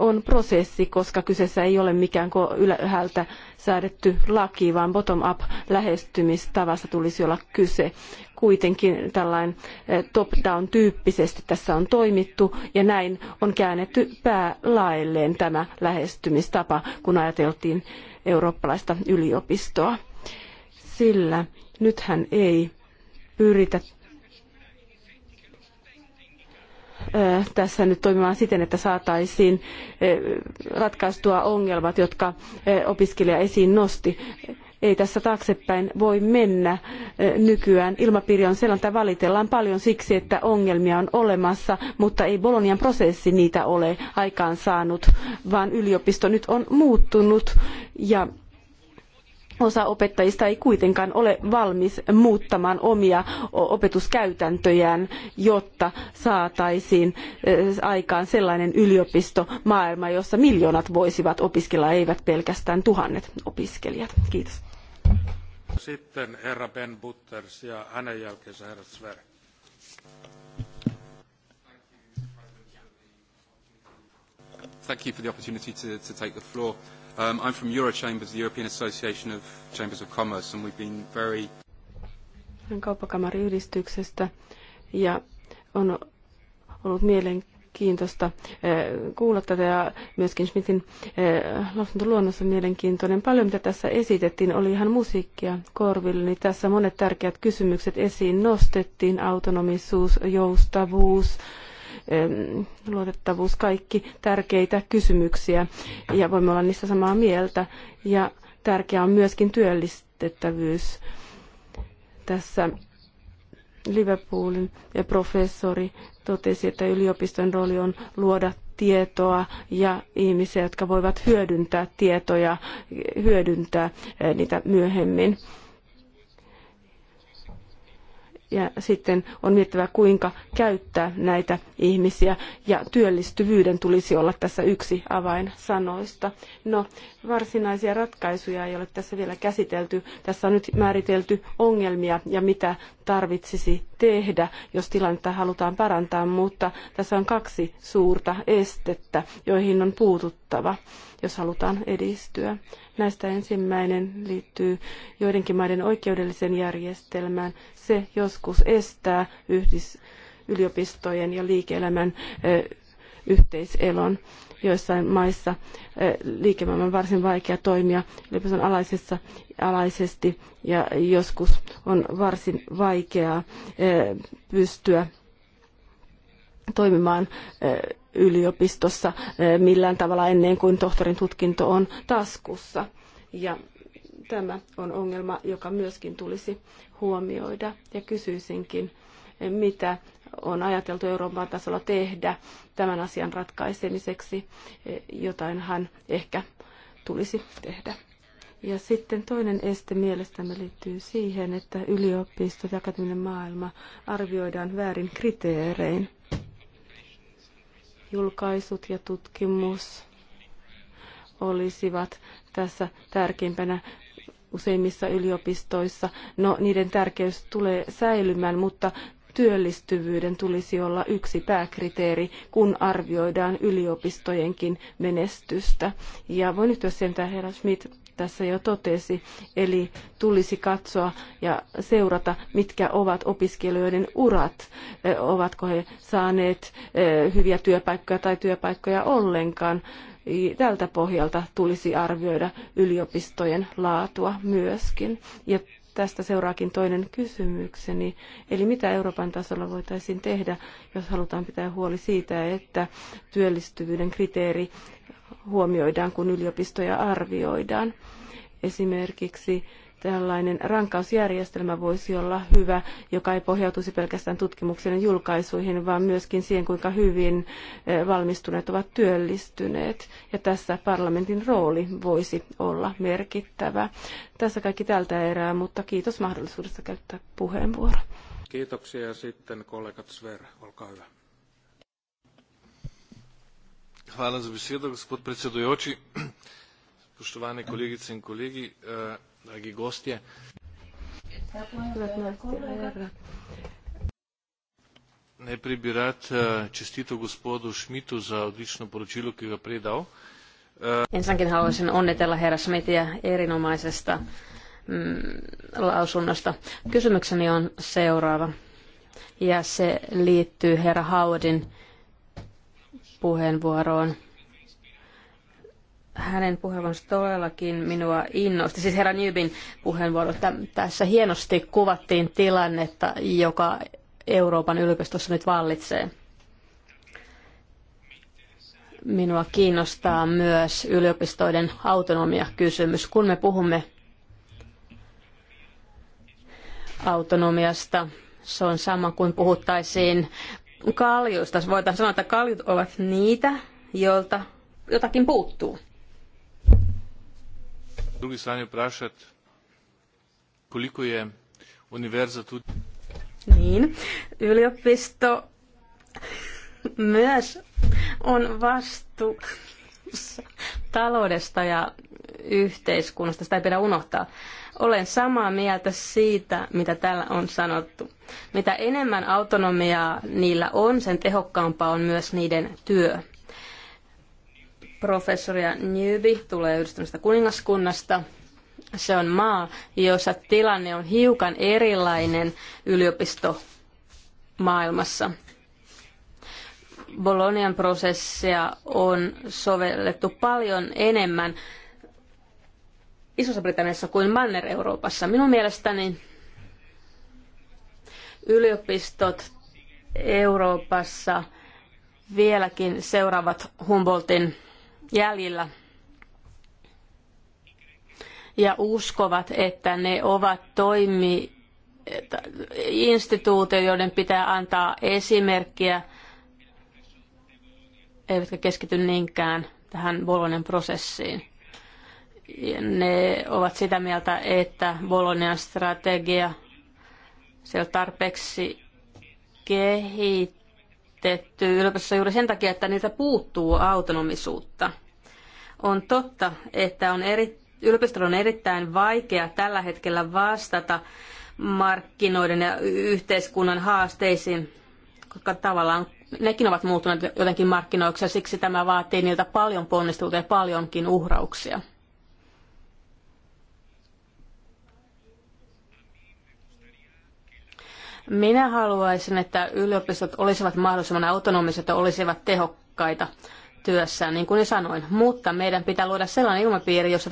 on prosessi, koska kyseessä ei ole mikään ylhäältä säädetty laki, vaan bottom-up lähestymistavasta tulisi olla kyse. Kuitenkin tällainen eh, top-down tyyppisesti tässä on toimittu ja näin on käännetty päälaelleen tämä lähestymistapa, kun ajateltiin eurooppalaista yliopistoa. Sillä nythän ei pyritä tässä nyt toimimaan siten, että saataisiin ratkaistua ongelmat, jotka opiskelija esiin nosti. Ei tässä taaksepäin voi mennä nykyään. Ilmapiiri on sellainen, että valitellaan paljon siksi, että ongelmia on olemassa, mutta ei Bolonian prosessi niitä ole aikaan saanut, vaan yliopisto nyt on muuttunut ja Osa opettajista ei kuitenkaan ole valmis muuttamaan omia opetuskäytäntöjään, jotta saataisiin eh, aikaan sellainen yliopistomaailma, jossa miljoonat voisivat opiskella, eivät pelkästään tuhannet opiskelijat. Kiitos. Sitten herra Ben Butters ja hänen jälkeensä herra Sver. Thank you for the opportunity to, to take the floor. Um, I'm from Eurochambers, the European Association of Chambers of Commerce, and we've been very... kauppakamariyhdistyksestä ja on ollut mielenkiintoista eh, kuulla tätä ja myöskin Schmidtin eh, lausuntoluonnos mielenkiintoinen. Paljon mitä tässä esitettiin oli ihan musiikkia korville, niin tässä monet tärkeät kysymykset esiin nostettiin, autonomisuus, joustavuus, luotettavuus, kaikki tärkeitä kysymyksiä ja voimme olla niistä samaa mieltä. Ja tärkeää on myöskin työllistettävyys. Tässä Liverpoolin professori totesi, että yliopiston rooli on luoda tietoa ja ihmisiä, jotka voivat hyödyntää tietoja, hyödyntää eh, niitä myöhemmin ja sitten on miettivä, kuinka käyttää näitä ihmisiä. Ja työllistyvyyden tulisi olla tässä yksi avainsanoista. No, varsinaisia ratkaisuja ei ole tässä vielä käsitelty. Tässä on nyt määritelty ongelmia ja mitä tarvitsisi tehdä, jos tilannetta halutaan parantaa, mutta tässä on kaksi suurta estettä, joihin on puututtava jos halutaan edistyä. Näistä ensimmäinen liittyy joidenkin maiden oikeudelliseen järjestelmään se joskus estää yliopistojen ja liike-elämän yhteiselon. Joissain maissa liikemaailman on varsin vaikea toimia yliopiston alaisessa, alaisesti ja joskus on varsin vaikeaa pystyä toimimaan yliopistossa millään tavalla ennen kuin tohtorin tutkinto on taskussa. Ja tämä on ongelma, joka myöskin tulisi huomioida. Ja kysyisinkin, mitä on ajateltu Euroopan tasolla tehdä tämän asian ratkaisemiseksi. Jotainhan ehkä tulisi tehdä. Ja sitten toinen este mielestämme liittyy siihen, että yliopistot ja akateeminen maailma arvioidaan väärin kriteerein. Julkaisut ja tutkimus olisivat tässä tärkeimpänä useimmissa yliopistoissa. No, niiden tärkeys tulee säilymään, mutta työllistyvyyden tulisi olla yksi pääkriteeri, kun arvioidaan yliopistojenkin menestystä. Ja voin yhtyä siihen, mitä herra Schmidt tässä jo totesi, eli tulisi katsoa ja seurata, mitkä ovat opiskelijoiden urat, eh, ovatko he saaneet eh, hyviä työpaikkoja tai työpaikkoja ollenkaan, tältä pohjalta tulisi arvioida yliopistojen laatua myöskin. Ja tästä seuraakin toinen kysymykseni. Eli mitä Euroopan tasolla voitaisiin tehdä, jos halutaan pitää huoli siitä, että työllistyvyyden kriteeri huomioidaan, kun yliopistoja arvioidaan? Esimerkiksi tällainen rankausjärjestelmä voisi olla hyvä, joka ei pohjautuisi pelkästään tutkimuksen julkaisuihin, vaan myöskin siihen, kuinka hyvin eh, valmistuneet ovat työllistyneet. Ja tässä parlamentin rooli voisi olla merkittävä. Tässä kaikki tältä erää, mutta kiitos mahdollisuudesta käyttää puheenvuoro. Kiitoksia sitten kollegat Sver, olkaa hyvä. Hvala za besedo, gospod Spoštovane kolegice in kolegi, äh, dragi gostje. Najprej bi rad eh, čestito gospodu Schmidtu za odlično poročilo, ki ga je predal. Eh, Ensinnäkin haluaisin onnitella herra Smithia erinomaisesta mm, lausunnosta. Kysymykseni on seuraava, ja se liittyy herra Howardin puheenvuoroon hänen puheenvuoronsa todellakin minua innosti. Siis herra Newbin puheenvuoro. Tässä hienosti kuvattiin tilannetta, joka Euroopan yliopistossa nyt vallitsee. Minua kiinnostaa myös yliopistoiden autonomia-kysymys. Kun me puhumme autonomiasta, se on sama kuin puhuttaisiin kaljuista. Voitaisiin sanoa, että kaljut ovat niitä, joilta jotakin puuttuu drugi strani vprašati, koliko je univerza tudi... Niin, yliopisto myös on vastu taloudesta ja yhteiskunnasta, sitä ei pidä unohtaa. Olen samaa mieltä siitä, mitä täällä on sanottu. Mitä enemmän autonomiaa niillä on, sen tehokkaampaa on myös niiden työ. Professori Newby tulee yhdistyneestä kuningaskunnasta. Se on maa, jossa tilanne on hiukan erilainen yliopisto maailmassa. Bolonian prosessia on sovellettu paljon enemmän Isossa Britanniassa kuin Manner-Euroopassa. Minun mielestäni yliopistot Euroopassa vieläkin seuraavat Humboldtin jäljillä ja uskovat, että ne ovat toimi instituutioiden pitää antaa esimerkkiä, eivätkä keskity niinkään tähän Bolonian prosessiin. Ne ovat sitä mieltä, että Bolonian strategia on tarpeeksi kehitetty yliopistossa juuri sen takia, että niitä puuttuu autonomisuutta. On totta, että on eri, yliopistolla on erittäin vaikea tällä hetkellä vastata markkinoiden ja yhteiskunnan haasteisiin, koska tavallaan nekin ovat muuttuneet jotenkin markkinoiksi ja siksi tämä vaatii niiltä paljon ponnistelua ja paljonkin uhrauksia. Minä haluaisin, että yliopistot olisivat mahdollisimman autonomiset ja olisivat tehokkaita työssään, niin kuin jo sanoin. Mutta meidän pitää luoda sellainen ilmapiiri, jossa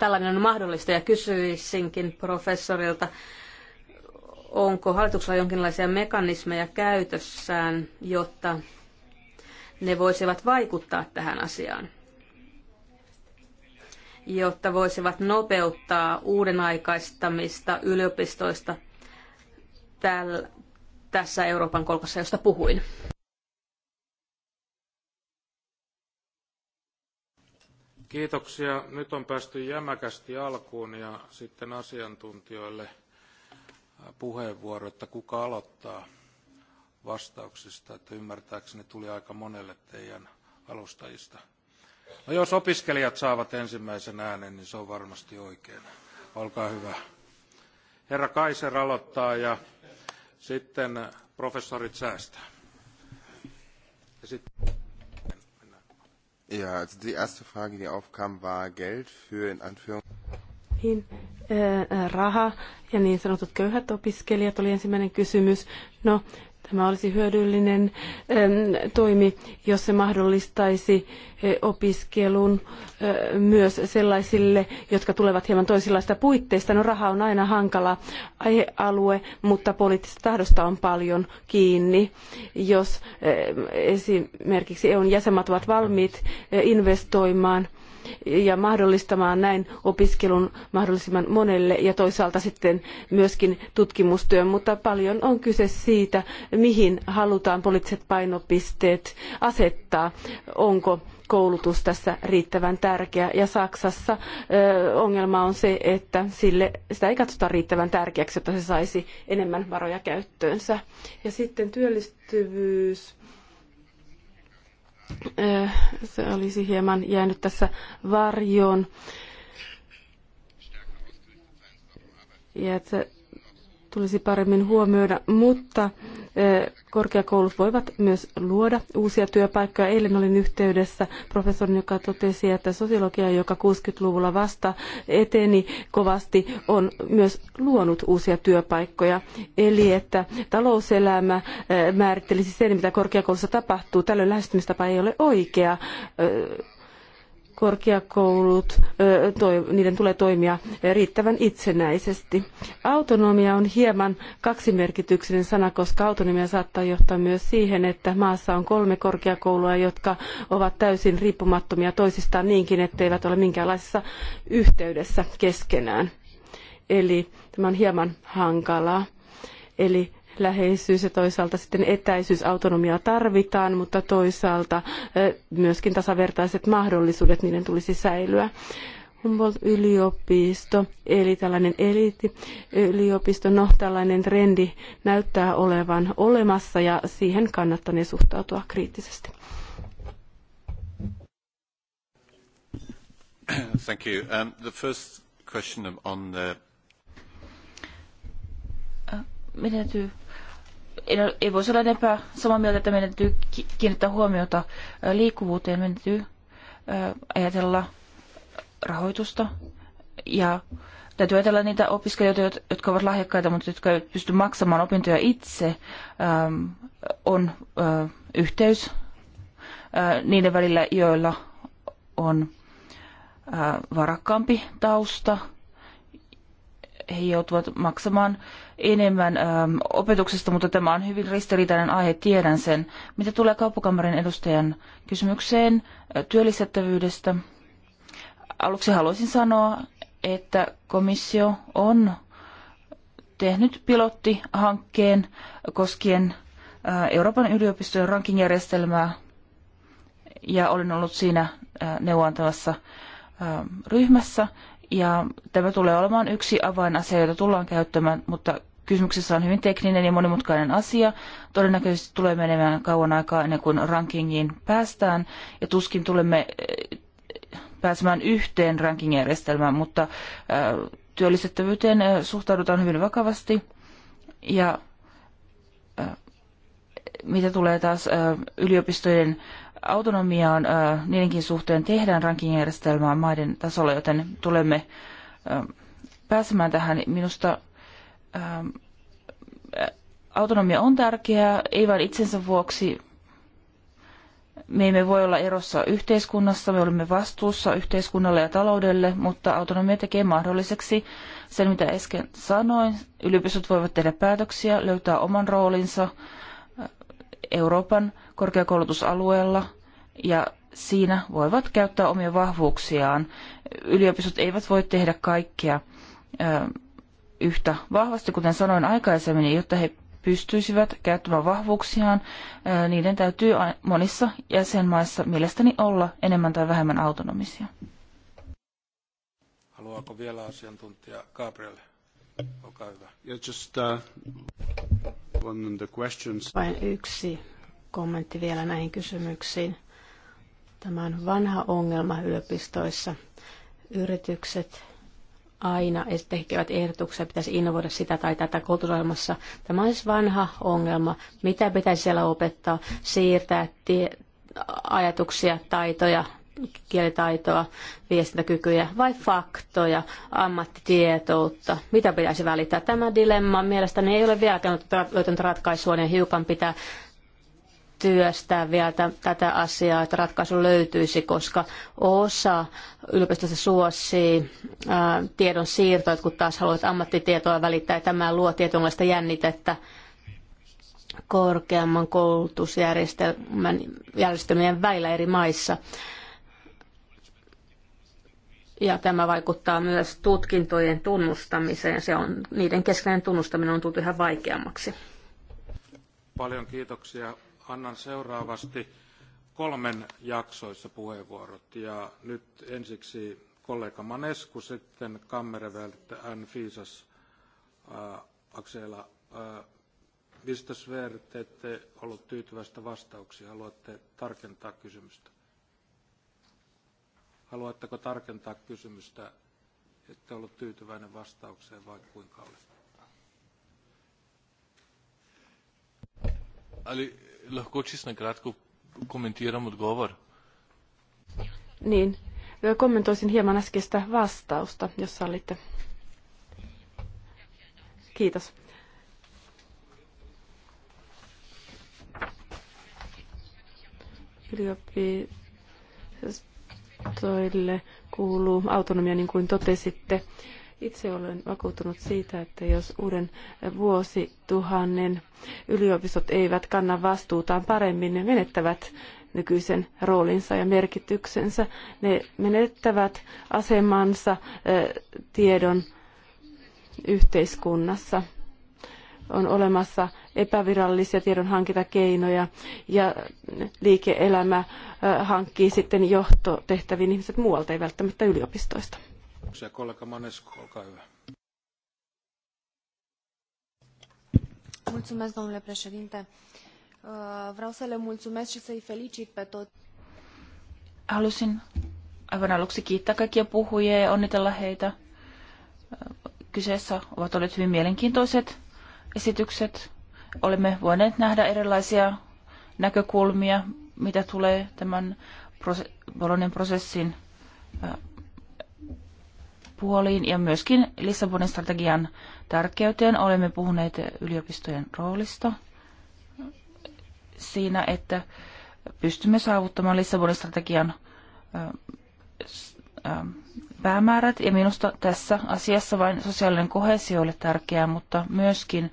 tällainen on mahdollista. Ja kysyisinkin professorilta, onko hallituksella jonkinlaisia mekanismeja käytössään, jotta ne voisivat vaikuttaa tähän asiaan, jotta voisivat nopeuttaa uuden aikaistamista yliopistoista tässä Euroopan kolkassa, josta puhuin. Kiitoksia. Nyt on päästy jämäkästi alkuun ja sitten asiantuntijoille puheenvuoro, että kuka aloittaa vastauksista, että ymmärtääkseni tuli aika monelle teidän alustajista. No jos opiskelijat saavat ensimmäisen äänen, niin se on varmasti oikein. Olkaa hyvä. Herra Kaiser aloittaa ja sitten professorit säästää. Ja sitten... Ja, also die erste Frage, die aufkam, war Geld für in Anführung. Niin, äh, äh, Raha ja niin sanotut köyhät opiskelijat oli ensimmäinen kysymys. No, Tämä olisi hyödyllinen toimi, jos se mahdollistaisi e, opiskelun e, myös sellaisille, jotka tulevat hieman toisenlaista puitteista. No raha on aina hankala aihealue, mutta poliittisesta tahdosta on paljon kiinni. Jos esimerkiksi EUn jäsenmaat ovat valmiit e, investoimaan – ja mahdollistamaan näin opiskelun mahdollisimman monelle ja toisaalta sitten myöskin tutkimustyön, mutta paljon on kyse siitä, mihin halutaan poliittiset painopisteet asettaa. Onko koulutus tässä riittävän tärkeä. Ja Saksassa ongelma on se, että sille, sitä ei katsota riittävän tärkeäksi, jotta se saisi enemmän varoja käyttöönsä. Ja sitten työllistyvyys Eh, se olisi hieman jäänyt tässä varjoon. Ja että tulisi paremmin huomioida, mutta korkeakoulut voivat myös luoda uusia työpaikkoja. Eilen olin yhteydessä professorin, joka totesi, että sosiologia, joka 60-luvulla vasta eteni kovasti, on myös luonut uusia työpaikkoja. Eli että talouselämä määrittelisi sen, mitä korkeakoulussa tapahtuu. Tällöin lähestymistapa ei ole oikea korkeakoulut, niiden tulee toimia riittävän itsenäisesti. Autonomia on hieman kaksimerkityksinen sana, koska autonomia saattaa johtaa myös siihen, että maassa on kolme korkeakoulua, jotka ovat täysin riippumattomia toisistaan niinkin, etteivät ole minkäänlaisessa yhteydessä keskenään. Eli tämä on hieman hankalaa. Eli läheisyys ja toisaalta sitten etäisyysautonomiaa tarvitaan, mutta toisaalta myöskin tasavertaiset mahdollisuudet niiden tulisi säilyä. Humboldt-yliopisto, eli tällainen eliittiyliopisto, no tällainen trendi näyttää olevan olemassa ja siihen kannattanee suhtautua kriittisesti. Thank you. Um, the first question on the... Minä täytyy ei voisi olla enempää samaa mieltä, että meidän täytyy kiinnittää huomiota liikkuvuuteen, meidän täytyy ajatella rahoitusta ja täytyy ajatella niitä opiskelijoita, jotka ovat lahjakkaita, mutta jotka eivät pysty maksamaan opintoja itse, on yhteys niiden välillä, joilla on varakkaampi tausta. He joutuvat maksamaan enemmän ähm, opetuksesta, mutta tämä on hyvin ristiriitainen aihe, tiedän sen. Mitä tulee kauppakamarin edustajan kysymykseen äh, työllistettävyydestä? Aluksi haluaisin sanoa, että komissio on tehnyt pilottihankkeen koskien äh, Euroopan yliopistojen rankingjärjestelmää ja olen ollut siinä äh, neuvontavassa ryhmässä. Ja tämä tulee olemaan yksi avainasia, jota tullaan käyttämään, mutta kysymyksessä on hyvin tekninen ja monimutkainen asia. Todennäköisesti tulee menemään kauan aikaa ennen kuin rankingiin päästään ja tuskin tulemme eh, pääsemään yhteen ranking-järjestelmään, mutta eh, työllistettävyyteen eh, suhtaudutaan hyvin vakavasti ja mitä tulee taas yliopistojen autonomiaan, niidenkin suhteen tehdään rankingjärjestelmää maiden tasolla, joten tulemme pääsemään tähän. Minusta Ähm, autonomia on tärkeää, ei vain itsensä vuoksi. Me emme voi olla erossa yhteiskunnassa, me olemme vastuussa yhteiskunnalle ja taloudelle, mutta autonomia tekee mahdolliseksi sen, mitä äsken sanoin. Yliopistot voivat tehdä päätöksiä, löytää oman roolinsa Euroopan korkeakoulutusalueella ja siinä voivat käyttää omia vahvuuksiaan. Yliopistot eivät voi tehdä kaikkea yhtä vahvasti, kuten sanoin aikaisemmin, jotta he pystyisivät käyttämään vahvuuksiaan, niiden täytyy monissa jäsenmaissa mielestäni olla enemmän tai vähemmän autonomisia. Haluaako vielä asiantuntija Gabriel? Olkaa hyvä. Yeah, just, uh, one of the questions. Vain yksi kommentti vielä näihin kysymyksiin. Tämä on vanha ongelma yliopistoissa. Yritykset aina tekevät ehdotuksia, pitäisi innovoida sitä tai tätä koulutusohjelmassa. Tämä on siis vanha ongelma. Mitä pitäisi siellä opettaa? Siirtää tie- ajatuksia, taitoja, kielitaitoa, viestintäkykyjä vai faktoja, ammattitietoutta, mitä pitäisi välittää. Tämä dilemma mielestäni ei ole vieläkään löytänyt ratkaisua, niin hiukan pitää työstää vielä tätä asiaa, että ratkaisu löytyisi, koska osa yliopistosta suosii ää, tiedon siirtoa, kun taas haluat ammattitietoa välittää. Tämä luo tietynlaista jännitettä korkeamman koulutusjärjestelmän järjestelmien välillä eri maissa. Ja tämä vaikuttaa myös tutkintojen tunnustamiseen. Se on, niiden keskeinen tunnustaminen on tullut yhä vaikeammaksi. Paljon kiitoksia annan seuraavasti kolmen jaksoissa puheenvuorot. Ja nyt ensiksi kollega Manesku, sitten Kammerevelt, Ann Fiisas, äh, Aksela. Äh, mistä Sver, te ette ollut tyytyväistä vastauksia? Haluatte tarkentaa kysymystä? Haluatteko tarkentaa kysymystä? Ette ollut tyytyväinen vastaukseen vai kuinka oli? Eli lahko čisto na kratko komentiram odgovor? Niin, kommentoisin hieman äskeistä vastausta, jos sallitte. Kiitos. Yliopistoille kuuluu autonomia, niin kuin totesitte. Itse olen vakuuttunut siitä, että jos uuden vuosituhannen yliopistot eivät kanna vastuutaan paremmin, ne menettävät nykyisen roolinsa ja merkityksensä. Ne menettävät asemansa tiedon yhteiskunnassa. On olemassa epävirallisia tiedonhankintakeinoja ja liike-elämä hankkii sitten johtotehtäviin ihmiset muualta, ei välttämättä yliopistoista. Kiitoksia kollega Manescu, olkaa hyvä. Mulțumesc, domnule președinte. Uh, vreau să le mulțumesc și să-i felicit pe toți. Halusin aivan aluksi kiittää kaikkia puhujia ja onnitella heitä. Uh, kyseessä ovat olleet hyvin mielenkiintoiset esitykset. Olemme voineet nähdä erilaisia näkökulmia, mitä tulee tämän Bolognan prosessin uh, puoliin ja myöskin Lissabonin strategian tärkeyteen. Olemme puhuneet yliopistojen roolista siinä, että pystymme saavuttamaan Lissabonin strategian päämäärät. Ja minusta tässä asiassa vain sosiaalinen kohesio oli tärkeää, mutta myöskin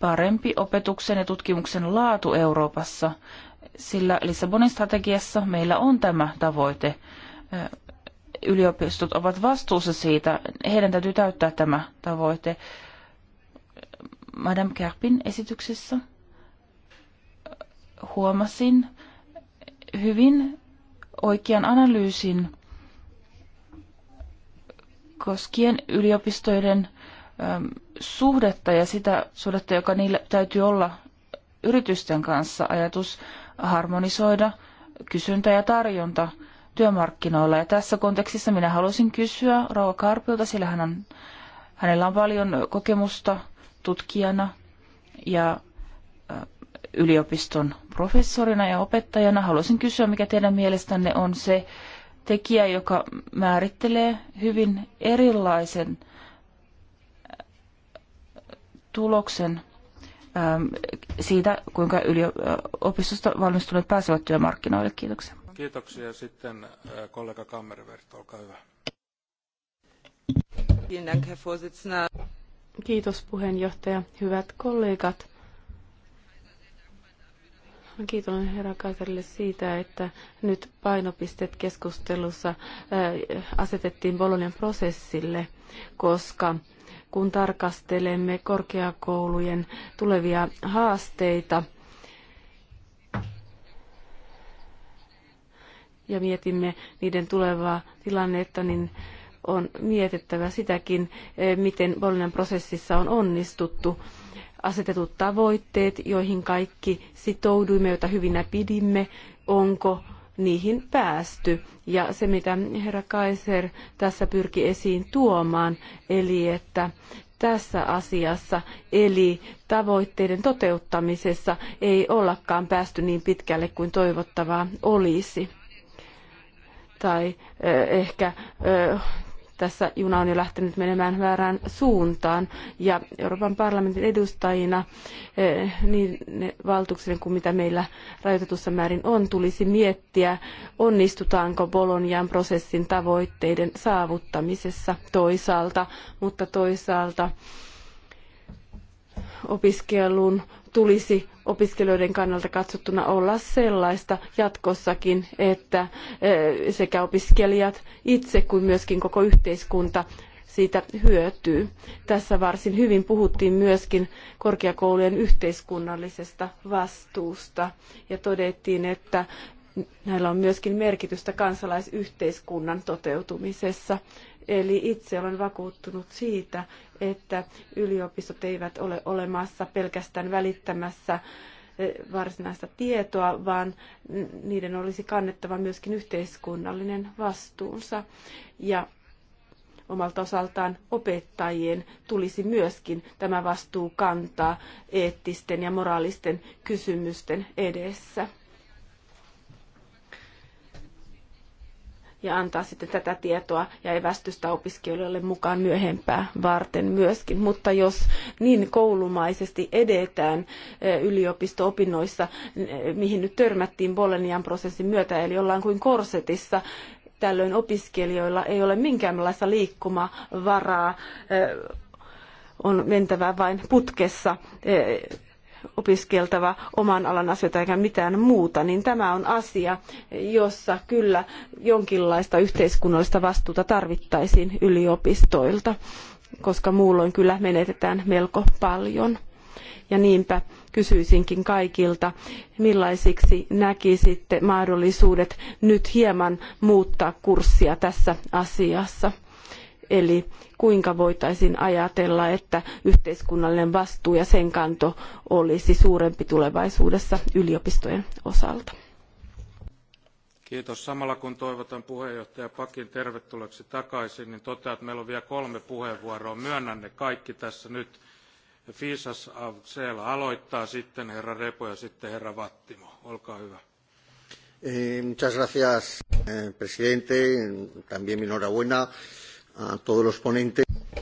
parempi opetuksen ja tutkimuksen laatu Euroopassa, sillä Lissabonin strategiassa meillä on tämä tavoite yliopistot ovat vastuussa siitä. Heidän täytyy täyttää tämä tavoite. Madame Kerpin esityksessä huomasin hyvin oikean analyysin koskien yliopistoiden suhdetta ja sitä suhdetta, joka niillä täytyy olla yritysten kanssa. Ajatus harmonisoida kysyntä ja tarjonta – työmarkkinoilla. Ja tässä kontekstissa minä haluaisin kysyä Rauha Karpilta, sillä hän on, hänellä on paljon kokemusta tutkijana ja yliopiston professorina ja opettajana. Haluaisin kysyä, mikä teidän mielestänne on se tekijä, joka määrittelee hyvin erilaisen tuloksen siitä, kuinka yliopistosta valmistuneet pääsevät työmarkkinoille. Kiitoksia. Kiitoksia. Sitten äh, kollega Kammervert, olkaa hyvä. Kiitos puheenjohtaja. Hyvät kollegat. Kiitos herra Kaiserille siitä, että nyt painopisteet keskustelussa äh, asetettiin Bolonian prosessille, koska kun tarkastelemme korkeakoulujen tulevia haasteita, ja mietimme niiden tulevaa tilannetta, niin on mietittävä sitäkin, eh, miten Bolinan prosessissa on onnistuttu. Asetetut tavoitteet, joihin kaikki sitouduimme, joita hyvinä pidimme, onko niihin päästy. Ja se, mitä herra Kaiser tässä pyrki esiin tuomaan, eli että tässä asiassa, eli tavoitteiden toteuttamisessa ei ollakaan päästy niin pitkälle kuin toivottavaa olisi tai ehkä tässä juna on jo lähtenyt menemään väärään suuntaan. Ja Euroopan parlamentin edustajina niin ne valtuuksien kuin mitä meillä rajoitetussa määrin on, tulisi miettiä, onnistutaanko Bolonian prosessin tavoitteiden saavuttamisessa toisaalta, mutta toisaalta opiskelun tulisi opiskelijoiden kannalta katsottuna olla sellaista jatkossakin, että eh, sekä opiskelijat itse kuin myöskin koko yhteiskunta siitä hyötyy. Tässä varsin hyvin puhuttiin myöskin korkeakoulujen yhteiskunnallisesta vastuusta ja todettiin, että näillä on myöskin merkitystä kansalaisyhteiskunnan toteutumisessa. Eli itse olen vakuuttunut siitä, että yliopistot eivät ole olemassa pelkästään välittämässä eh, varsinaista tietoa, vaan niiden olisi kannettava myöskin yhteiskunnallinen vastuunsa. Ja omalta osaltaan opettajien tulisi myöskin tämä vastuu kantaa eettisten ja moraalisten kysymysten edessä ja antaa sitten tätä tietoa ja evästystä opiskelijoille mukaan myöhempää varten myöskin. Mutta jos niin koulumaisesti edetään e, yliopisto-opinnoissa, e, mihin nyt törmättiin Bolenian prosessin myötä, eli ollaan kuin korsetissa, tällöin opiskelijoilla ei ole minkäänlaista liikkumavaraa, e, on mentävä vain putkessa opiskeltava oman alan asioita eikä mitään muuta, niin tämä on asia, jossa kyllä jonkinlaista yhteiskunnallista vastuuta tarvittaisiin yliopistoilta, koska muulloin kyllä menetetään melko paljon. Ja niinpä kysyisinkin kaikilta, millaisiksi näkisitte mahdollisuudet nyt hieman muuttaa kurssia tässä asiassa Eli kuinka voitaisiin ajatella, että yhteiskunnallinen vastuu ja sen kanto olisi suurempi tulevaisuudessa yliopistojen osalta. Kiitos. Samalla kun toivotan puheenjohtaja Pakin tervetulleeksi takaisin, niin totean, että meillä on vielä kolme puheenvuoroa. Myönnän ne kaikki tässä nyt. Fisas Avtsela aloittaa, sitten herra Repo ja sitten herra Vattimo. Olkaa hyvä. Eh, muchas gracias, eh, presidente. También mi enhorabuena.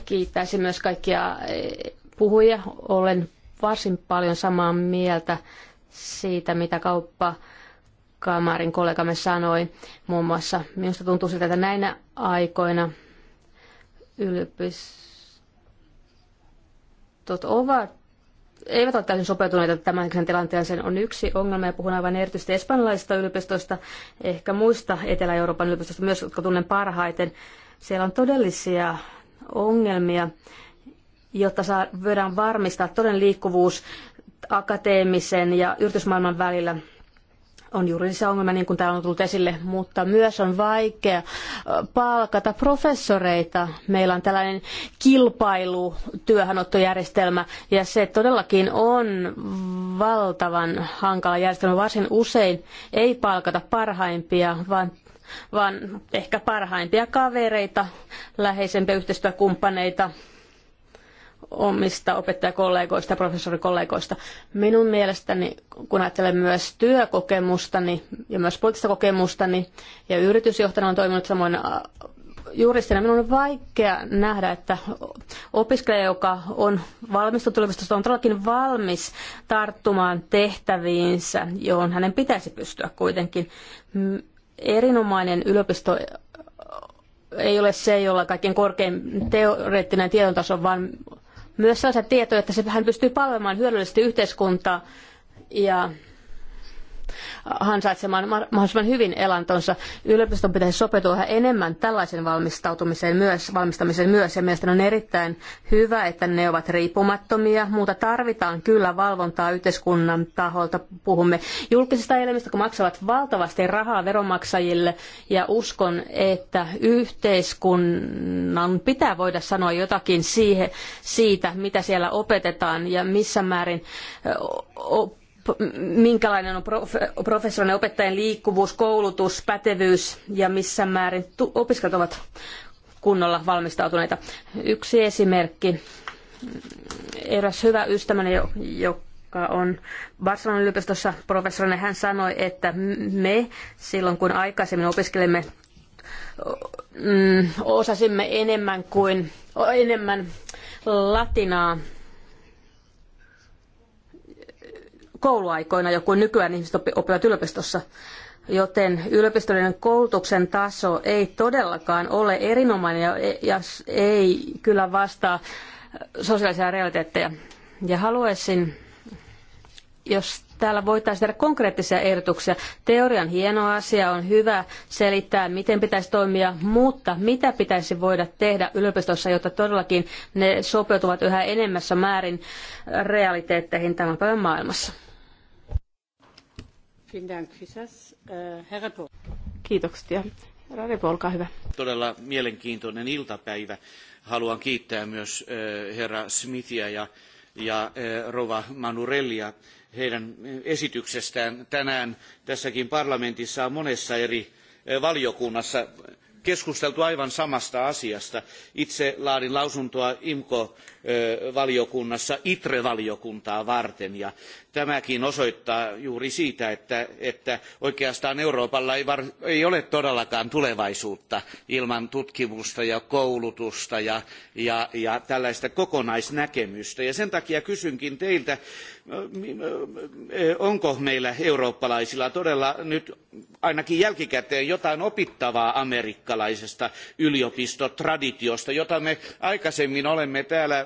Kiittäisin myös kaikkia e, puhujia. Olen varsin paljon samaa mieltä siitä, mitä kauppa Kamarin kollegamme sanoi. Muun muassa minusta tuntuu siltä, että näinä aikoina yliopistot ovat eivät ole täysin sopeutuneita tämän tilanteeseen. On yksi ongelma, ja puhun aivan erityisesti espanjalaisista yliopistoista, ehkä muista Etelä-Euroopan yliopistoista myös, jotka tunnen parhaiten. Siellä on todellisia ongelmia, jotta saa, voidaan varmistaa toden liikkuvuus akateemisen ja yritysmaailman välillä on juridisia ongelmia, niin kuin täällä on tullut esille, mutta myös on vaikea palkata professoreita. Meillä on tällainen kilpailutyöhönottojärjestelmä, ja se todellakin on valtavan hankala järjestelmä. Varsin usein ei palkata parhaimpia, vaan vaan ehkä parhaimpia kavereita, läheisempiä yhteistyökumppaneita omista opettajakollegoista ja professorikollegoista. Minun mielestäni, kun ajattelen myös työkokemustani ja myös poliittista kokemustani ja yritysjohtajana on toiminut samoin juristina minun on vaikea nähdä, että opiskelija, joka on valmistunut yliopistosta, on todellakin valmis tarttumaan tehtäviinsä, johon hänen pitäisi pystyä kuitenkin. Erinomainen yliopisto ei ole se, jolla kaikkein korkein teoreettinen tietotaso, vaan myös sellaisia tietoja, että se hän pystyy palvelemaan hyödyllisesti yhteiskuntaa ja ansaitsemaan mahdollisimman hyvin elantonsa. Yliopiston pitäisi sopeutua yhä enemmän tällaisen valmistautumiseen myös, valmistamiseen myös, ja mielestäni on erittäin hyvä, että ne ovat riippumattomia, mutta tarvitaan kyllä valvontaa yhteiskunnan taholta. Puhumme julkisista elimistä, kun maksavat valtavasti rahaa veronmaksajille, ja uskon, että yhteiskunnan pitää voida sanoa jotakin siihen, siitä, mitä siellä opetetaan ja missä määrin minkälainen on professorin ja opettajien liikkuvuus, koulutus, pätevyys ja missä määrin opiskelijat ovat kunnolla valmistautuneita. Yksi esimerkki. Eräs hyvä ystäväni, joka on Barcelonan yliopistossa professorina, hän sanoi, että me silloin kun aikaisemmin opiskelimme mm, osasimme enemmän kuin enemmän latinaa kouluaikoina, jo nykyään ihmiset oppivat yliopistossa. Joten yliopistollinen koulutuksen taso ei todellakaan ole erinomainen ja, ja ei kyllä vastaa sosiaalisia realiteetteja. Ja haluaisin, jos täällä voitaisiin tehdä konkreettisia ehdotuksia. Teorian hieno asia on hyvä selittää, miten pitäisi toimia, mutta mitä pitäisi voida tehdä yliopistossa, jotta todellakin ne sopeutuvat yhä enemmässä määrin realiteetteihin tämän päivän maailmassa. Äh, Kiitoksia. Herra Repo, olkaa hyvä. Todella mielenkiintoinen iltapäivä. Haluan kiittää myös äh, herra Smithia ja, ja äh, rova Manurellia heidän esityksestään tänään. Tässäkin parlamentissa on monessa eri valiokunnassa keskusteltu aivan samasta asiasta. Itse laadin lausuntoa IMKO valiokunnassa ITRE-valiokuntaa varten. Ja tämäkin osoittaa juuri siitä, että, että oikeastaan Euroopalla ei, var, ei, ole todellakaan tulevaisuutta ilman tutkimusta ja koulutusta ja, ja, ja tällaista kokonaisnäkemystä. Ja sen takia kysynkin teiltä, onko meillä eurooppalaisilla todella nyt ainakin jälkikäteen jotain opittavaa amerikkalaisesta yliopistotraditiosta, jota me aikaisemmin olemme täällä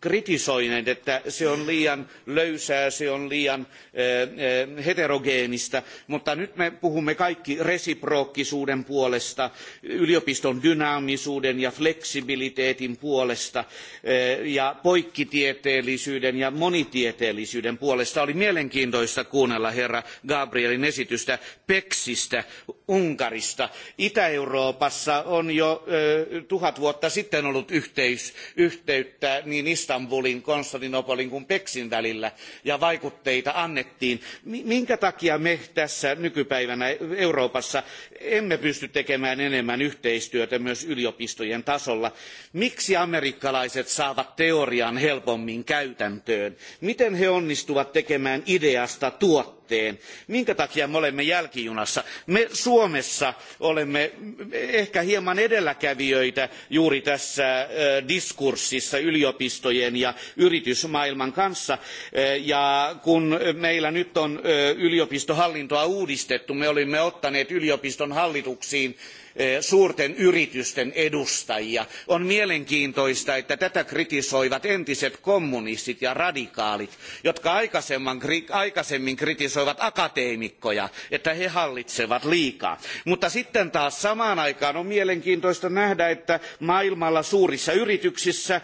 kritisoineet, että se on liian löysää, se on liian eh, eh, heterogeenistä, mutta nyt me puhumme kaikki resiprookkisuuden puolesta, yliopiston dynaamisuuden ja fleksibiliteetin puolesta eh, ja poikkitieteellisyyden ja monitieteellisyyden puolesta. Oli mielenkiintoista kuunnella herra Gabrielin esitystä Peksistä, Unkarista. Itä-Euroopassa on jo tuhat vuotta sitten ollut yhteys, yhteyttä niin Istanbulin, Konstantinopolin kuin Peksin välillä ja vaikutteita annettiin. Minkä takia me tässä nykypäivänä Euroopassa emme pysty tekemään enemmän yhteistyötä myös yliopistojen tasolla? Miksi amerikkalaiset saavat teorian helpommin käytäntöön? Miten he onnistuvat tekemään ideasta tuotteen? suhteen. Minkä takia me olemme jälkijunassa? Me Suomessa olemme ehkä hieman edelläkävijöitä juuri tässä diskurssissa yliopistojen ja yritysmaailman kanssa. Ja kun meillä nyt on yliopistohallintoa uudistettu, me olimme ottaneet yliopiston hallituksiin suurten yritysten edustajia. on mielenkiintoista että tätä kritisoivat entiset kommunistit ja radikaalit jotka aikaisemmin, kritisoivat akateemikkoja että he hallitsevat liikaa. mutta sitten taas samaan aikaan on mielenkiintoista nähdä että maailmalla suurissa yrityksissä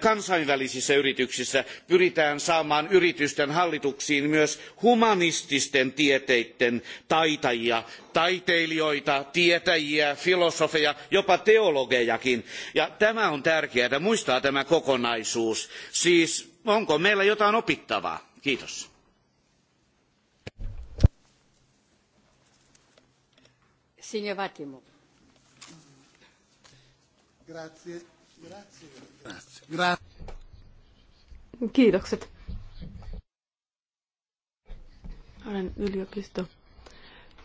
kansainvälisissä yrityksissä pyritään saamaan yritysten hallituksiin myös humanististen tieteiden taitajia taiteilijoita tietäjiä filosofeja jopa teologejakin ja tämä on tärkeää muistaa tämä kokonaisuus siis onko meillä jotain opittavaa kiitos Signor Vattimo. Grazie. Grazie. Grazie. Kiitokset. Olen yliopisto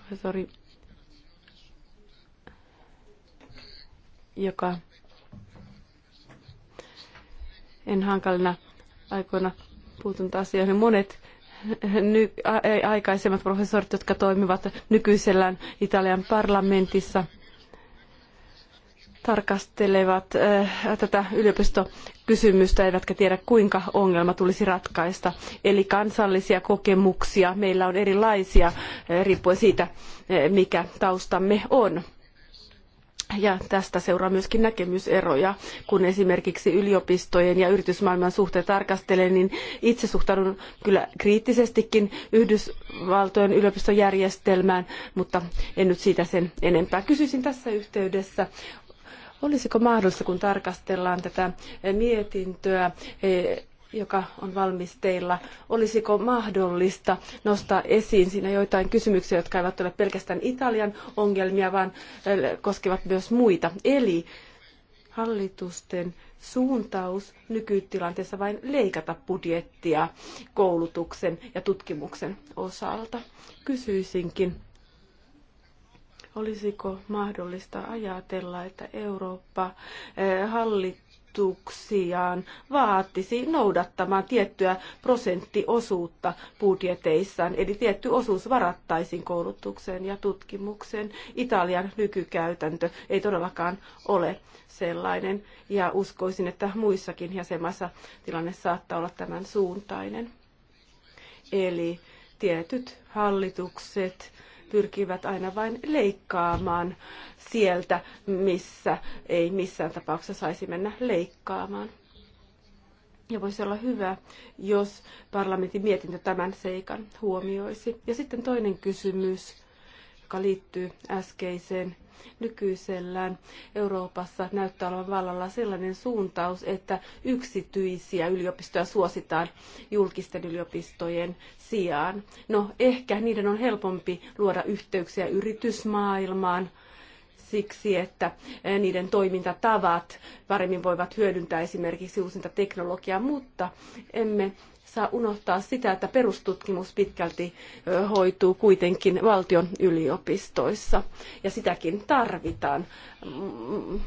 professori, joka en hankalina aikoina puutunut asioihin. Monet ny- aikaisemmat professorit, jotka toimivat nykyisellään Italian parlamentissa, tarkastelevat eh, tätä yliopistokysymystä, eivätkä tiedä kuinka ongelma tulisi ratkaista. Eli kansallisia kokemuksia meillä on erilaisia eh, riippuen siitä, eh, mikä taustamme on. Ja tästä seuraa myöskin näkemyseroja. Kun esimerkiksi yliopistojen ja yritysmaailman suhteet tarkastelen, niin itse suhtaudun kyllä kriittisestikin Yhdysvaltojen yliopistojärjestelmään, mutta en nyt siitä sen enempää. Kysyisin tässä yhteydessä, Olisiko mahdollista, kun tarkastellaan tätä mietintöä, e, joka on valmisteilla, olisiko mahdollista nostaa esiin siinä joitain kysymyksiä, jotka eivät ole pelkästään Italian ongelmia, vaan e, koskevat myös muita. Eli hallitusten suuntaus nykytilanteessa vain leikata budjettia koulutuksen ja tutkimuksen osalta. Kysyisinkin, Olisiko mahdollista ajatella, että Eurooppa eh, hallituksiaan vaatisi noudattamaan tiettyä prosenttiosuutta budjeteissaan, eli tietty osuus varattaisiin koulutukseen ja tutkimukseen. Italian nykykäytäntö ei todellakaan ole sellainen, ja uskoisin, että muissakin jäsenmaissa tilanne saattaa olla tämän suuntainen. Eli tietyt hallitukset pyrkivät aina vain leikkaamaan sieltä, missä ei missään tapauksessa saisi mennä leikkaamaan. Ja voisi olla hyvä, jos parlamentin mietintö tämän seikan huomioisi. Ja sitten toinen kysymys, joka liittyy äskeiseen Nykyisellään Euroopassa näyttää olevan vallalla sellainen suuntaus, että yksityisiä yliopistoja suositaan julkisten yliopistojen sijaan. No ehkä niiden on helpompi luoda yhteyksiä yritysmaailmaan, siksi, että eh, niiden toimintatavat paremmin voivat hyödyntää esimerkiksi uusinta teknologiaa, mutta emme saa unohtaa sitä, että perustutkimus pitkälti hoituu kuitenkin valtion yliopistoissa ja sitäkin tarvitaan. Mm,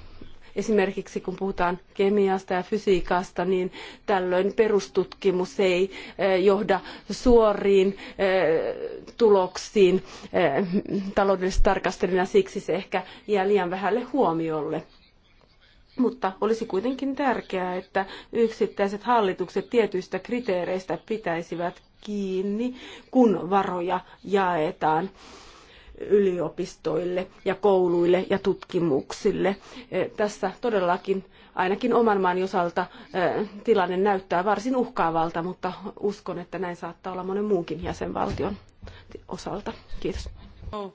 esimerkiksi kun puhutaan kemiasta ja fysiikasta, niin tällöin perustutkimus ei johda suoriin tuloksiin taloudellisesti tarkastelina, siksi se ehkä jää liian vähälle huomiolle mutta olisi kuitenkin tärkeää, että yksittäiset hallitukset tietyistä kriteereistä pitäisivät kiinni, kun varoja jaetaan yliopistoille ja kouluille ja tutkimuksille. Eh, tässä todellakin ainakin oman maan osalta eh, tilanne näyttää varsin uhkaavalta, mutta uskon, että näin saattaa olla monen muunkin jäsenvaltion osalta. Kiitos. Oh.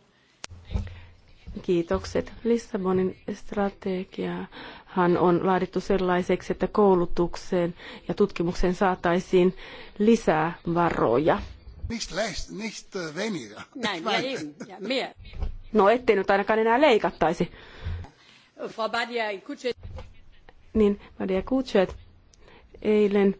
Kiitokset. Lissabonin strategia hän on laadittu sellaiseksi, että koulutukseen ja tutkimukseen saataisiin lisää varoja. Näin, ja, ja, No ettei nyt ainakaan enää leikattaisi. Frau Badia Niin, Badia Kutschet eilen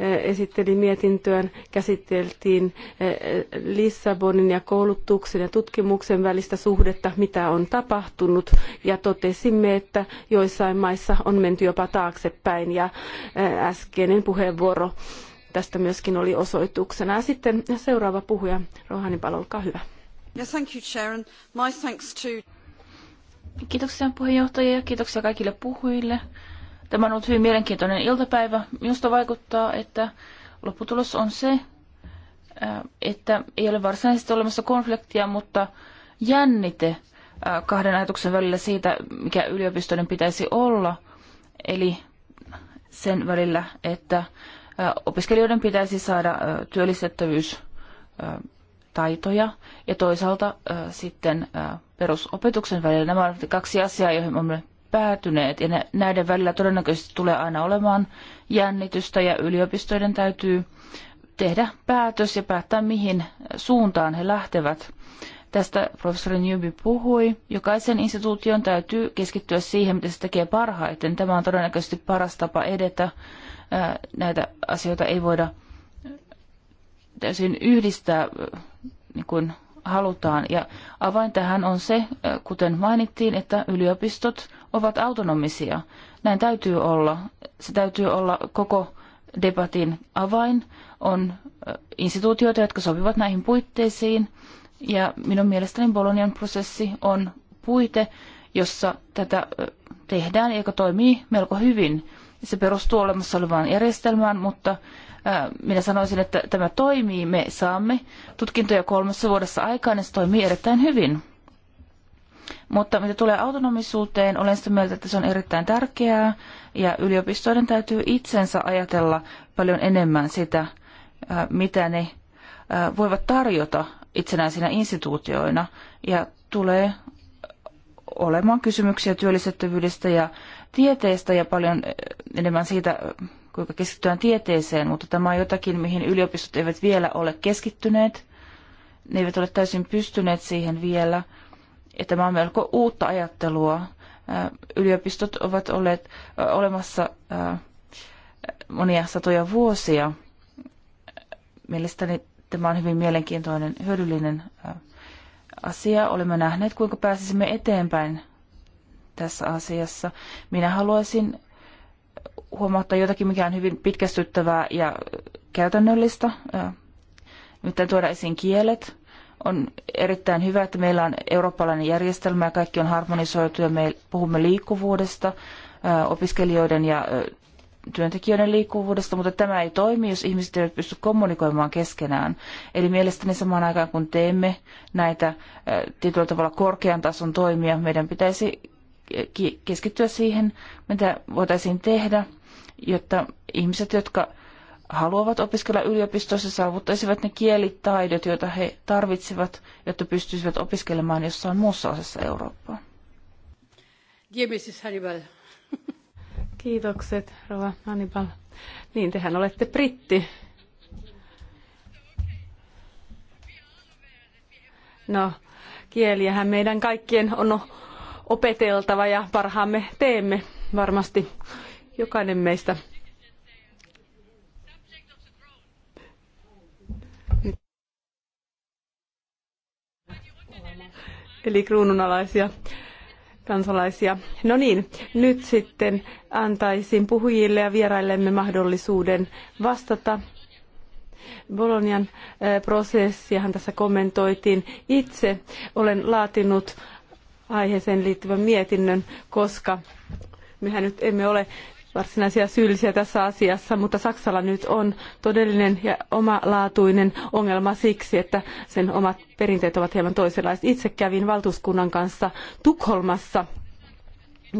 Eh, esitteli mietintöön, käsiteltiin eh, Lissabonin ja koulutuksen ja tutkimuksen välistä suhdetta, mitä on tapahtunut, ja totesimme, että joissain maissa on menty jopa taaksepäin, ja eh, äskeinen puheenvuoro tästä myöskin oli osoituksena. Ja sitten seuraava puhuja, Rohani Palo, olkaa hyvä. Yeah, thank you, Sharon. My thanks to... Kiitoksia puheenjohtajia ja kiitoksia kaikille puhujille. Tämä on ollut hyvin mielenkiintoinen iltapäivä. Minusta vaikuttaa, että lopputulos on se, että ei ole varsinaisesti olemassa konfliktia, mutta jännite kahden ajatuksen välillä siitä, mikä yliopistoiden pitäisi olla. Eli sen välillä, että opiskelijoiden pitäisi saada työllistettävyystaitoja ja toisaalta sitten perusopetuksen välillä. Nämä ovat kaksi asiaa, joihin olemme päätyneet. Ja näiden välillä todennäköisesti tulee aina olemaan jännitystä ja yliopistoiden täytyy tehdä päätös ja päättää, mihin suuntaan he lähtevät. Tästä professori Newby puhui. Jokaisen instituution täytyy keskittyä siihen, mitä se tekee parhaiten. Tämä on todennäköisesti paras tapa edetä. Näitä asioita ei voida täysin yhdistää niin kuin halutaan. Ja avain tähän on se, äh, kuten mainittiin, että yliopistot ovat autonomisia. Näin täytyy olla. Se täytyy olla koko debatin avain. On äh, instituutioita, jotka sopivat näihin puitteisiin. Ja minun mielestäni Bolonian prosessi on puite, jossa tätä äh, tehdään, joka toimii melko hyvin. Se perustuu olemassa olevaan järjestelmään, mutta minä sanoisin, että tämä toimii, me saamme tutkintoja kolmessa vuodessa aikaan ja se toimii erittäin hyvin. Mutta mitä tulee autonomisuuteen, olen sitä mieltä, että se on erittäin tärkeää ja yliopistoiden täytyy itsensä ajatella paljon enemmän sitä, mitä ne voivat tarjota itsenäisinä instituutioina ja tulee olemaan kysymyksiä työllistettävyydestä ja tieteestä ja paljon enemmän siitä, kuinka keskitytään tieteeseen, mutta tämä on jotakin, mihin yliopistot eivät vielä ole keskittyneet. Ne eivät ole täysin pystyneet siihen vielä. Ja tämä on melko uutta ajattelua. Äh, yliopistot ovat olleet äh, olemassa äh, monia satoja vuosia. Mielestäni tämä on hyvin mielenkiintoinen, hyödyllinen asia. Olemme nähneet, kuinka pääsisimme eteenpäin tässä asiassa. Minä haluaisin huomauttaa jotakin, mikä on hyvin pitkästyttävää ja käytännöllistä. Miten tuoda esiin kielet. On erittäin hyvä, että meillä on eurooppalainen järjestelmä ja kaikki on harmonisoitu ja me puhumme liikkuvuudesta, opiskelijoiden ja työntekijöiden liikkuvuudesta, mutta tämä ei toimi, jos ihmiset eivät pysty kommunikoimaan keskenään. Eli mielestäni samaan aikaan, kun teemme näitä tietyllä tavalla korkean tason toimia, meidän pitäisi keskittyä siihen, mitä voitaisiin tehdä jotta ihmiset, jotka haluavat opiskella yliopistossa, saavuttaisivat ne kielitaidot, joita he tarvitsevat, jotta pystyisivät opiskelemaan jossain muussa osassa Eurooppaa. Kiitokset, Rova Hannibal. Niin, tehän olette britti. No, kieliähän meidän kaikkien on opeteltava ja parhaamme teemme varmasti Jokainen meistä eli kruununalaisia kansalaisia. No niin, nyt sitten antaisin puhujille ja vieraillemme mahdollisuuden vastata. Bolonian eh, prosessiahan tässä kommentoitiin. Itse olen laatinut aiheeseen liittyvän mietinnön, koska mehän nyt emme ole varsinaisia syyllisiä tässä asiassa, mutta Saksalla nyt on todellinen ja omalaatuinen ongelma siksi, että sen omat perinteet ovat hieman toisenlaiset. Itse kävin valtuuskunnan kanssa Tukholmassa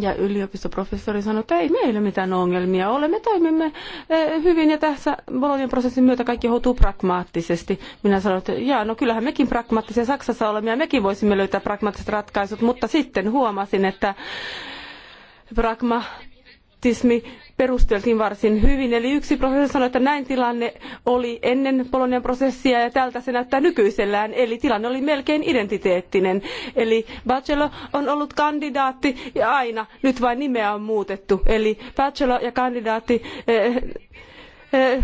ja yliopistoprofessori sanoi, että ei meillä mitään ongelmia ole, me toimimme eh, hyvin ja tässä Bolognan prosessin myötä kaikki hoituu pragmaattisesti. Minä sanoin, että jaa, no kyllähän mekin pragmaattisia Saksassa olemme ja mekin voisimme löytää pragmaattiset ratkaisut, mutta sitten huomasin, että pragma skeptismi perusteltiin varsin hyvin. Eli yksi professori sanoi, että näin tilanne oli ennen bolognan prosessia ja tältä se näyttää nykyisellään. Eli tilanne oli melkein identiteettinen. Eli Bachelor on ollut kandidaatti ja aina, nyt vain nimeä on muutettu. Eli Bachelor ja kandidaatti eh, Eh,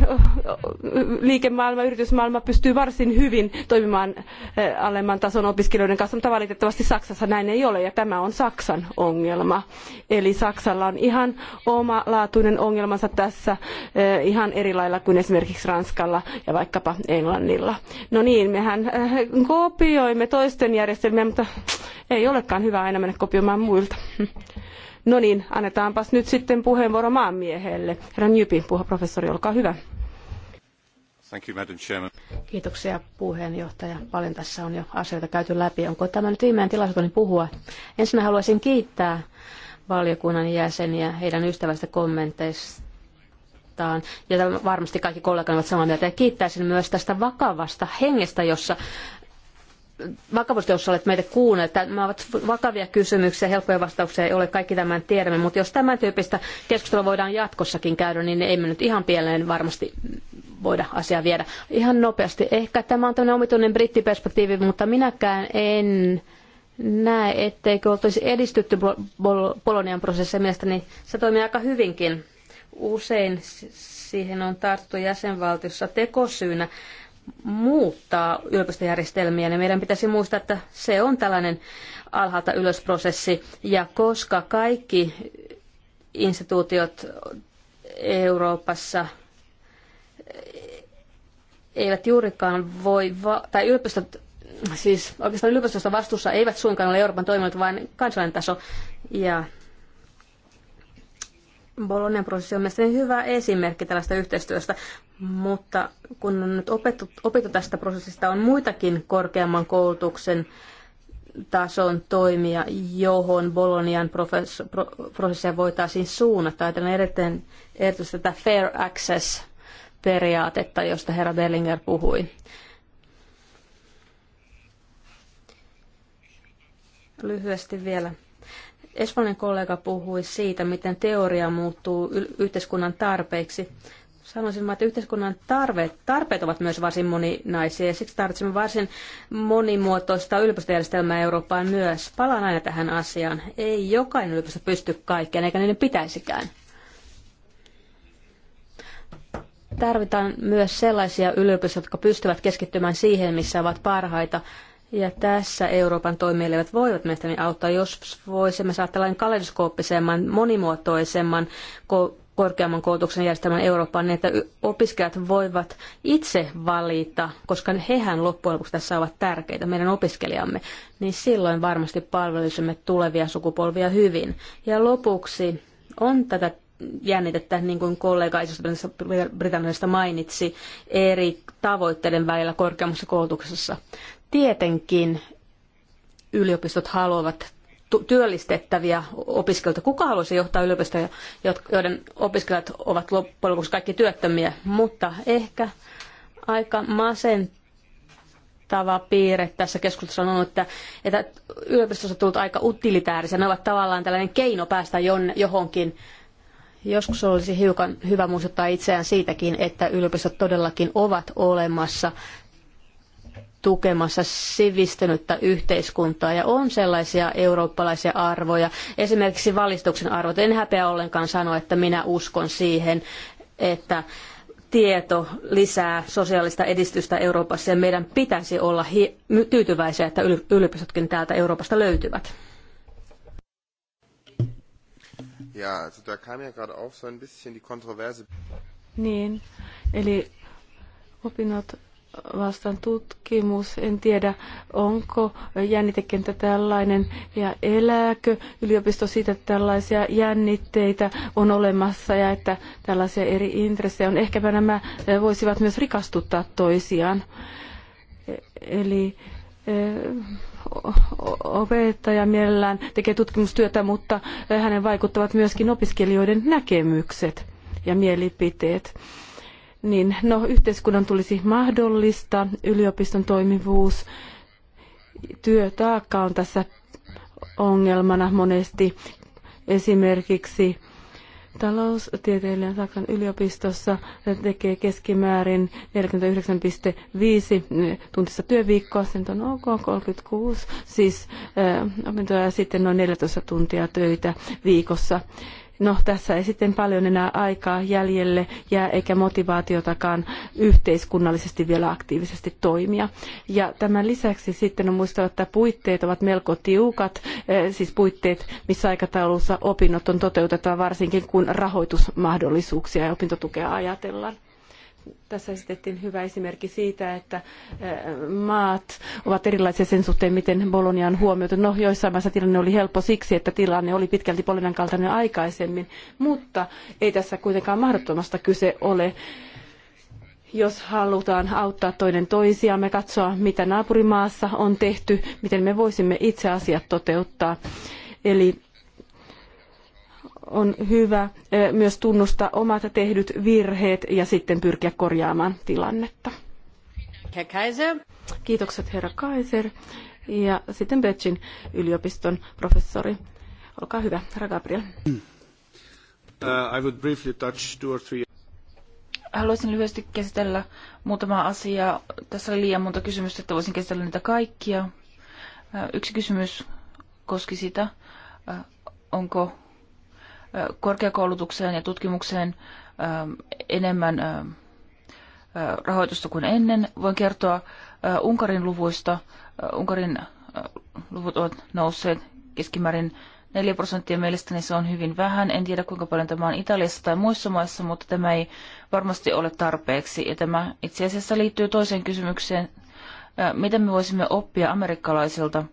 liikemaailma, yritysmaailma pystyy varsin hyvin toimimaan eh, alemman tason opiskelijoiden kanssa, mutta valitettavasti Saksassa näin ei ole ja tämä on Saksan ongelma. Eli Saksalla on ihan oma laatuinen ongelmansa tässä eh, ihan eri lailla kuin esimerkiksi Ranskalla ja vaikkapa Englannilla. No niin, mehän kopioimme toisten järjestelmiä, mutta ei olekaan hyvä aina mennä kopioimaan muilta. No niin, annetaanpas nyt sitten puheenvuoro maanmiehelle. Herra Newpin, professori, olkaa hyvä. Thank you, Madam Chairman. Kiitoksia puheenjohtaja. Paljon tässä on jo asioita käyty läpi. Onko tämä nyt viimeinen tilaisuuteni puhua? Ensin haluaisin kiittää valiokunnan jäseniä heidän ystävästä kommenteistaan. Ja varmasti kaikki kollegat ovat samaa mieltä. Ja kiittäisin myös tästä vakavasta hengestä, jossa vakavasti, jos olet meitä kuunnellut. Nämä ovat vakavia kysymyksiä, helppoja vastauksia ei ole, kaikki tämän tiedämme, mutta jos tämän tyyppistä keskustelua voidaan jatkossakin käydä, niin ei me nyt ihan pieleen varmasti voida asiaa viedä. Ihan nopeasti. Ehkä tämä on tämmöinen omituinen brittiperspektiivi, mutta minäkään en näe, etteikö olisi edistytty Bolonian prosessissa. Mielestäni se toimii aika hyvinkin. Usein siihen on tarttu jäsenvaltiossa tekosyynä muuttaa yliopistojärjestelmiä, niin meidän pitäisi muistaa, että se on tällainen alhaalta ylösprosessi. Ja koska kaikki instituutiot Euroopassa eivät juurikaan voi, tai yliopistot, siis oikeastaan yliopistosta vastuussa eivät suinkaan ole Euroopan toiminnot, vaan kansallinen taso. Ja Bolognan prosessi on mielestäni hyvä esimerkki tällaista yhteistyöstä. Mutta kun on nyt opettu, opittu tästä prosessista, on muitakin korkeamman koulutuksen tason toimia, johon Bolonian profes, pro, prosessia voitaisiin suunnata. Ajatellaan erittäin, erityisesti tätä fair access-periaatetta, josta herra Dellinger puhui. Lyhyesti vielä. Espanjan kollega puhui siitä, miten teoria muuttuu yhteiskunnan tarpeiksi Sanoisin että yhteiskunnan tarpeet, tarpeet ovat myös varsin moninaisia ja siksi tarvitsemme varsin monimuotoista yliopistojärjestelmää Eurooppaan myös. Palaan aina tähän asiaan. Ei jokainen yliopisto pysty kaikkeen, eikä niiden pitäisikään. Tarvitaan myös sellaisia yliopistoja, jotka pystyvät keskittymään siihen, missä ovat parhaita. Ja tässä Euroopan toimielijät voivat mielestäni auttaa, jos voisimme saada tällainen kaleidoskooppisemman, monimuotoisemman korkeamman koulutuksen järjestelmän Eurooppaan niin, että opiskelijat voivat itse valita, koska hehän loppujen lopuksi tässä ovat tärkeitä, meidän opiskelijamme, niin silloin varmasti palvelisimme tulevia sukupolvia hyvin. Ja lopuksi on tätä jännitettä, niin kuin kollega isosta Britanniasta mainitsi, eri tavoitteiden välillä korkeammassa koulutuksessa. Tietenkin yliopistot haluavat työllistettäviä opiskelijoita. Kuka haluaisi johtaa yliopistoja, joiden opiskelijat ovat loppujen lopuksi kaikki työttömiä, mutta ehkä aika masentava piirre tässä keskustelussa on ollut, että, että yliopistossa on tullut aika utilitäärisiä. Ne ovat tavallaan tällainen keino päästä johonkin. Joskus olisi hiukan hyvä muistuttaa itseään siitäkin, että yliopistot todellakin ovat olemassa tukemassa sivistynyttä yhteiskuntaa ja on sellaisia eurooppalaisia arvoja, esimerkiksi valistuksen arvot. En häpeä ollenkaan sanoa, että minä uskon siihen, että tieto lisää sosiaalista edistystä Euroopassa ja meidän pitäisi olla tyytyväisiä, että yliopistotkin täältä Euroopasta löytyvät. Ja, also da kam ja gerade so ein bisschen die Kontroverse. Niin, eli opinnot vastaan tutkimus. En tiedä, onko jännitekenttä tällainen ja elääkö yliopisto siitä, että tällaisia jännitteitä on olemassa ja että tällaisia eri intressejä on. Ehkäpä nämä voisivat myös rikastuttaa toisiaan. Eli eh, opettaja mielellään tekee tutkimustyötä, mutta hänen vaikuttavat myöskin opiskelijoiden näkemykset ja mielipiteet niin no, yhteiskunnan tulisi mahdollistaa yliopiston toimivuus. Työtaakka on tässä ongelmana monesti. Esimerkiksi taloustieteilijän Saksan yliopistossa tekee keskimäärin 49,5 tuntissa työviikkoa, sen on ok, 36, siis äh, opintoja ja sitten noin 14 tuntia töitä viikossa. No tässä ei sitten paljon enää aikaa jäljelle jää eikä motivaatiotakaan yhteiskunnallisesti vielä aktiivisesti toimia. Ja tämän lisäksi sitten on muistettava, että puitteet ovat melko tiukat, eh, siis puitteet, missä aikataulussa opinnot on toteutettava, varsinkin kun rahoitusmahdollisuuksia ja opintotukea ajatellaan. Tässä esitettiin hyvä esimerkki siitä, että äh, maat ovat erilaisia sen suhteen, miten Bologna on huomioitu. No, joissain maissa tilanne oli helppo siksi, että tilanne oli pitkälti Bolognan kaltainen aikaisemmin, mutta ei tässä kuitenkaan mahdottomasta kyse ole jos halutaan auttaa toinen toisiamme, katsoa mitä naapurimaassa on tehty, miten me voisimme itse asiat toteuttaa. Eli on hyvä myös tunnustaa omat tehdyt virheet ja sitten pyrkiä korjaamaan tilannetta. Herr Kaiser. Kiitokset herra Kaiser ja sitten Becin yliopiston professori. Olkaa hyvä, herra Gabriel. Uh, I would briefly touch two or three haluaisin lyhyesti käsitellä muutamaa asiaa. Tässä oli liian monta kysymystä, että voisin käsitellä niitä kaikkia. Yksi kysymys koski sitä, uh, onko korkeakoulutukseen ja tutkimukseen ähm, enemmän äh, äh, rahoitusta kuin ennen. Voin kertoa äh, Unkarin luvuista. Unkarin luvut ovat nousseet keskimäärin 4 prosenttia. Mielestäni se on hyvin vähän. En tiedä kuinka paljon tämä on Italiassa tai muissa maissa, mutta tämä ei varmasti ole tarpeeksi. Ja tämä itse asiassa liittyy toiseen kysymykseen. Mitä me voisimme oppia amerikkalaisilta?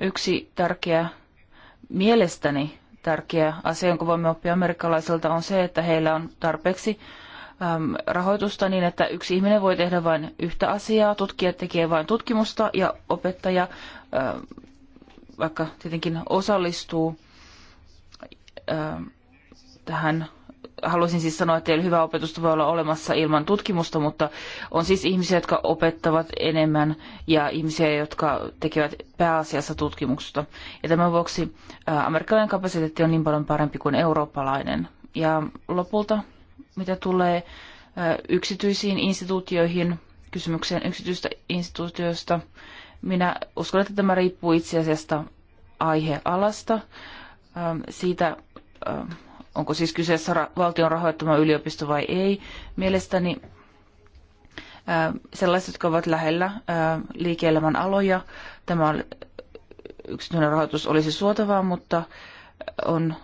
Yksi tärkeä mielestäni tärkeä asia, jonka voimme oppia amerikkalaisilta, on se, että heillä on tarpeeksi rahoitusta niin, että yksi ihminen voi tehdä vain yhtä asiaa, tutkija tekee vain tutkimusta ja opettaja vaikka tietenkin osallistuu tähän halusin siis sanoa, että ei hyvä opetusta voi olla olemassa ilman tutkimusta, mutta on siis ihmisiä, jotka opettavat enemmän ja ihmisiä, jotka tekevät pääasiassa tutkimusta. Ja tämän vuoksi äh, amerikkalainen kapasiteetti on niin paljon parempi kuin eurooppalainen. Ja lopulta, mitä tulee äh, yksityisiin instituutioihin, kysymykseen yksityistä instituutioista, minä uskon, että tämä riippuu itse asiassa aihealasta, ähm, siitä ähm, onko siis kyseessä valtion rahoittama yliopisto vai ei. Mielestäni sellaiset, jotka ovat lähellä liike-elämän aloja, tämä yksityinen rahoitus olisi suotavaa, mutta on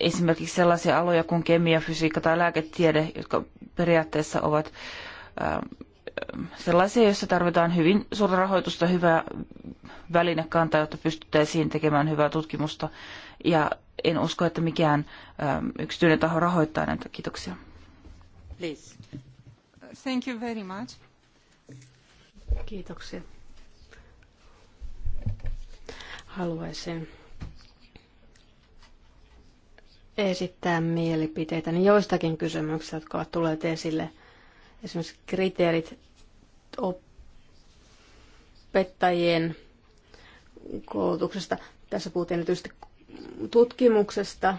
esimerkiksi sellaisia aloja kuin kemia, fysiikka tai lääketiede, jotka periaatteessa ovat sellaisia, joissa tarvitaan hyvin suurta rahoitusta, hyvää välinekantaa, jotta pystyttäisiin tekemään hyvää tutkimusta. Ja en usko, että mikään ähm, yksityinen taho rahoittaa näitä. Kiitoksia. Please. Thank you very much. Kiitoksia. Haluaisin esittää mielipiteitä niin joistakin kysymyksistä, jotka ovat tulleet esille. Esimerkiksi kriteerit opettajien koulutuksesta. Tässä puhuttiin erityisesti tutkimuksesta,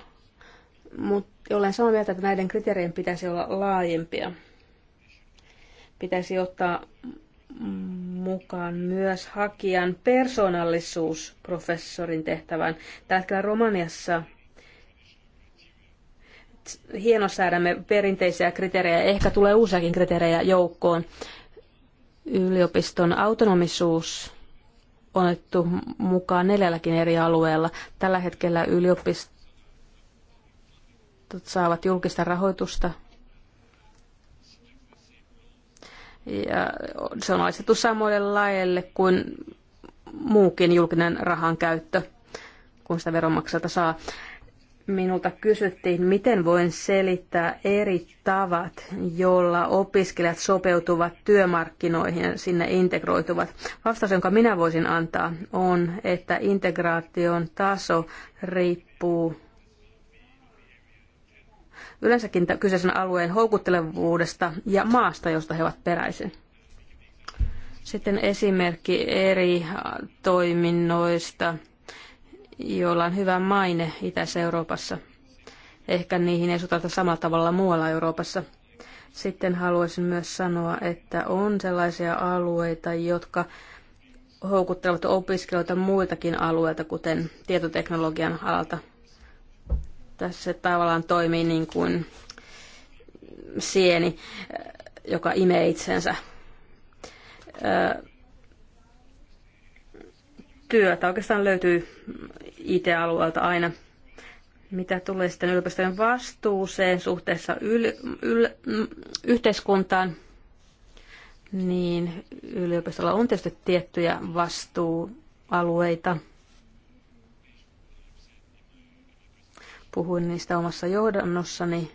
mutta olen samaa mieltä, että näiden kriteerien pitäisi olla laajempia. Pitäisi ottaa mukaan myös hakijan persoonallisuus professorin tehtävään. Tällä hetkellä Romaniassa hienosäädämme perinteisiä kriteerejä, ehkä tulee uusiakin kriteerejä joukkoon, yliopiston autonomisuus on otettu mukaan neljälläkin eri alueella. Tällä hetkellä yliopistot saavat julkista rahoitusta ja se on asetettu samoille laeille kuin muukin julkinen rahan käyttö, kun sitä veronmaksajalta saa minulta kysyttiin, miten voin selittää eri tavat, joilla opiskelijat sopeutuvat työmarkkinoihin ja sinne integroituvat. Vastaus, jonka minä voisin antaa, on, että integraation taso riippuu yleensäkin kyseisen alueen houkuttelevuudesta ja maasta, josta he ovat peräisin. Sitten esimerkki eri toiminnoista – joilla on hyvä maine itä Euroopassa. Ehkä niihin ei sotata samalla tavalla muualla Euroopassa. Sitten haluaisin myös sanoa, että on sellaisia alueita, jotka houkuttelevat opiskelijoita muiltakin alueilta, kuten tietoteknologian alalta. Tässä tavallaan toimii niin kuin sieni, joka imee itsensä. Öö, työtä oikeastaan löytyy IT-alueelta aina. Mitä tulee sitten yliopistojen vastuuseen suhteessa yl, yl, yhteiskuntaan, niin yliopistolla on tietysti tiettyjä vastuualueita. Puhuin niistä omassa johdannossani.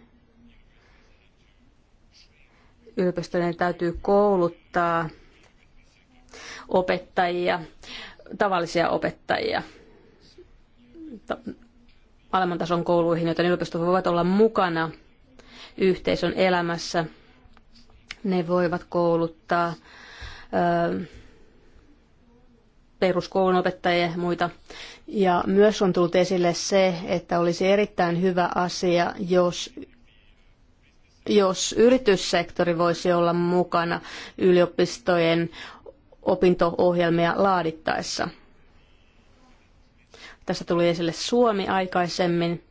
Yliopistojen täytyy kouluttaa opettajia tavallisia opettajia alemman tason kouluihin, joten yliopistot voivat olla mukana yhteisön elämässä. Ne voivat kouluttaa peruskoulun opettajia ja muita. Ja myös on tullut esille se, että olisi erittäin hyvä asia, jos jos yrityssektori voisi olla mukana yliopistojen opinto-ohjelmia laadittaessa. Tässä tuli esille Suomi aikaisemmin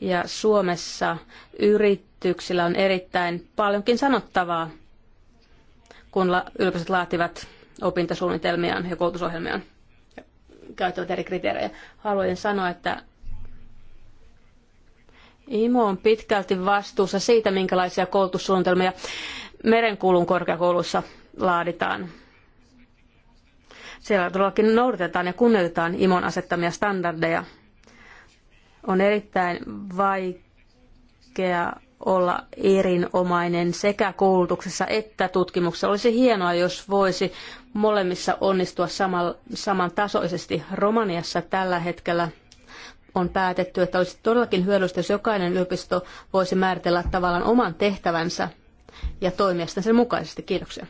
ja Suomessa yrityksillä on erittäin paljonkin sanottavaa, kun yliopistot laativat opintosuunnitelmiaan ja koulutusohjelmiaan ja käyttävät eri kriteerejä. Haluan sanoa, että IMO on pitkälti vastuussa siitä, minkälaisia koulutussuunnitelmia merenkulun korkeakoulussa laaditaan siellä todellakin noudatetaan ja kunnioitetaan IMON asettamia standardeja. On erittäin vaikea olla erinomainen sekä koulutuksessa että tutkimuksessa. Olisi hienoa, jos voisi molemmissa onnistua saman, samantasoisesti. Romaniassa tällä hetkellä on päätetty, että olisi todellakin hyödyllistä, jos jokainen yliopisto voisi määritellä tavallaan oman tehtävänsä ja toimia sen mukaisesti. Kiitoksia.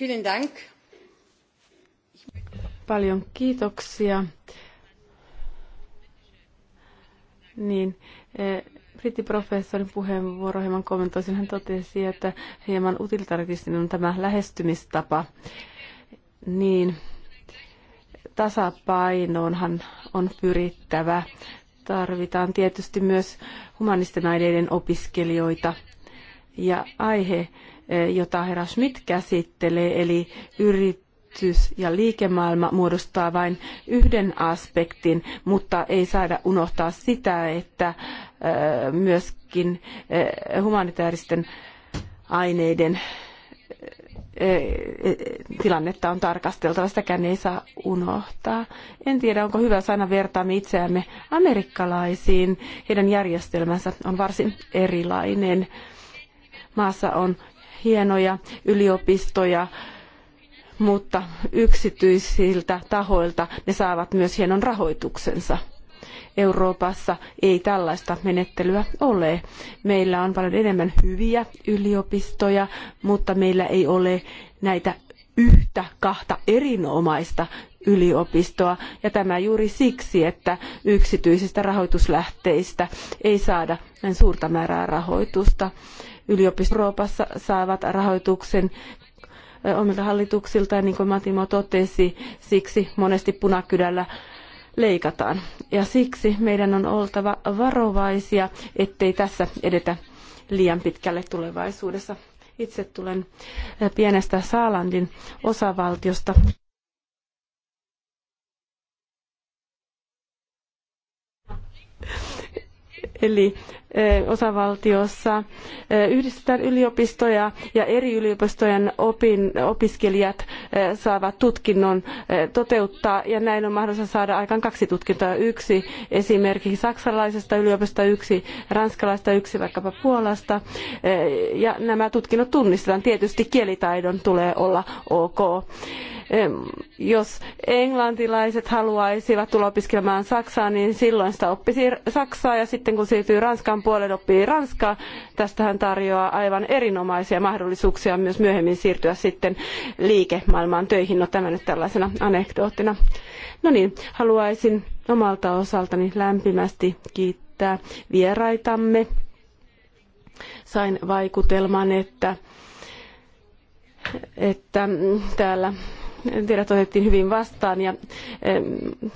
Vielen Dank. Paljon kiitoksia. Niin, eh, brittiprofessorin puheenvuoro hieman kommentoisin. Hän totesi, että hieman utilitaristinen on tämä lähestymistapa. Niin, tasapainoonhan on pyrittävä. Tarvitaan tietysti myös humanisten aineiden opiskelijoita. Ja aihe Eh, jota herra Schmidt käsittelee, eli yritys ja liikemaailma muodostaa vain yhden aspektin, mutta ei saada unohtaa sitä, että eh, myöskin eh, humanitaaristen aineiden tilannetta on tarkasteltava, sitäkään ei saa unohtaa. En tiedä, onko hyvä aina vertaamme itseämme amerikkalaisiin. Heidän järjestelmänsä on varsin erilainen. Maassa on hienoja yliopistoja, mutta yksityisiltä tahoilta ne saavat myös hienon rahoituksensa. Euroopassa ei tällaista menettelyä ole. Meillä on paljon enemmän hyviä yliopistoja, mutta meillä ei ole näitä yhtä kahta erinomaista yliopistoa ja tämä juuri siksi, että yksityisistä rahoituslähteistä ei saada näin suurta määrää rahoitusta yliopistot Euroopassa saavat rahoituksen omilta hallituksiltaan, niin kuin Matimo totesi, siksi monesti punakydällä leikataan. Ja siksi meidän on oltava varovaisia, ettei tässä edetä liian pitkälle tulevaisuudessa. Itse tulen pienestä Saalandin osavaltiosta. Eli osavaltiossa yhdistetään yliopistoja ja eri yliopistojen opin, opiskelijat saavat tutkinnon toteuttaa ja näin on mahdollista saada aikaan kaksi tutkintoa. Yksi esimerkiksi saksalaisesta yliopistosta, yksi ranskalaista, yksi vaikkapa Puolasta ja nämä tutkinnot tunnistetaan. Tietysti kielitaidon tulee olla ok jos englantilaiset haluaisivat tulla opiskelemaan Saksaan, niin silloin sitä oppisi Saksaa ja sitten kun siirtyy Ranskan puolen oppii ranskaa. hän tarjoaa aivan erinomaisia mahdollisuuksia myös myöhemmin siirtyä sitten liikemaailmaan töihin. No tämä nyt tällaisena anekdoottina. No niin, haluaisin omalta osaltani lämpimästi kiittää vieraitamme. Sain vaikutelman, että, että täällä teidät otettiin hyvin vastaan ja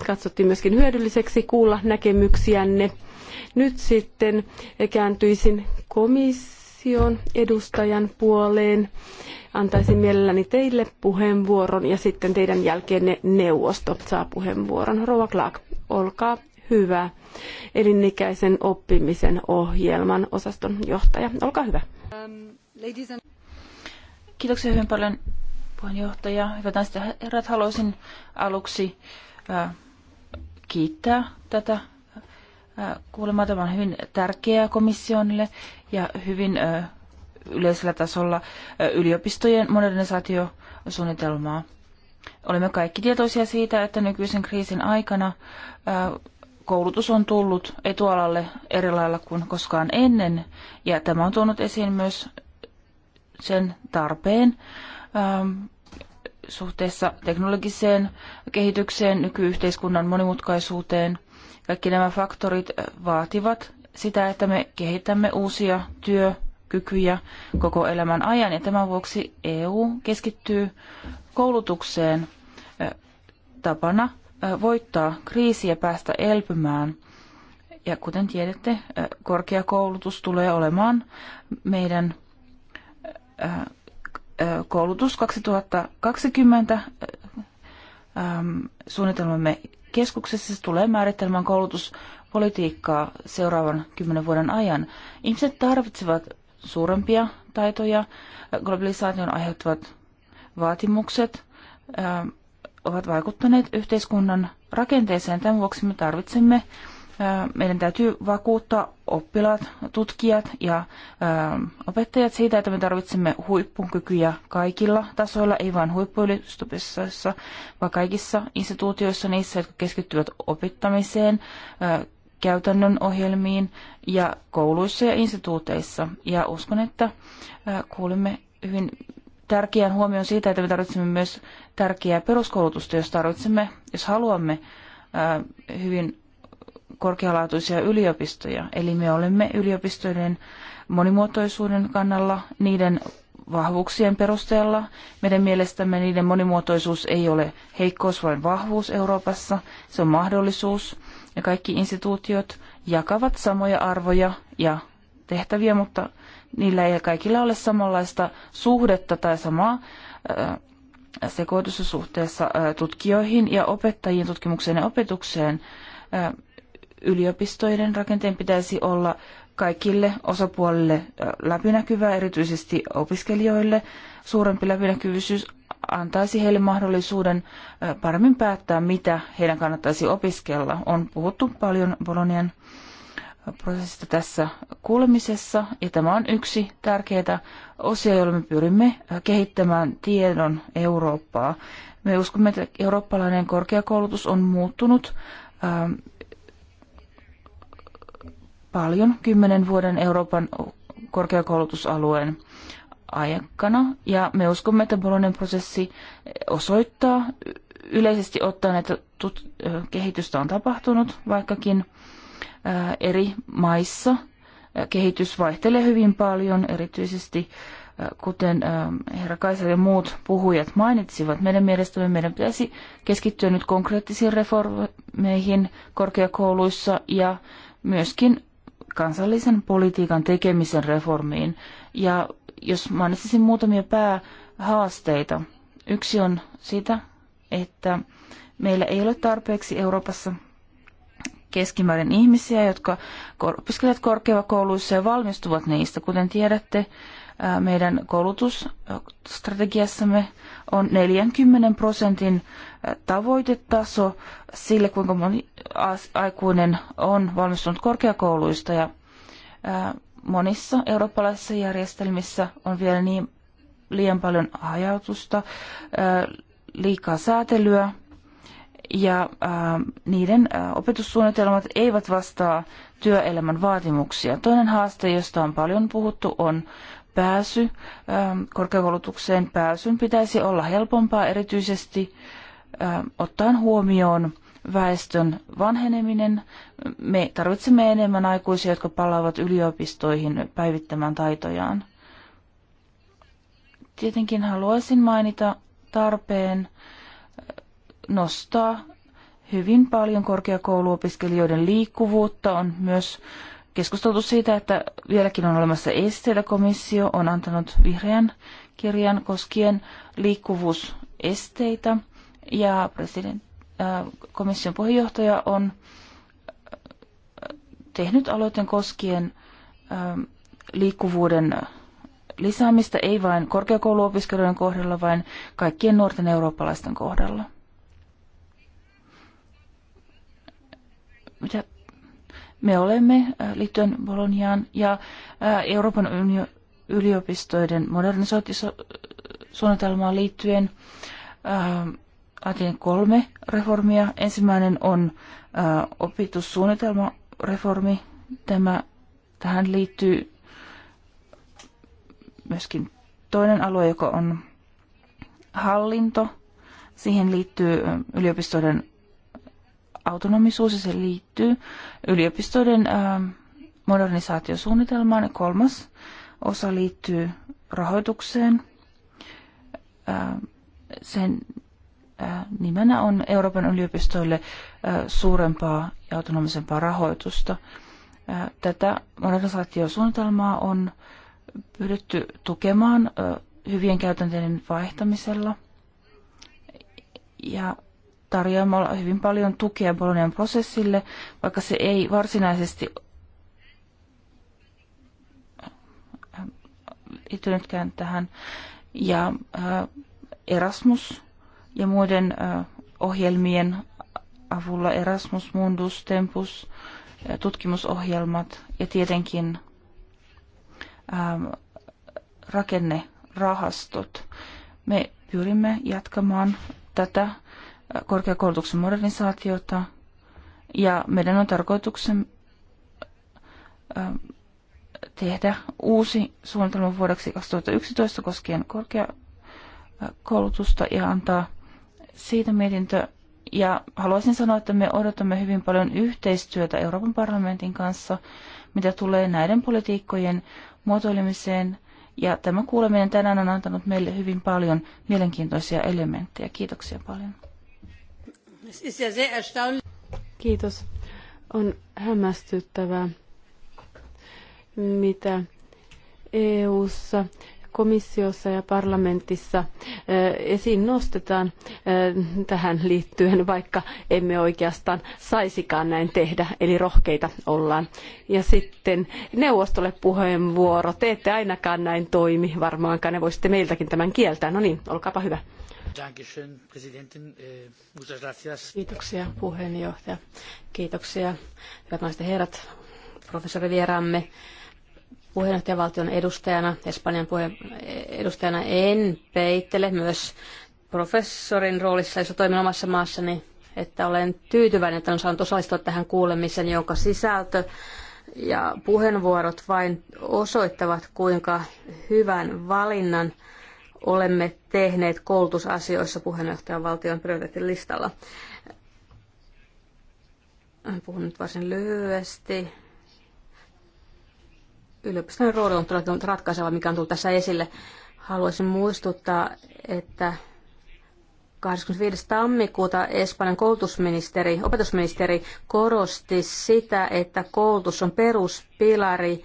katsottiin myöskin hyödylliseksi kuulla näkemyksiänne nyt sitten kääntyisin komission edustajan puoleen. Antaisin mielelläni teille puheenvuoron ja sitten teidän jälkeenne neuvosto saa puheenvuoron. Rova Clark, olkaa hyvä. Elinikäisen oppimisen ohjelman osaston johtaja. Olkaa hyvä. Um, Kiitoksia hyvin paljon puheenjohtaja. Hyvät naiset ja herrat, haluaisin aluksi äh, kiittää tätä Kuulemma tämä on hyvin tärkeää komissionille ja hyvin yleisellä tasolla yliopistojen modernisaatiosuunnitelmaa. Olemme kaikki tietoisia siitä, että nykyisen kriisin aikana koulutus on tullut etualalle eri lailla kuin koskaan ennen, ja tämä on tuonut esiin myös sen tarpeen suhteessa teknologiseen kehitykseen, nykyyhteiskunnan monimutkaisuuteen – kaikki nämä faktorit eh, vaativat sitä, että me kehitämme uusia työkykyjä koko elämän ajan. Ja tämän vuoksi EU keskittyy koulutukseen eh, tapana eh, voittaa kriisi ja päästä elpymään. Ja kuten tiedätte, korkeakoulutus tulee olemaan meidän koulutus 2020 äm, suunnitelmamme keskuksessa. Se tulee määrittelemään koulutuspolitiikkaa seuraavan kymmenen vuoden ajan. Ihmiset tarvitsevat suurempia taitoja. Äh, globalisaation aiheuttavat vaatimukset äm, ovat vaikuttaneet yhteiskunnan rakenteeseen. Tämän vuoksi me tarvitsemme meidän täytyy vakuuttaa oppilaat, tutkijat ja opettajat siitä, että me tarvitsemme huippukykyjä kaikilla tasoilla, ei vain huippuyliopistossa, vaan kaikissa instituutioissa, niissä, jotka keskittyvät opettamiseen, käytännön ohjelmiin ja kouluissa ja instituuteissa. Ja uskon, että kuulimme hyvin tärkeän huomion siitä, että me tarvitsemme myös tärkeää peruskoulutusta, jos tarvitsemme, jos haluamme hyvin korkealaatuisia yliopistoja. Eli me olemme yliopistojen monimuotoisuuden kannalla, niiden vahvuuksien perusteella. Meidän mielestämme niiden monimuotoisuus ei ole heikkous, vaan vahvuus Euroopassa. Se on mahdollisuus. Ja kaikki instituutiot jakavat samoja arvoja ja tehtäviä, mutta niillä ei kaikilla ole samanlaista suhdetta tai samaa sekoitussuhteessa tutkijoihin ja opettajien tutkimukseen ja opetukseen yliopistoiden rakenteen pitäisi olla kaikille osapuolille läpinäkyvää, erityisesti opiskelijoille. Suurempi läpinäkyvyys antaisi heille mahdollisuuden paremmin päättää, mitä heidän kannattaisi opiskella. On puhuttu paljon Bolonian prosessista tässä kuulemisessa, ja tämä on yksi tärkeitä osia, joilla me pyrimme kehittämään tiedon Eurooppaa. Me uskomme, että eurooppalainen korkeakoulutus on muuttunut paljon kymmenen vuoden Euroopan korkeakoulutusalueen aikana. Ja me uskomme, että Bolognan prosessi osoittaa yleisesti ottaen, että tut- kehitystä on tapahtunut, vaikkakin eri maissa kehitys vaihtelee hyvin paljon, erityisesti kuten herra Kaisa ja muut puhujat mainitsivat, meidän mielestämme meidän pitäisi keskittyä nyt konkreettisiin reformeihin korkeakouluissa ja myöskin kansallisen politiikan tekemisen reformiin. Ja jos mainitsisin muutamia päähaasteita, yksi on sitä, että meillä ei ole tarpeeksi Euroopassa keskimäärin ihmisiä, jotka opiskelevat korkeakouluissa ja valmistuvat niistä. Kuten tiedätte, meidän koulutusstrategiassamme on 40 prosentin tavoitetaso sille, kuinka moni aikuinen on valmistunut korkeakouluista ja monissa eurooppalaisissa järjestelmissä on vielä niin liian paljon hajautusta, liikaa säätelyä ja niiden opetussuunnitelmat eivät vastaa työelämän vaatimuksia. Toinen haaste, josta on paljon puhuttu, on pääsy. Korkeakoulutukseen pääsyn pitäisi olla helpompaa erityisesti ottaen huomioon väestön vanheneminen. Me tarvitsemme enemmän aikuisia, jotka palaavat yliopistoihin päivittämään taitojaan. Tietenkin haluaisin mainita tarpeen nostaa hyvin paljon korkeakouluopiskelijoiden liikkuvuutta. On myös keskusteltu siitä, että vieläkin on olemassa esteitä. Komissio on antanut vihreän kirjan koskien liikkuvuusesteitä – ja president, äh, komission puheenjohtaja on äh, tehnyt aloitteen koskien ähm, liikkuvuuden lisäämistä ei vain korkeakouluopiskelijoiden kohdalla, vaan kaikkien nuorten eurooppalaisten kohdalla. Mitä me olemme äh, liittyen Boloniaan ja Euroopan yliopistoiden modernisointisuunnitelmaan liittyen ähm, Aten kolme reformia. Ensimmäinen on ä, opetussuunnitelmareformi. Tämä, tähän liittyy myöskin toinen alue, joka on hallinto. Siihen liittyy yliopistojen autonomisuus ja se liittyy yliopistojen ä, modernisaatiosuunnitelmaan. Kolmas osa liittyy rahoitukseen. Ä, sen nimenä on Euroopan yliopistoille suurempaa ja autonomisempaa rahoitusta. Tätä modernisaatiosuunnitelmaa on pyritty tukemaan hyvien käytänteiden vaihtamisella ja tarjoamalla hyvin paljon tukea Bolonian prosessille, vaikka se ei varsinaisesti liittynytkään tähän. Ja Erasmus ja muiden ohjelmien avulla Erasmus Mundus, Tempus, tutkimusohjelmat ja tietenkin rakennerahastot. Me pyrimme jatkamaan tätä korkeakoulutuksen modernisaatiota ja meidän on tarkoituksen tehdä uusi suunnitelma vuodeksi 2011 koskien korkeakoulutusta ja antaa siitä mietintö. Ja haluaisin sanoa, että me odotamme hyvin paljon yhteistyötä Euroopan parlamentin kanssa, mitä tulee näiden politiikkojen muotoilemiseen. Ja tämä kuuleminen tänään on antanut meille hyvin paljon mielenkiintoisia elementtejä. Kiitoksia paljon. Kiitos. On hämmästyttävää, mitä EU-ssa komissiossa ja parlamentissa esiin nostetaan tähän liittyen, vaikka emme oikeastaan saisikaan näin tehdä, eli rohkeita ollaan. Ja sitten neuvostolle puheenvuoro. Te ette ainakaan näin toimi varmaankaan, ne voisitte meiltäkin tämän kieltää. No niin, olkaapa hyvä. Kiitoksia puheenjohtaja. Kiitoksia, hyvät naiset ja herrat, professori vieraamme puheenjohtajavaltion edustajana, Espanjan puheen edustajana en peittele myös professorin roolissa, jossa toimin omassa maassani, että olen tyytyväinen, että on saanut osallistua tähän kuulemiseen, jonka sisältö ja puheenvuorot vain osoittavat, kuinka hyvän valinnan olemme tehneet koulutusasioissa puheenjohtajan valtion prioriteettilistalla. Puhun nyt varsin lyhyesti yliopistojen rooli on tullut ratkaiseva, mikä on tullut tässä esille. Haluaisin muistuttaa, että 25. tammikuuta Espanjan koulutusministeri, opetusministeri korosti sitä, että koulutus on peruspilari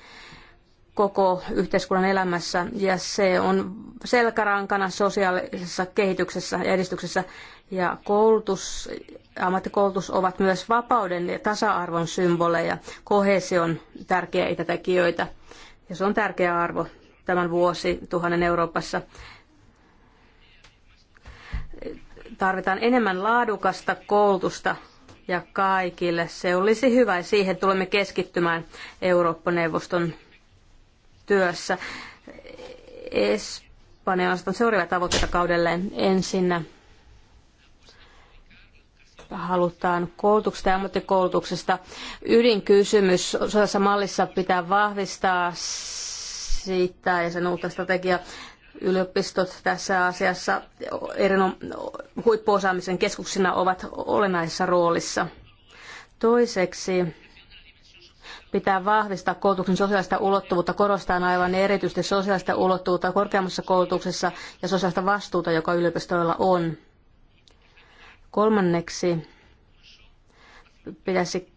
koko yhteiskunnan elämässä ja se on selkärankana sosiaalisessa kehityksessä ja edistyksessä. Ja koulutus, ammattikoulutus ovat myös vapauden ja tasa-arvon symboleja. kohesi on tärkeitä tekijöitä ja se on tärkeä arvo tämän vuosi tuhannen Euroopassa. Tarvitaan enemmän laadukasta koulutusta ja kaikille. Se olisi hyvä ja siihen tulemme keskittymään Eurooppa-neuvoston työssä. Espanjalaiset on seuraavia tavoitteita kaudelleen ensin halutaan koulutuksesta ja ammattikoulutuksesta. Ydinkysymys sosiaalisessa mallissa pitää vahvistaa sitä ja sen uutta strategiaa. Yliopistot tässä asiassa erino- huippuosaamisen keskuksina ovat olennaisessa roolissa. Toiseksi Pitää vahvistaa koulutuksen sosiaalista ulottuvuutta, korostaa aivan erityisesti sosiaalista ulottuvuutta korkeammassa koulutuksessa ja sosiaalista vastuuta, joka yliopistoilla on. Kolmanneksi pitäisi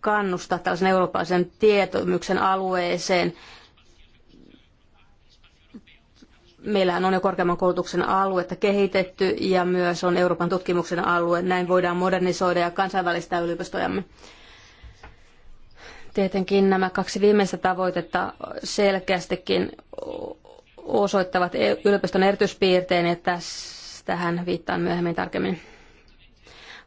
kannustaa tällaisen eurooppalaisen tietomyksen alueeseen. Meillähän on jo korkeamman koulutuksen aluetta kehitetty ja myös on Euroopan tutkimuksen alue. Näin voidaan modernisoida ja kansainvälistää yliopistojamme. Tietenkin nämä kaksi viimeistä tavoitetta selkeästikin osoittavat e- yliopiston erityispiirteen, ja tähän viittaan myöhemmin tarkemmin.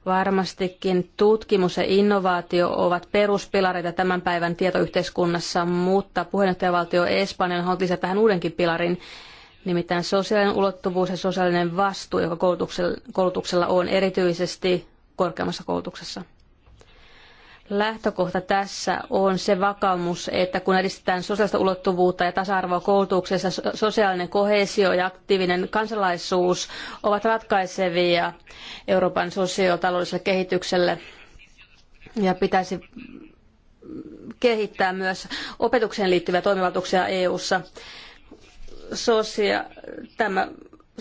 Varmastikin tutkimus ja innovaatio ovat peruspilareita tämän päivän tietoyhteiskunnassa, mutta puheenjohtajavaltio Espanja on halunnut lisätä tähän uudenkin pilarin, nimittäin sosiaalinen ulottuvuus ja sosiaalinen vastuu, joka koulutuksella on erityisesti korkeammassa koulutuksessa lähtökohta tässä on se vakaumus, että kun edistetään sosiaalista ulottuvuutta ja tasa-arvoa koulutuksessa, sosiaalinen kohesio ja aktiivinen kansalaisuus ovat ratkaisevia Euroopan sosiotaloudelliselle kehitykselle ja pitäisi kehittää myös opetukseen liittyviä toimivaltuuksia EU-ssa. Sosia, tämä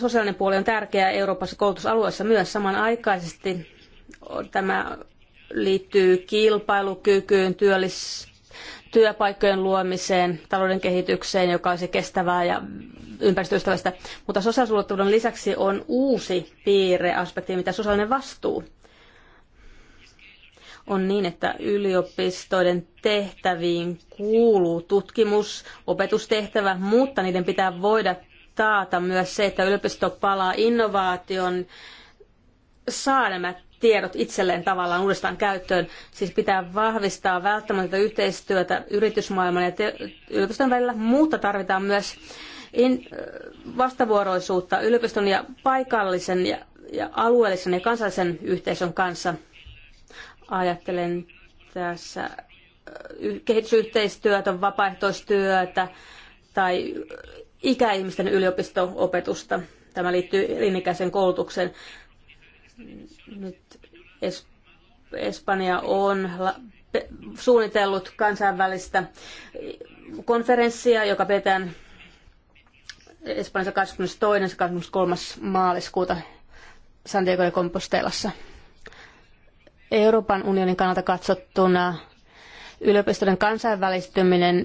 sosiaalinen puoli on tärkeä Euroopassa koulutusalueessa myös samanaikaisesti. Tämä liittyy kilpailukykyyn, työllis, työpaikkojen luomiseen, talouden kehitykseen, joka olisi kestävää ja ympäristöystävällistä. Mutta sosiaalisuudettavuuden lisäksi on uusi piirre, aspekti, mitä sosiaalinen vastuu on niin, että yliopistoiden tehtäviin kuuluu tutkimus, opetustehtävä, mutta niiden pitää voida taata myös se, että yliopisto palaa innovaation saadämättä tiedot itselleen tavallaan uudestaan käyttöön. Siis pitää vahvistaa välttämätöntä yhteistyötä yritysmaailman ja te- yliopiston välillä, mutta tarvitaan myös in- vastavuoroisuutta yliopiston ja paikallisen ja, ja alueellisen ja kansallisen yhteisön kanssa. Ajattelen tässä kehitysyhteistyötä, vapaaehtoistyötä tai ikäihmisten yliopisto-opetusta. Tämä liittyy elinikäiseen koulutukseen. Nyt Espanja on suunnitellut kansainvälistä konferenssia, joka pidetään Espanjassa 22. ja 23. maaliskuuta San Diego de Compostelassa. Euroopan unionin kannalta katsottuna yliopistojen kansainvälistyminen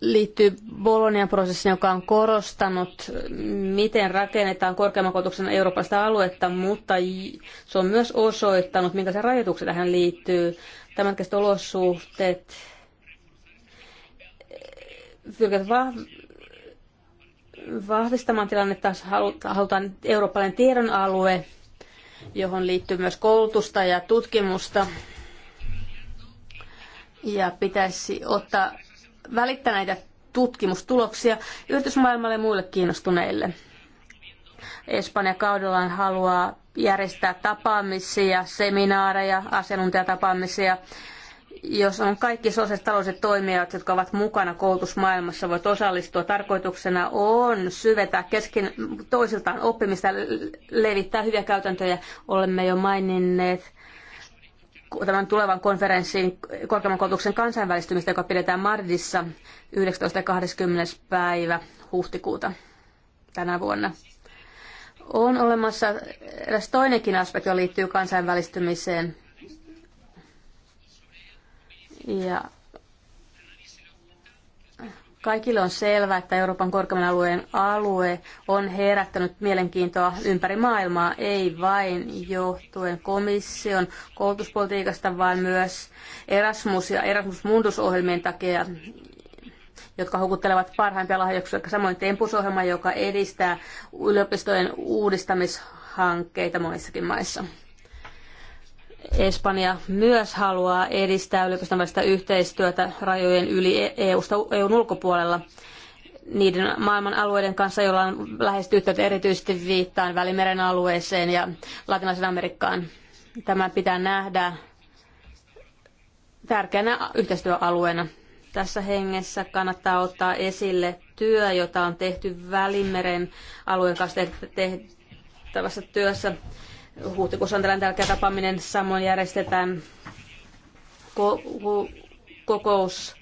liittyy Bolonian prosessiin, joka on korostanut, miten rakennetaan korkeamman koulutuksen eurooppalaista aluetta, mutta se on myös osoittanut, se rajoituksia tähän liittyy. Tämänhetkiset olosuhteet pyrkivät vahvistamaan tilannetta, halutaan eurooppalainen tiedon alue, johon liittyy myös koulutusta ja tutkimusta. Ja pitäisi ottaa välittää näitä tutkimustuloksia yritysmaailmalle ja muille kiinnostuneille. Espanja kaudellaan haluaa järjestää tapaamisia, seminaareja, asiantuntijatapaamisia. Jos on kaikki sosiaaliset taloudelliset toimijat, jotka ovat mukana koulutusmaailmassa, voit osallistua. Tarkoituksena on syvetä kesken toisiltaan oppimista, levittää hyviä käytäntöjä. Olemme jo maininneet tämän tulevan konferenssin korkeamman koulutuksen kansainvälistymistä, joka pidetään Mardissa 19. ja 20. päivä huhtikuuta tänä vuonna. On olemassa eräs toinenkin aspekti, joka liittyy kansainvälistymiseen. Ja Kaikille on selvää, että Euroopan korkeimman alueen alue on herättänyt mielenkiintoa ympäri maailmaa, ei vain johtuen komission koulutuspolitiikasta, vaan myös Erasmus- ja Erasmus Mundus-ohjelmien takia, jotka hukuttelevat parhaimpia lahjoituksia, samoin Tempusohjelma, joka edistää yliopistojen uudistamishankkeita monissakin maissa. Espanja myös haluaa edistää yliopiston välistä yhteistyötä rajojen yli EU-sta, e EUn ulkopuolella niiden maailman alueiden kanssa, joilla on läheiset yhteydet erityisesti viittaan Välimeren alueeseen ja Latinalaisen Amerikkaan. Tämä pitää nähdä tärkeänä yhteistyöalueena. Tässä hengessä kannattaa ottaa esille työ, jota on tehty Välimeren alueen kanssa tehtävässä työssä Huhtikuussa on tällainen tärkeä tapaaminen. Samoin järjestetään ko- kokous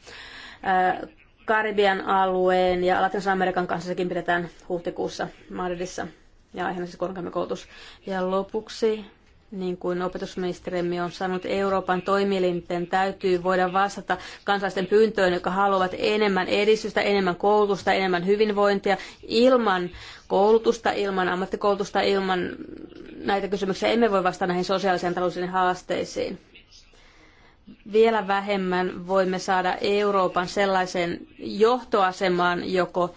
äh, Karibian alueen ja Latinalaisen Amerikan kanssa sekin pidetään huhtikuussa Madridissa ja aiheena siis koulutus. Ja lopuksi, niin kuin opetusministeriömme on sanonut, Euroopan toimielinten täytyy voida vastata kansalaisten pyyntöön, jotka haluavat enemmän edistystä, enemmän koulutusta, enemmän hyvinvointia ilman koulutusta ilman, ammattikoulutusta ilman näitä kysymyksiä emme voi vastata näihin sosiaalisiin taloudellisiin haasteisiin. Vielä vähemmän voimme saada Euroopan sellaiseen johtoasemaan, joko,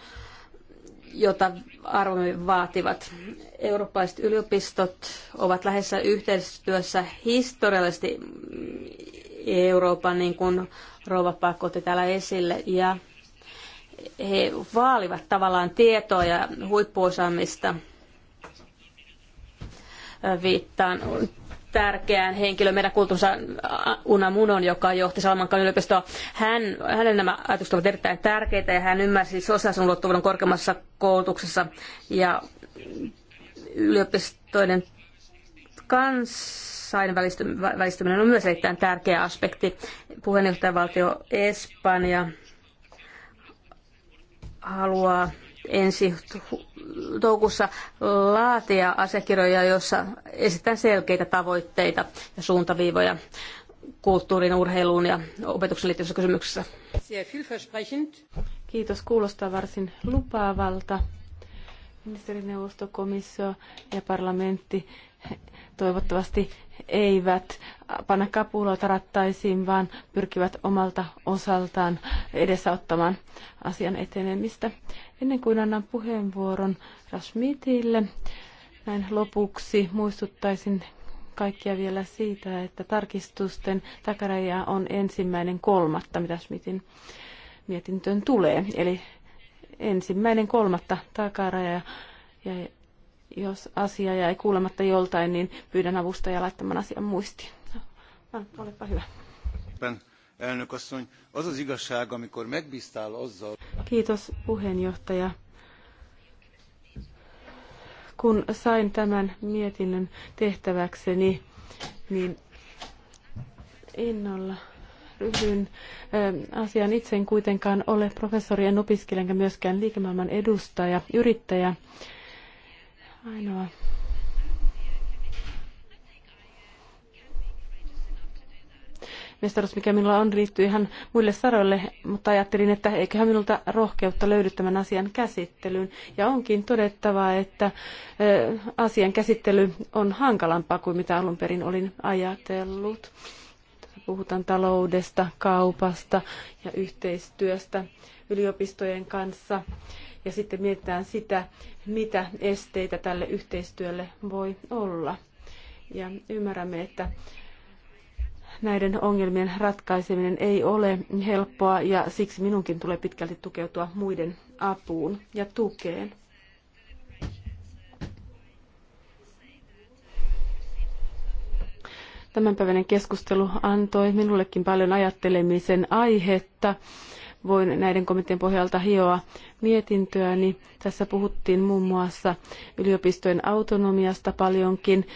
jota arvomme vaativat. Eurooppalaiset yliopistot ovat lähessä yhteistyössä historiallisesti Euroopan, niin kuin Rova Pakko otti täällä esille, ja he vaalivat tavallaan tietoa ja huippuosaamista. Viittaan tärkeään henkilöön meidän kulttuurissa Munon, joka johti Salmankan yliopistoa. Hän, hänen nämä ajatukset ovat erittäin tärkeitä ja hän ymmärsi sosiaalisen ulottuvuuden korkeammassa koulutuksessa ja yliopistoiden kansainvälistyminen on myös erittäin tärkeä aspekti. Puheenjohtajavaltio Espanja haluaa ensi toukussa laatia asiakirjoja, jossa esitetään selkeitä tavoitteita ja suuntaviivoja kulttuurin, urheiluun ja opetuksen liittyvissä kysymyksissä. Kiitos, kuulostaa varsin lupaavalta. Ministerineuvosto, komissio ja parlamentti toivottavasti eivät panna kapuloita rattaisiin, vaan pyrkivät omalta osaltaan edesauttamaan asian etenemistä. Ennen kuin annan puheenvuoron Rasmitille, näin lopuksi muistuttaisin kaikkia vielä siitä, että tarkistusten takaraja on ensimmäinen kolmatta, mitä Smithin mietintöön tulee. Eli ensimmäinen kolmatta takaraja ja jos asia jäi kuulematta joltain, niin pyydän avustajaa laittamaan asian muistiin. No, olepa hyvä. Kiitos puheenjohtaja kun sain tämän mietinnön tehtäväkseni, niin innolla ryhdyn ähm, asian itse en kuitenkaan ole professori, en opiskele enkä myöskään liikemaailman edustaja, yrittäjä. Ainoa mestaruus, mikä minulla on, liittyy ihan muille saroille, mutta ajattelin, että eiköhän minulta rohkeutta löydy tämän asian käsittelyyn. Ja onkin todettava, että asian käsittely on hankalampaa kuin mitä alun perin olin ajatellut. Puhutaan taloudesta, kaupasta ja yhteistyöstä yliopistojen kanssa ja sitten mietitään sitä, mitä esteitä tälle yhteistyölle voi olla. Ja ymmärrämme, että näiden ongelmien ratkaiseminen ei ole helppoa ja siksi minunkin tulee pitkälti tukeutua muiden apuun ja tukeen. Tämänpäiväinen keskustelu antoi minullekin paljon ajattelemisen aihetta voin näiden kommenttien pohjalta hioa mietintöäni. Niin tässä puhuttiin muun muassa yliopistojen autonomiasta paljonkin.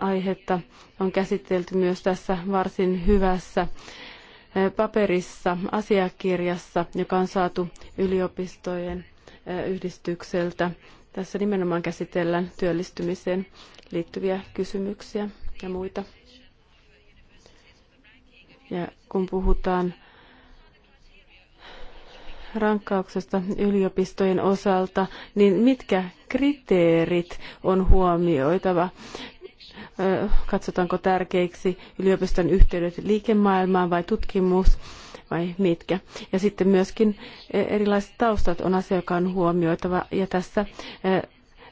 Aihetta on käsitelty myös tässä varsin hyvässä paperissa, asiakirjassa, joka on saatu yliopistojen yhdistykseltä. Tässä nimenomaan käsitellään työllistymiseen liittyviä kysymyksiä ja muita. Ja kun puhutaan rankkauksesta yliopistojen osalta, niin mitkä kriteerit on huomioitava? Katsotaanko tärkeiksi yliopiston yhteydet liikemaailmaan vai tutkimus? vai mitkä. Ja sitten myöskin e, erilaiset taustat on asia, joka on huomioitava. Ja tässä e,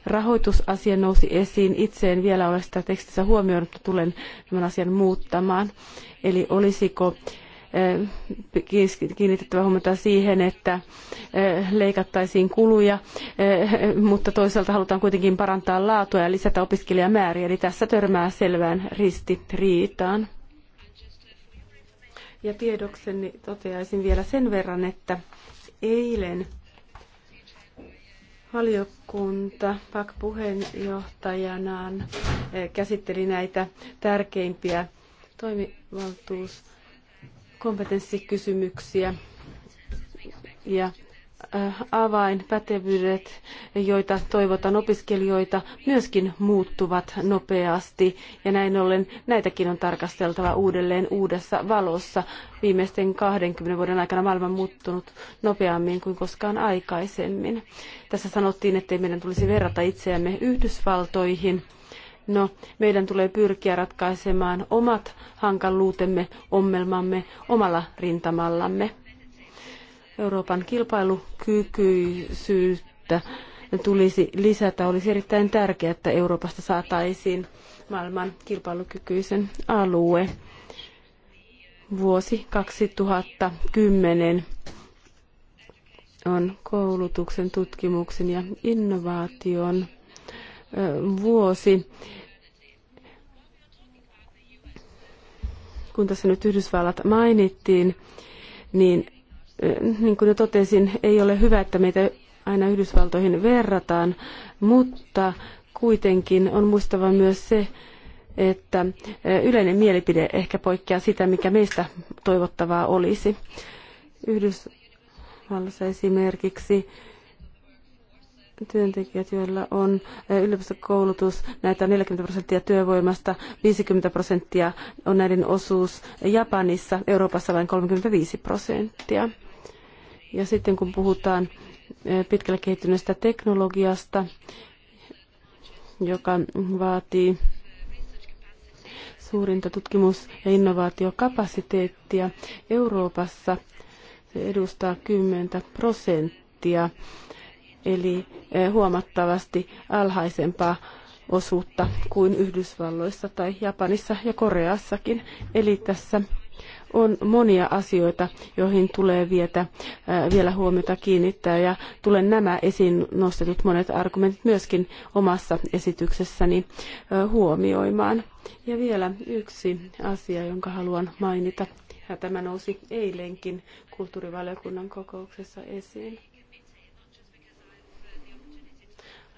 rahoitusasia nousi esiin. Itse en vielä ole sitä tekstissä huomioinut, mutta tulen tämän asian muuttamaan. Eli olisiko kiinnitettävä huomiota siihen, että leikattaisiin kuluja, mutta toisaalta halutaan kuitenkin parantaa laatua ja lisätä opiskelijamääriä, eli tässä törmää selvään ristiriitaan. Ja tiedokseni toteaisin vielä sen verran, että eilen valiokunta PAK puheenjohtajanaan käsitteli näitä tärkeimpiä toimivaltuus kompetenssikysymyksiä ja äh, avainpätevyydet, joita toivotaan opiskelijoita, myöskin muuttuvat nopeasti. Ja näin ollen näitäkin on tarkasteltava uudelleen uudessa valossa. Viimeisten 20 vuoden aikana maailma on muuttunut nopeammin kuin koskaan aikaisemmin. Tässä sanottiin, ettei meidän tulisi verrata itseämme Yhdysvaltoihin No, meidän tulee pyrkiä ratkaisemaan omat hankaluutemme, ongelmamme omalla rintamallamme. Euroopan kilpailukykyisyyttä tulisi lisätä. Olisi erittäin tärkeää, että Euroopasta saataisiin maailman kilpailukykyisen alue. Vuosi 2010 on koulutuksen, tutkimuksen ja innovaation vuosi. Kun tässä nyt Yhdysvallat mainittiin, niin niin kuin jo totesin, ei ole hyvä, että meitä aina Yhdysvaltoihin verrataan, mutta kuitenkin on muistava myös se, että yleinen mielipide ehkä poikkeaa sitä, mikä meistä toivottavaa olisi. Yhdysvallassa esimerkiksi työntekijät, joilla on eh, yliopistokoulutus, näitä 40 prosenttia työvoimasta, 50 prosenttia on näiden osuus Japanissa, Euroopassa vain 35 prosenttia. Ja sitten kun puhutaan eh, pitkälle kehittyneestä teknologiasta, joka vaatii suurinta tutkimus- ja innovaatiokapasiteettia, Euroopassa se edustaa 10 prosenttia eli eh, huomattavasti alhaisempaa osuutta kuin Yhdysvalloissa tai Japanissa ja Koreassakin. Eli tässä on monia asioita, joihin tulee vietä, eh, vielä huomiota kiinnittää ja tulen nämä esiin nostetut monet argumentit myöskin omassa esityksessäni eh, huomioimaan. Ja vielä yksi asia, jonka haluan mainita. Ja tämä nousi eilenkin kulttuurivaliokunnan kokouksessa esiin.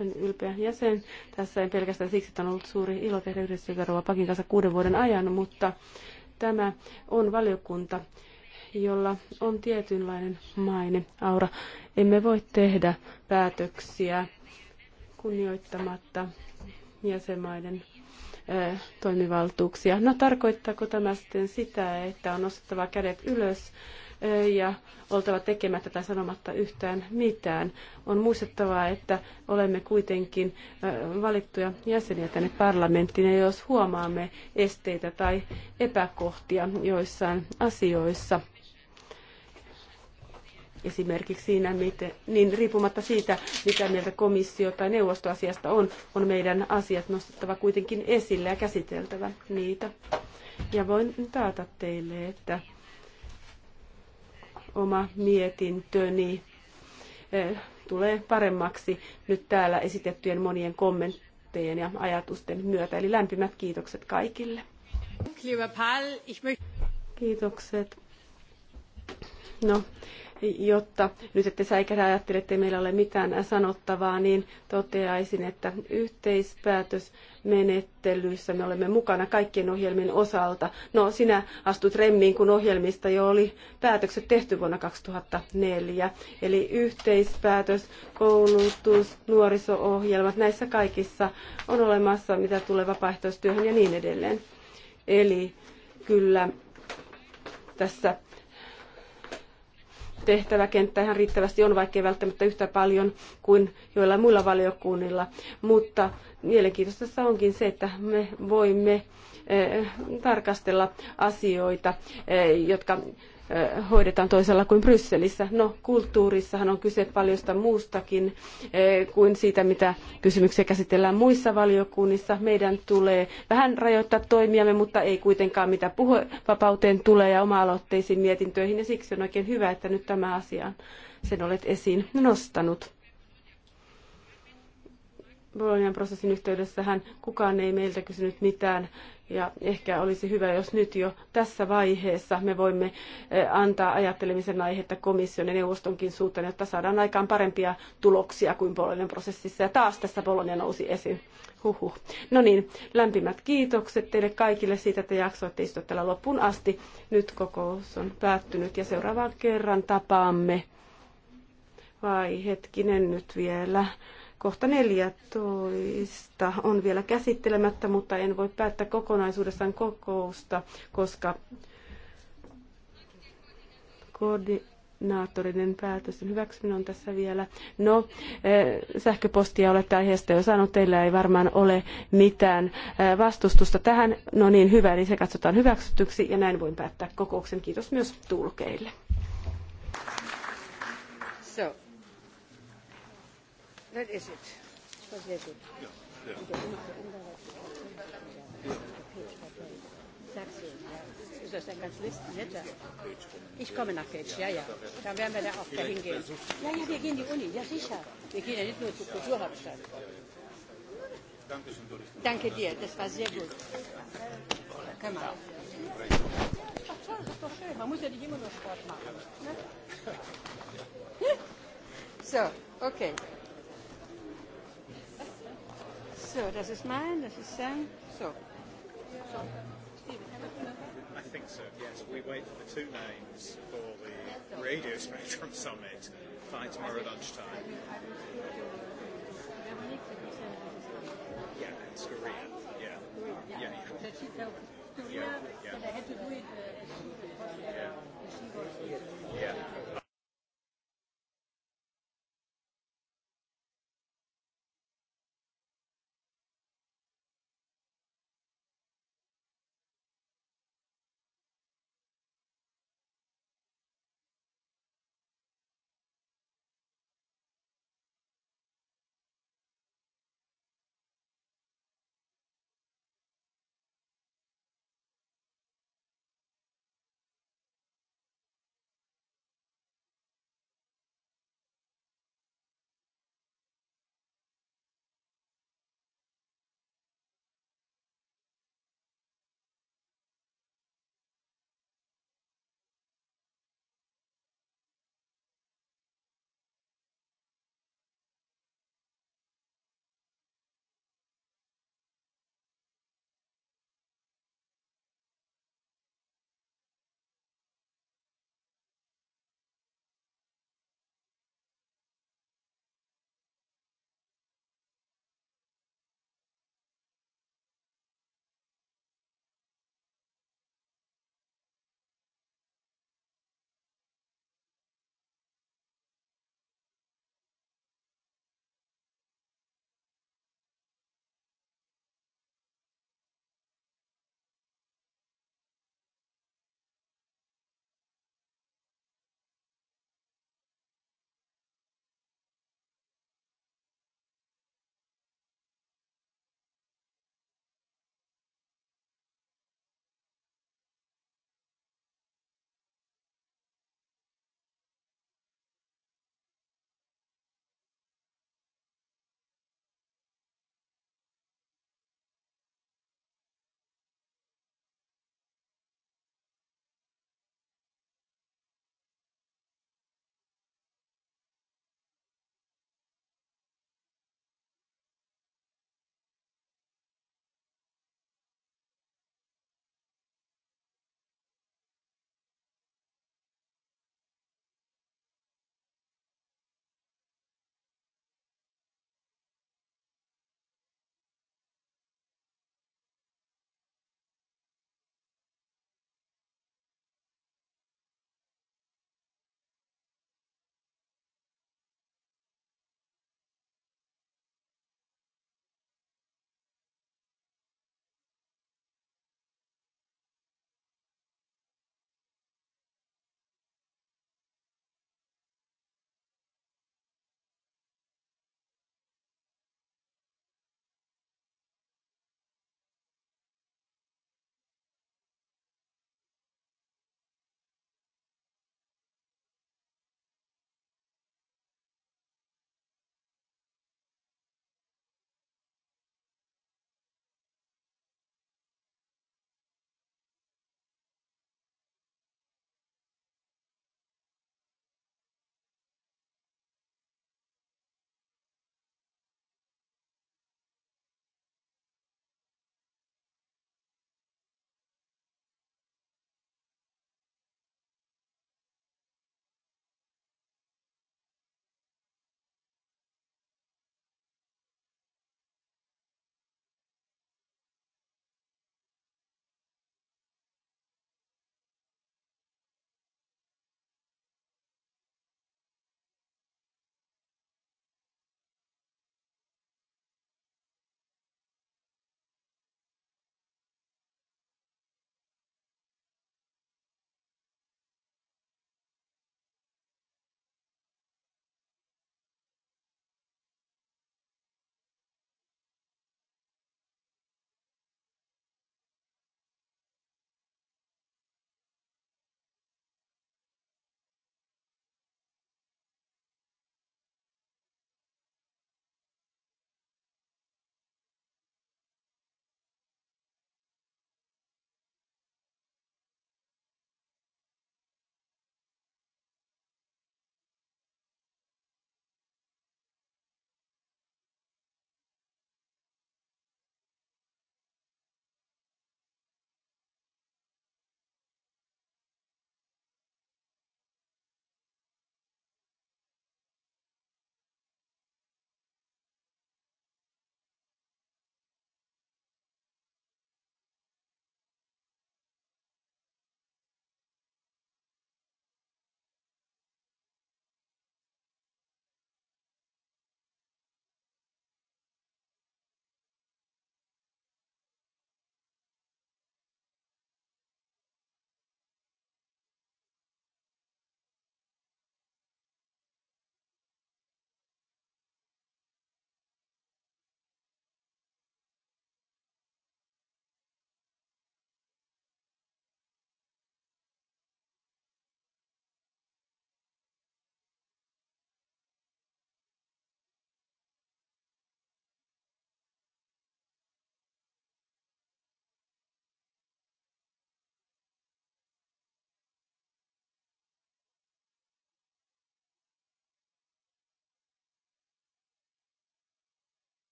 Olen ylpeä jäsen tässä, en pelkästään siksi, että on ollut suuri ilo tehdä yhdessä Rova Pakin kanssa kuuden vuoden ajan, mutta tämä on valiokunta, jolla on tietynlainen maine, aura. Emme voi tehdä päätöksiä kunnioittamatta jäsenmaiden eh, toimivaltuuksia. No tarkoittaako tämä sitten sitä, että on nostettava kädet ylös ja oltava tekemättä tai sanomatta yhtään mitään. On muistettava, että olemme kuitenkin valittuja jäseniä tänne parlamenttiin ja jos huomaamme esteitä tai epäkohtia joissain asioissa, esimerkiksi siinä, miten, niin riippumatta siitä, mitä mieltä komissio tai neuvostoasiasta asiasta on, on meidän asiat nostettava kuitenkin esille ja käsiteltävä niitä. Ja voin taata teille, että oma mietintöni tulee paremmaksi nyt täällä esitettyjen monien kommenttien ja ajatusten myötä. Eli lämpimät kiitokset kaikille. Kiitokset. No, jotta nyt ette säikärä ajattele, että meillä ole mitään sanottavaa, niin toteaisin, että yhteispäätösmenettelyssä me olemme mukana kaikkien ohjelmien osalta. No sinä astut remmiin, kun ohjelmista jo oli päätökset tehty vuonna 2004. Eli yhteispäätös, koulutus, nuoriso-ohjelmat, näissä kaikissa on olemassa, mitä tulee vapaaehtoistyöhön ja niin edelleen. Eli kyllä tässä tehtäväkenttä ihan riittävästi on, vaikkei välttämättä yhtä paljon kuin joillain muilla valiokunnilla. Mutta mielenkiintoista tässä onkin se, että me voimme eh, tarkastella asioita, eh, jotka hoidetaan toisella kuin Brysselissä. No, kulttuurissahan on kyse paljosta muustakin kuin siitä, mitä kysymyksiä käsitellään muissa valiokunnissa. Meidän tulee vähän rajoittaa toimiamme, mutta ei kuitenkaan mitä puhevapauteen tulee ja oma-aloitteisiin mietintöihin. Ja siksi on oikein hyvä, että nyt tämä asia sen olet esiin nostanut. Bolognan prosessin yhteydessähän kukaan ei meiltä kysynyt mitään ja ehkä olisi hyvä, jos nyt jo tässä vaiheessa me voimme eh, antaa ajattelemisen aihetta komission ja neuvostonkin suuntaan, jotta saadaan aikaan parempia tuloksia kuin Bolonian prosessissa. Ja taas tässä Bolonia nousi esiin. Huhhuh. No niin, lämpimät kiitokset teille kaikille siitä, että jaksoitte istua täällä loppuun asti. Nyt kokous on päättynyt ja seuraavan kerran tapaamme. Vai hetkinen nyt vielä. Kohta 14 on vielä käsittelemättä, mutta en voi päättää kokonaisuudessaan kokousta, koska koordinaattorinen päätösten hyväksyminen on tässä vielä. No, eh, sähköpostia olette aiheesta jo saanut, teillä ei varmaan ole mitään eh, vastustusta tähän. No niin, hyvä, eli niin se katsotaan hyväksytyksi ja näin voin päättää kokouksen. Kiitos myös tulkeille. So that is it. Ich komme nach Page, ja, ja. Dann werden wir da auch dahin gehen. Ja, ja, wir gehen in die Uni, ja sicher. Wir gehen ja nicht nur zur Kulturhauptstadt. Danke dir, das war sehr gut. Kann man. Ach toll, das ist doch schön. Man muss ja nicht immer nur Sport machen. Ne? So, okay. So, das ist mein, das ist sein. So. so. I think so, yes. We wait for the two names for the Radio Spectrum Summit by tomorrow lunchtime. Yeah, it's Korea. Yeah. Yeah. yeah. yeah. yeah. yeah. yeah. Uh, yeah.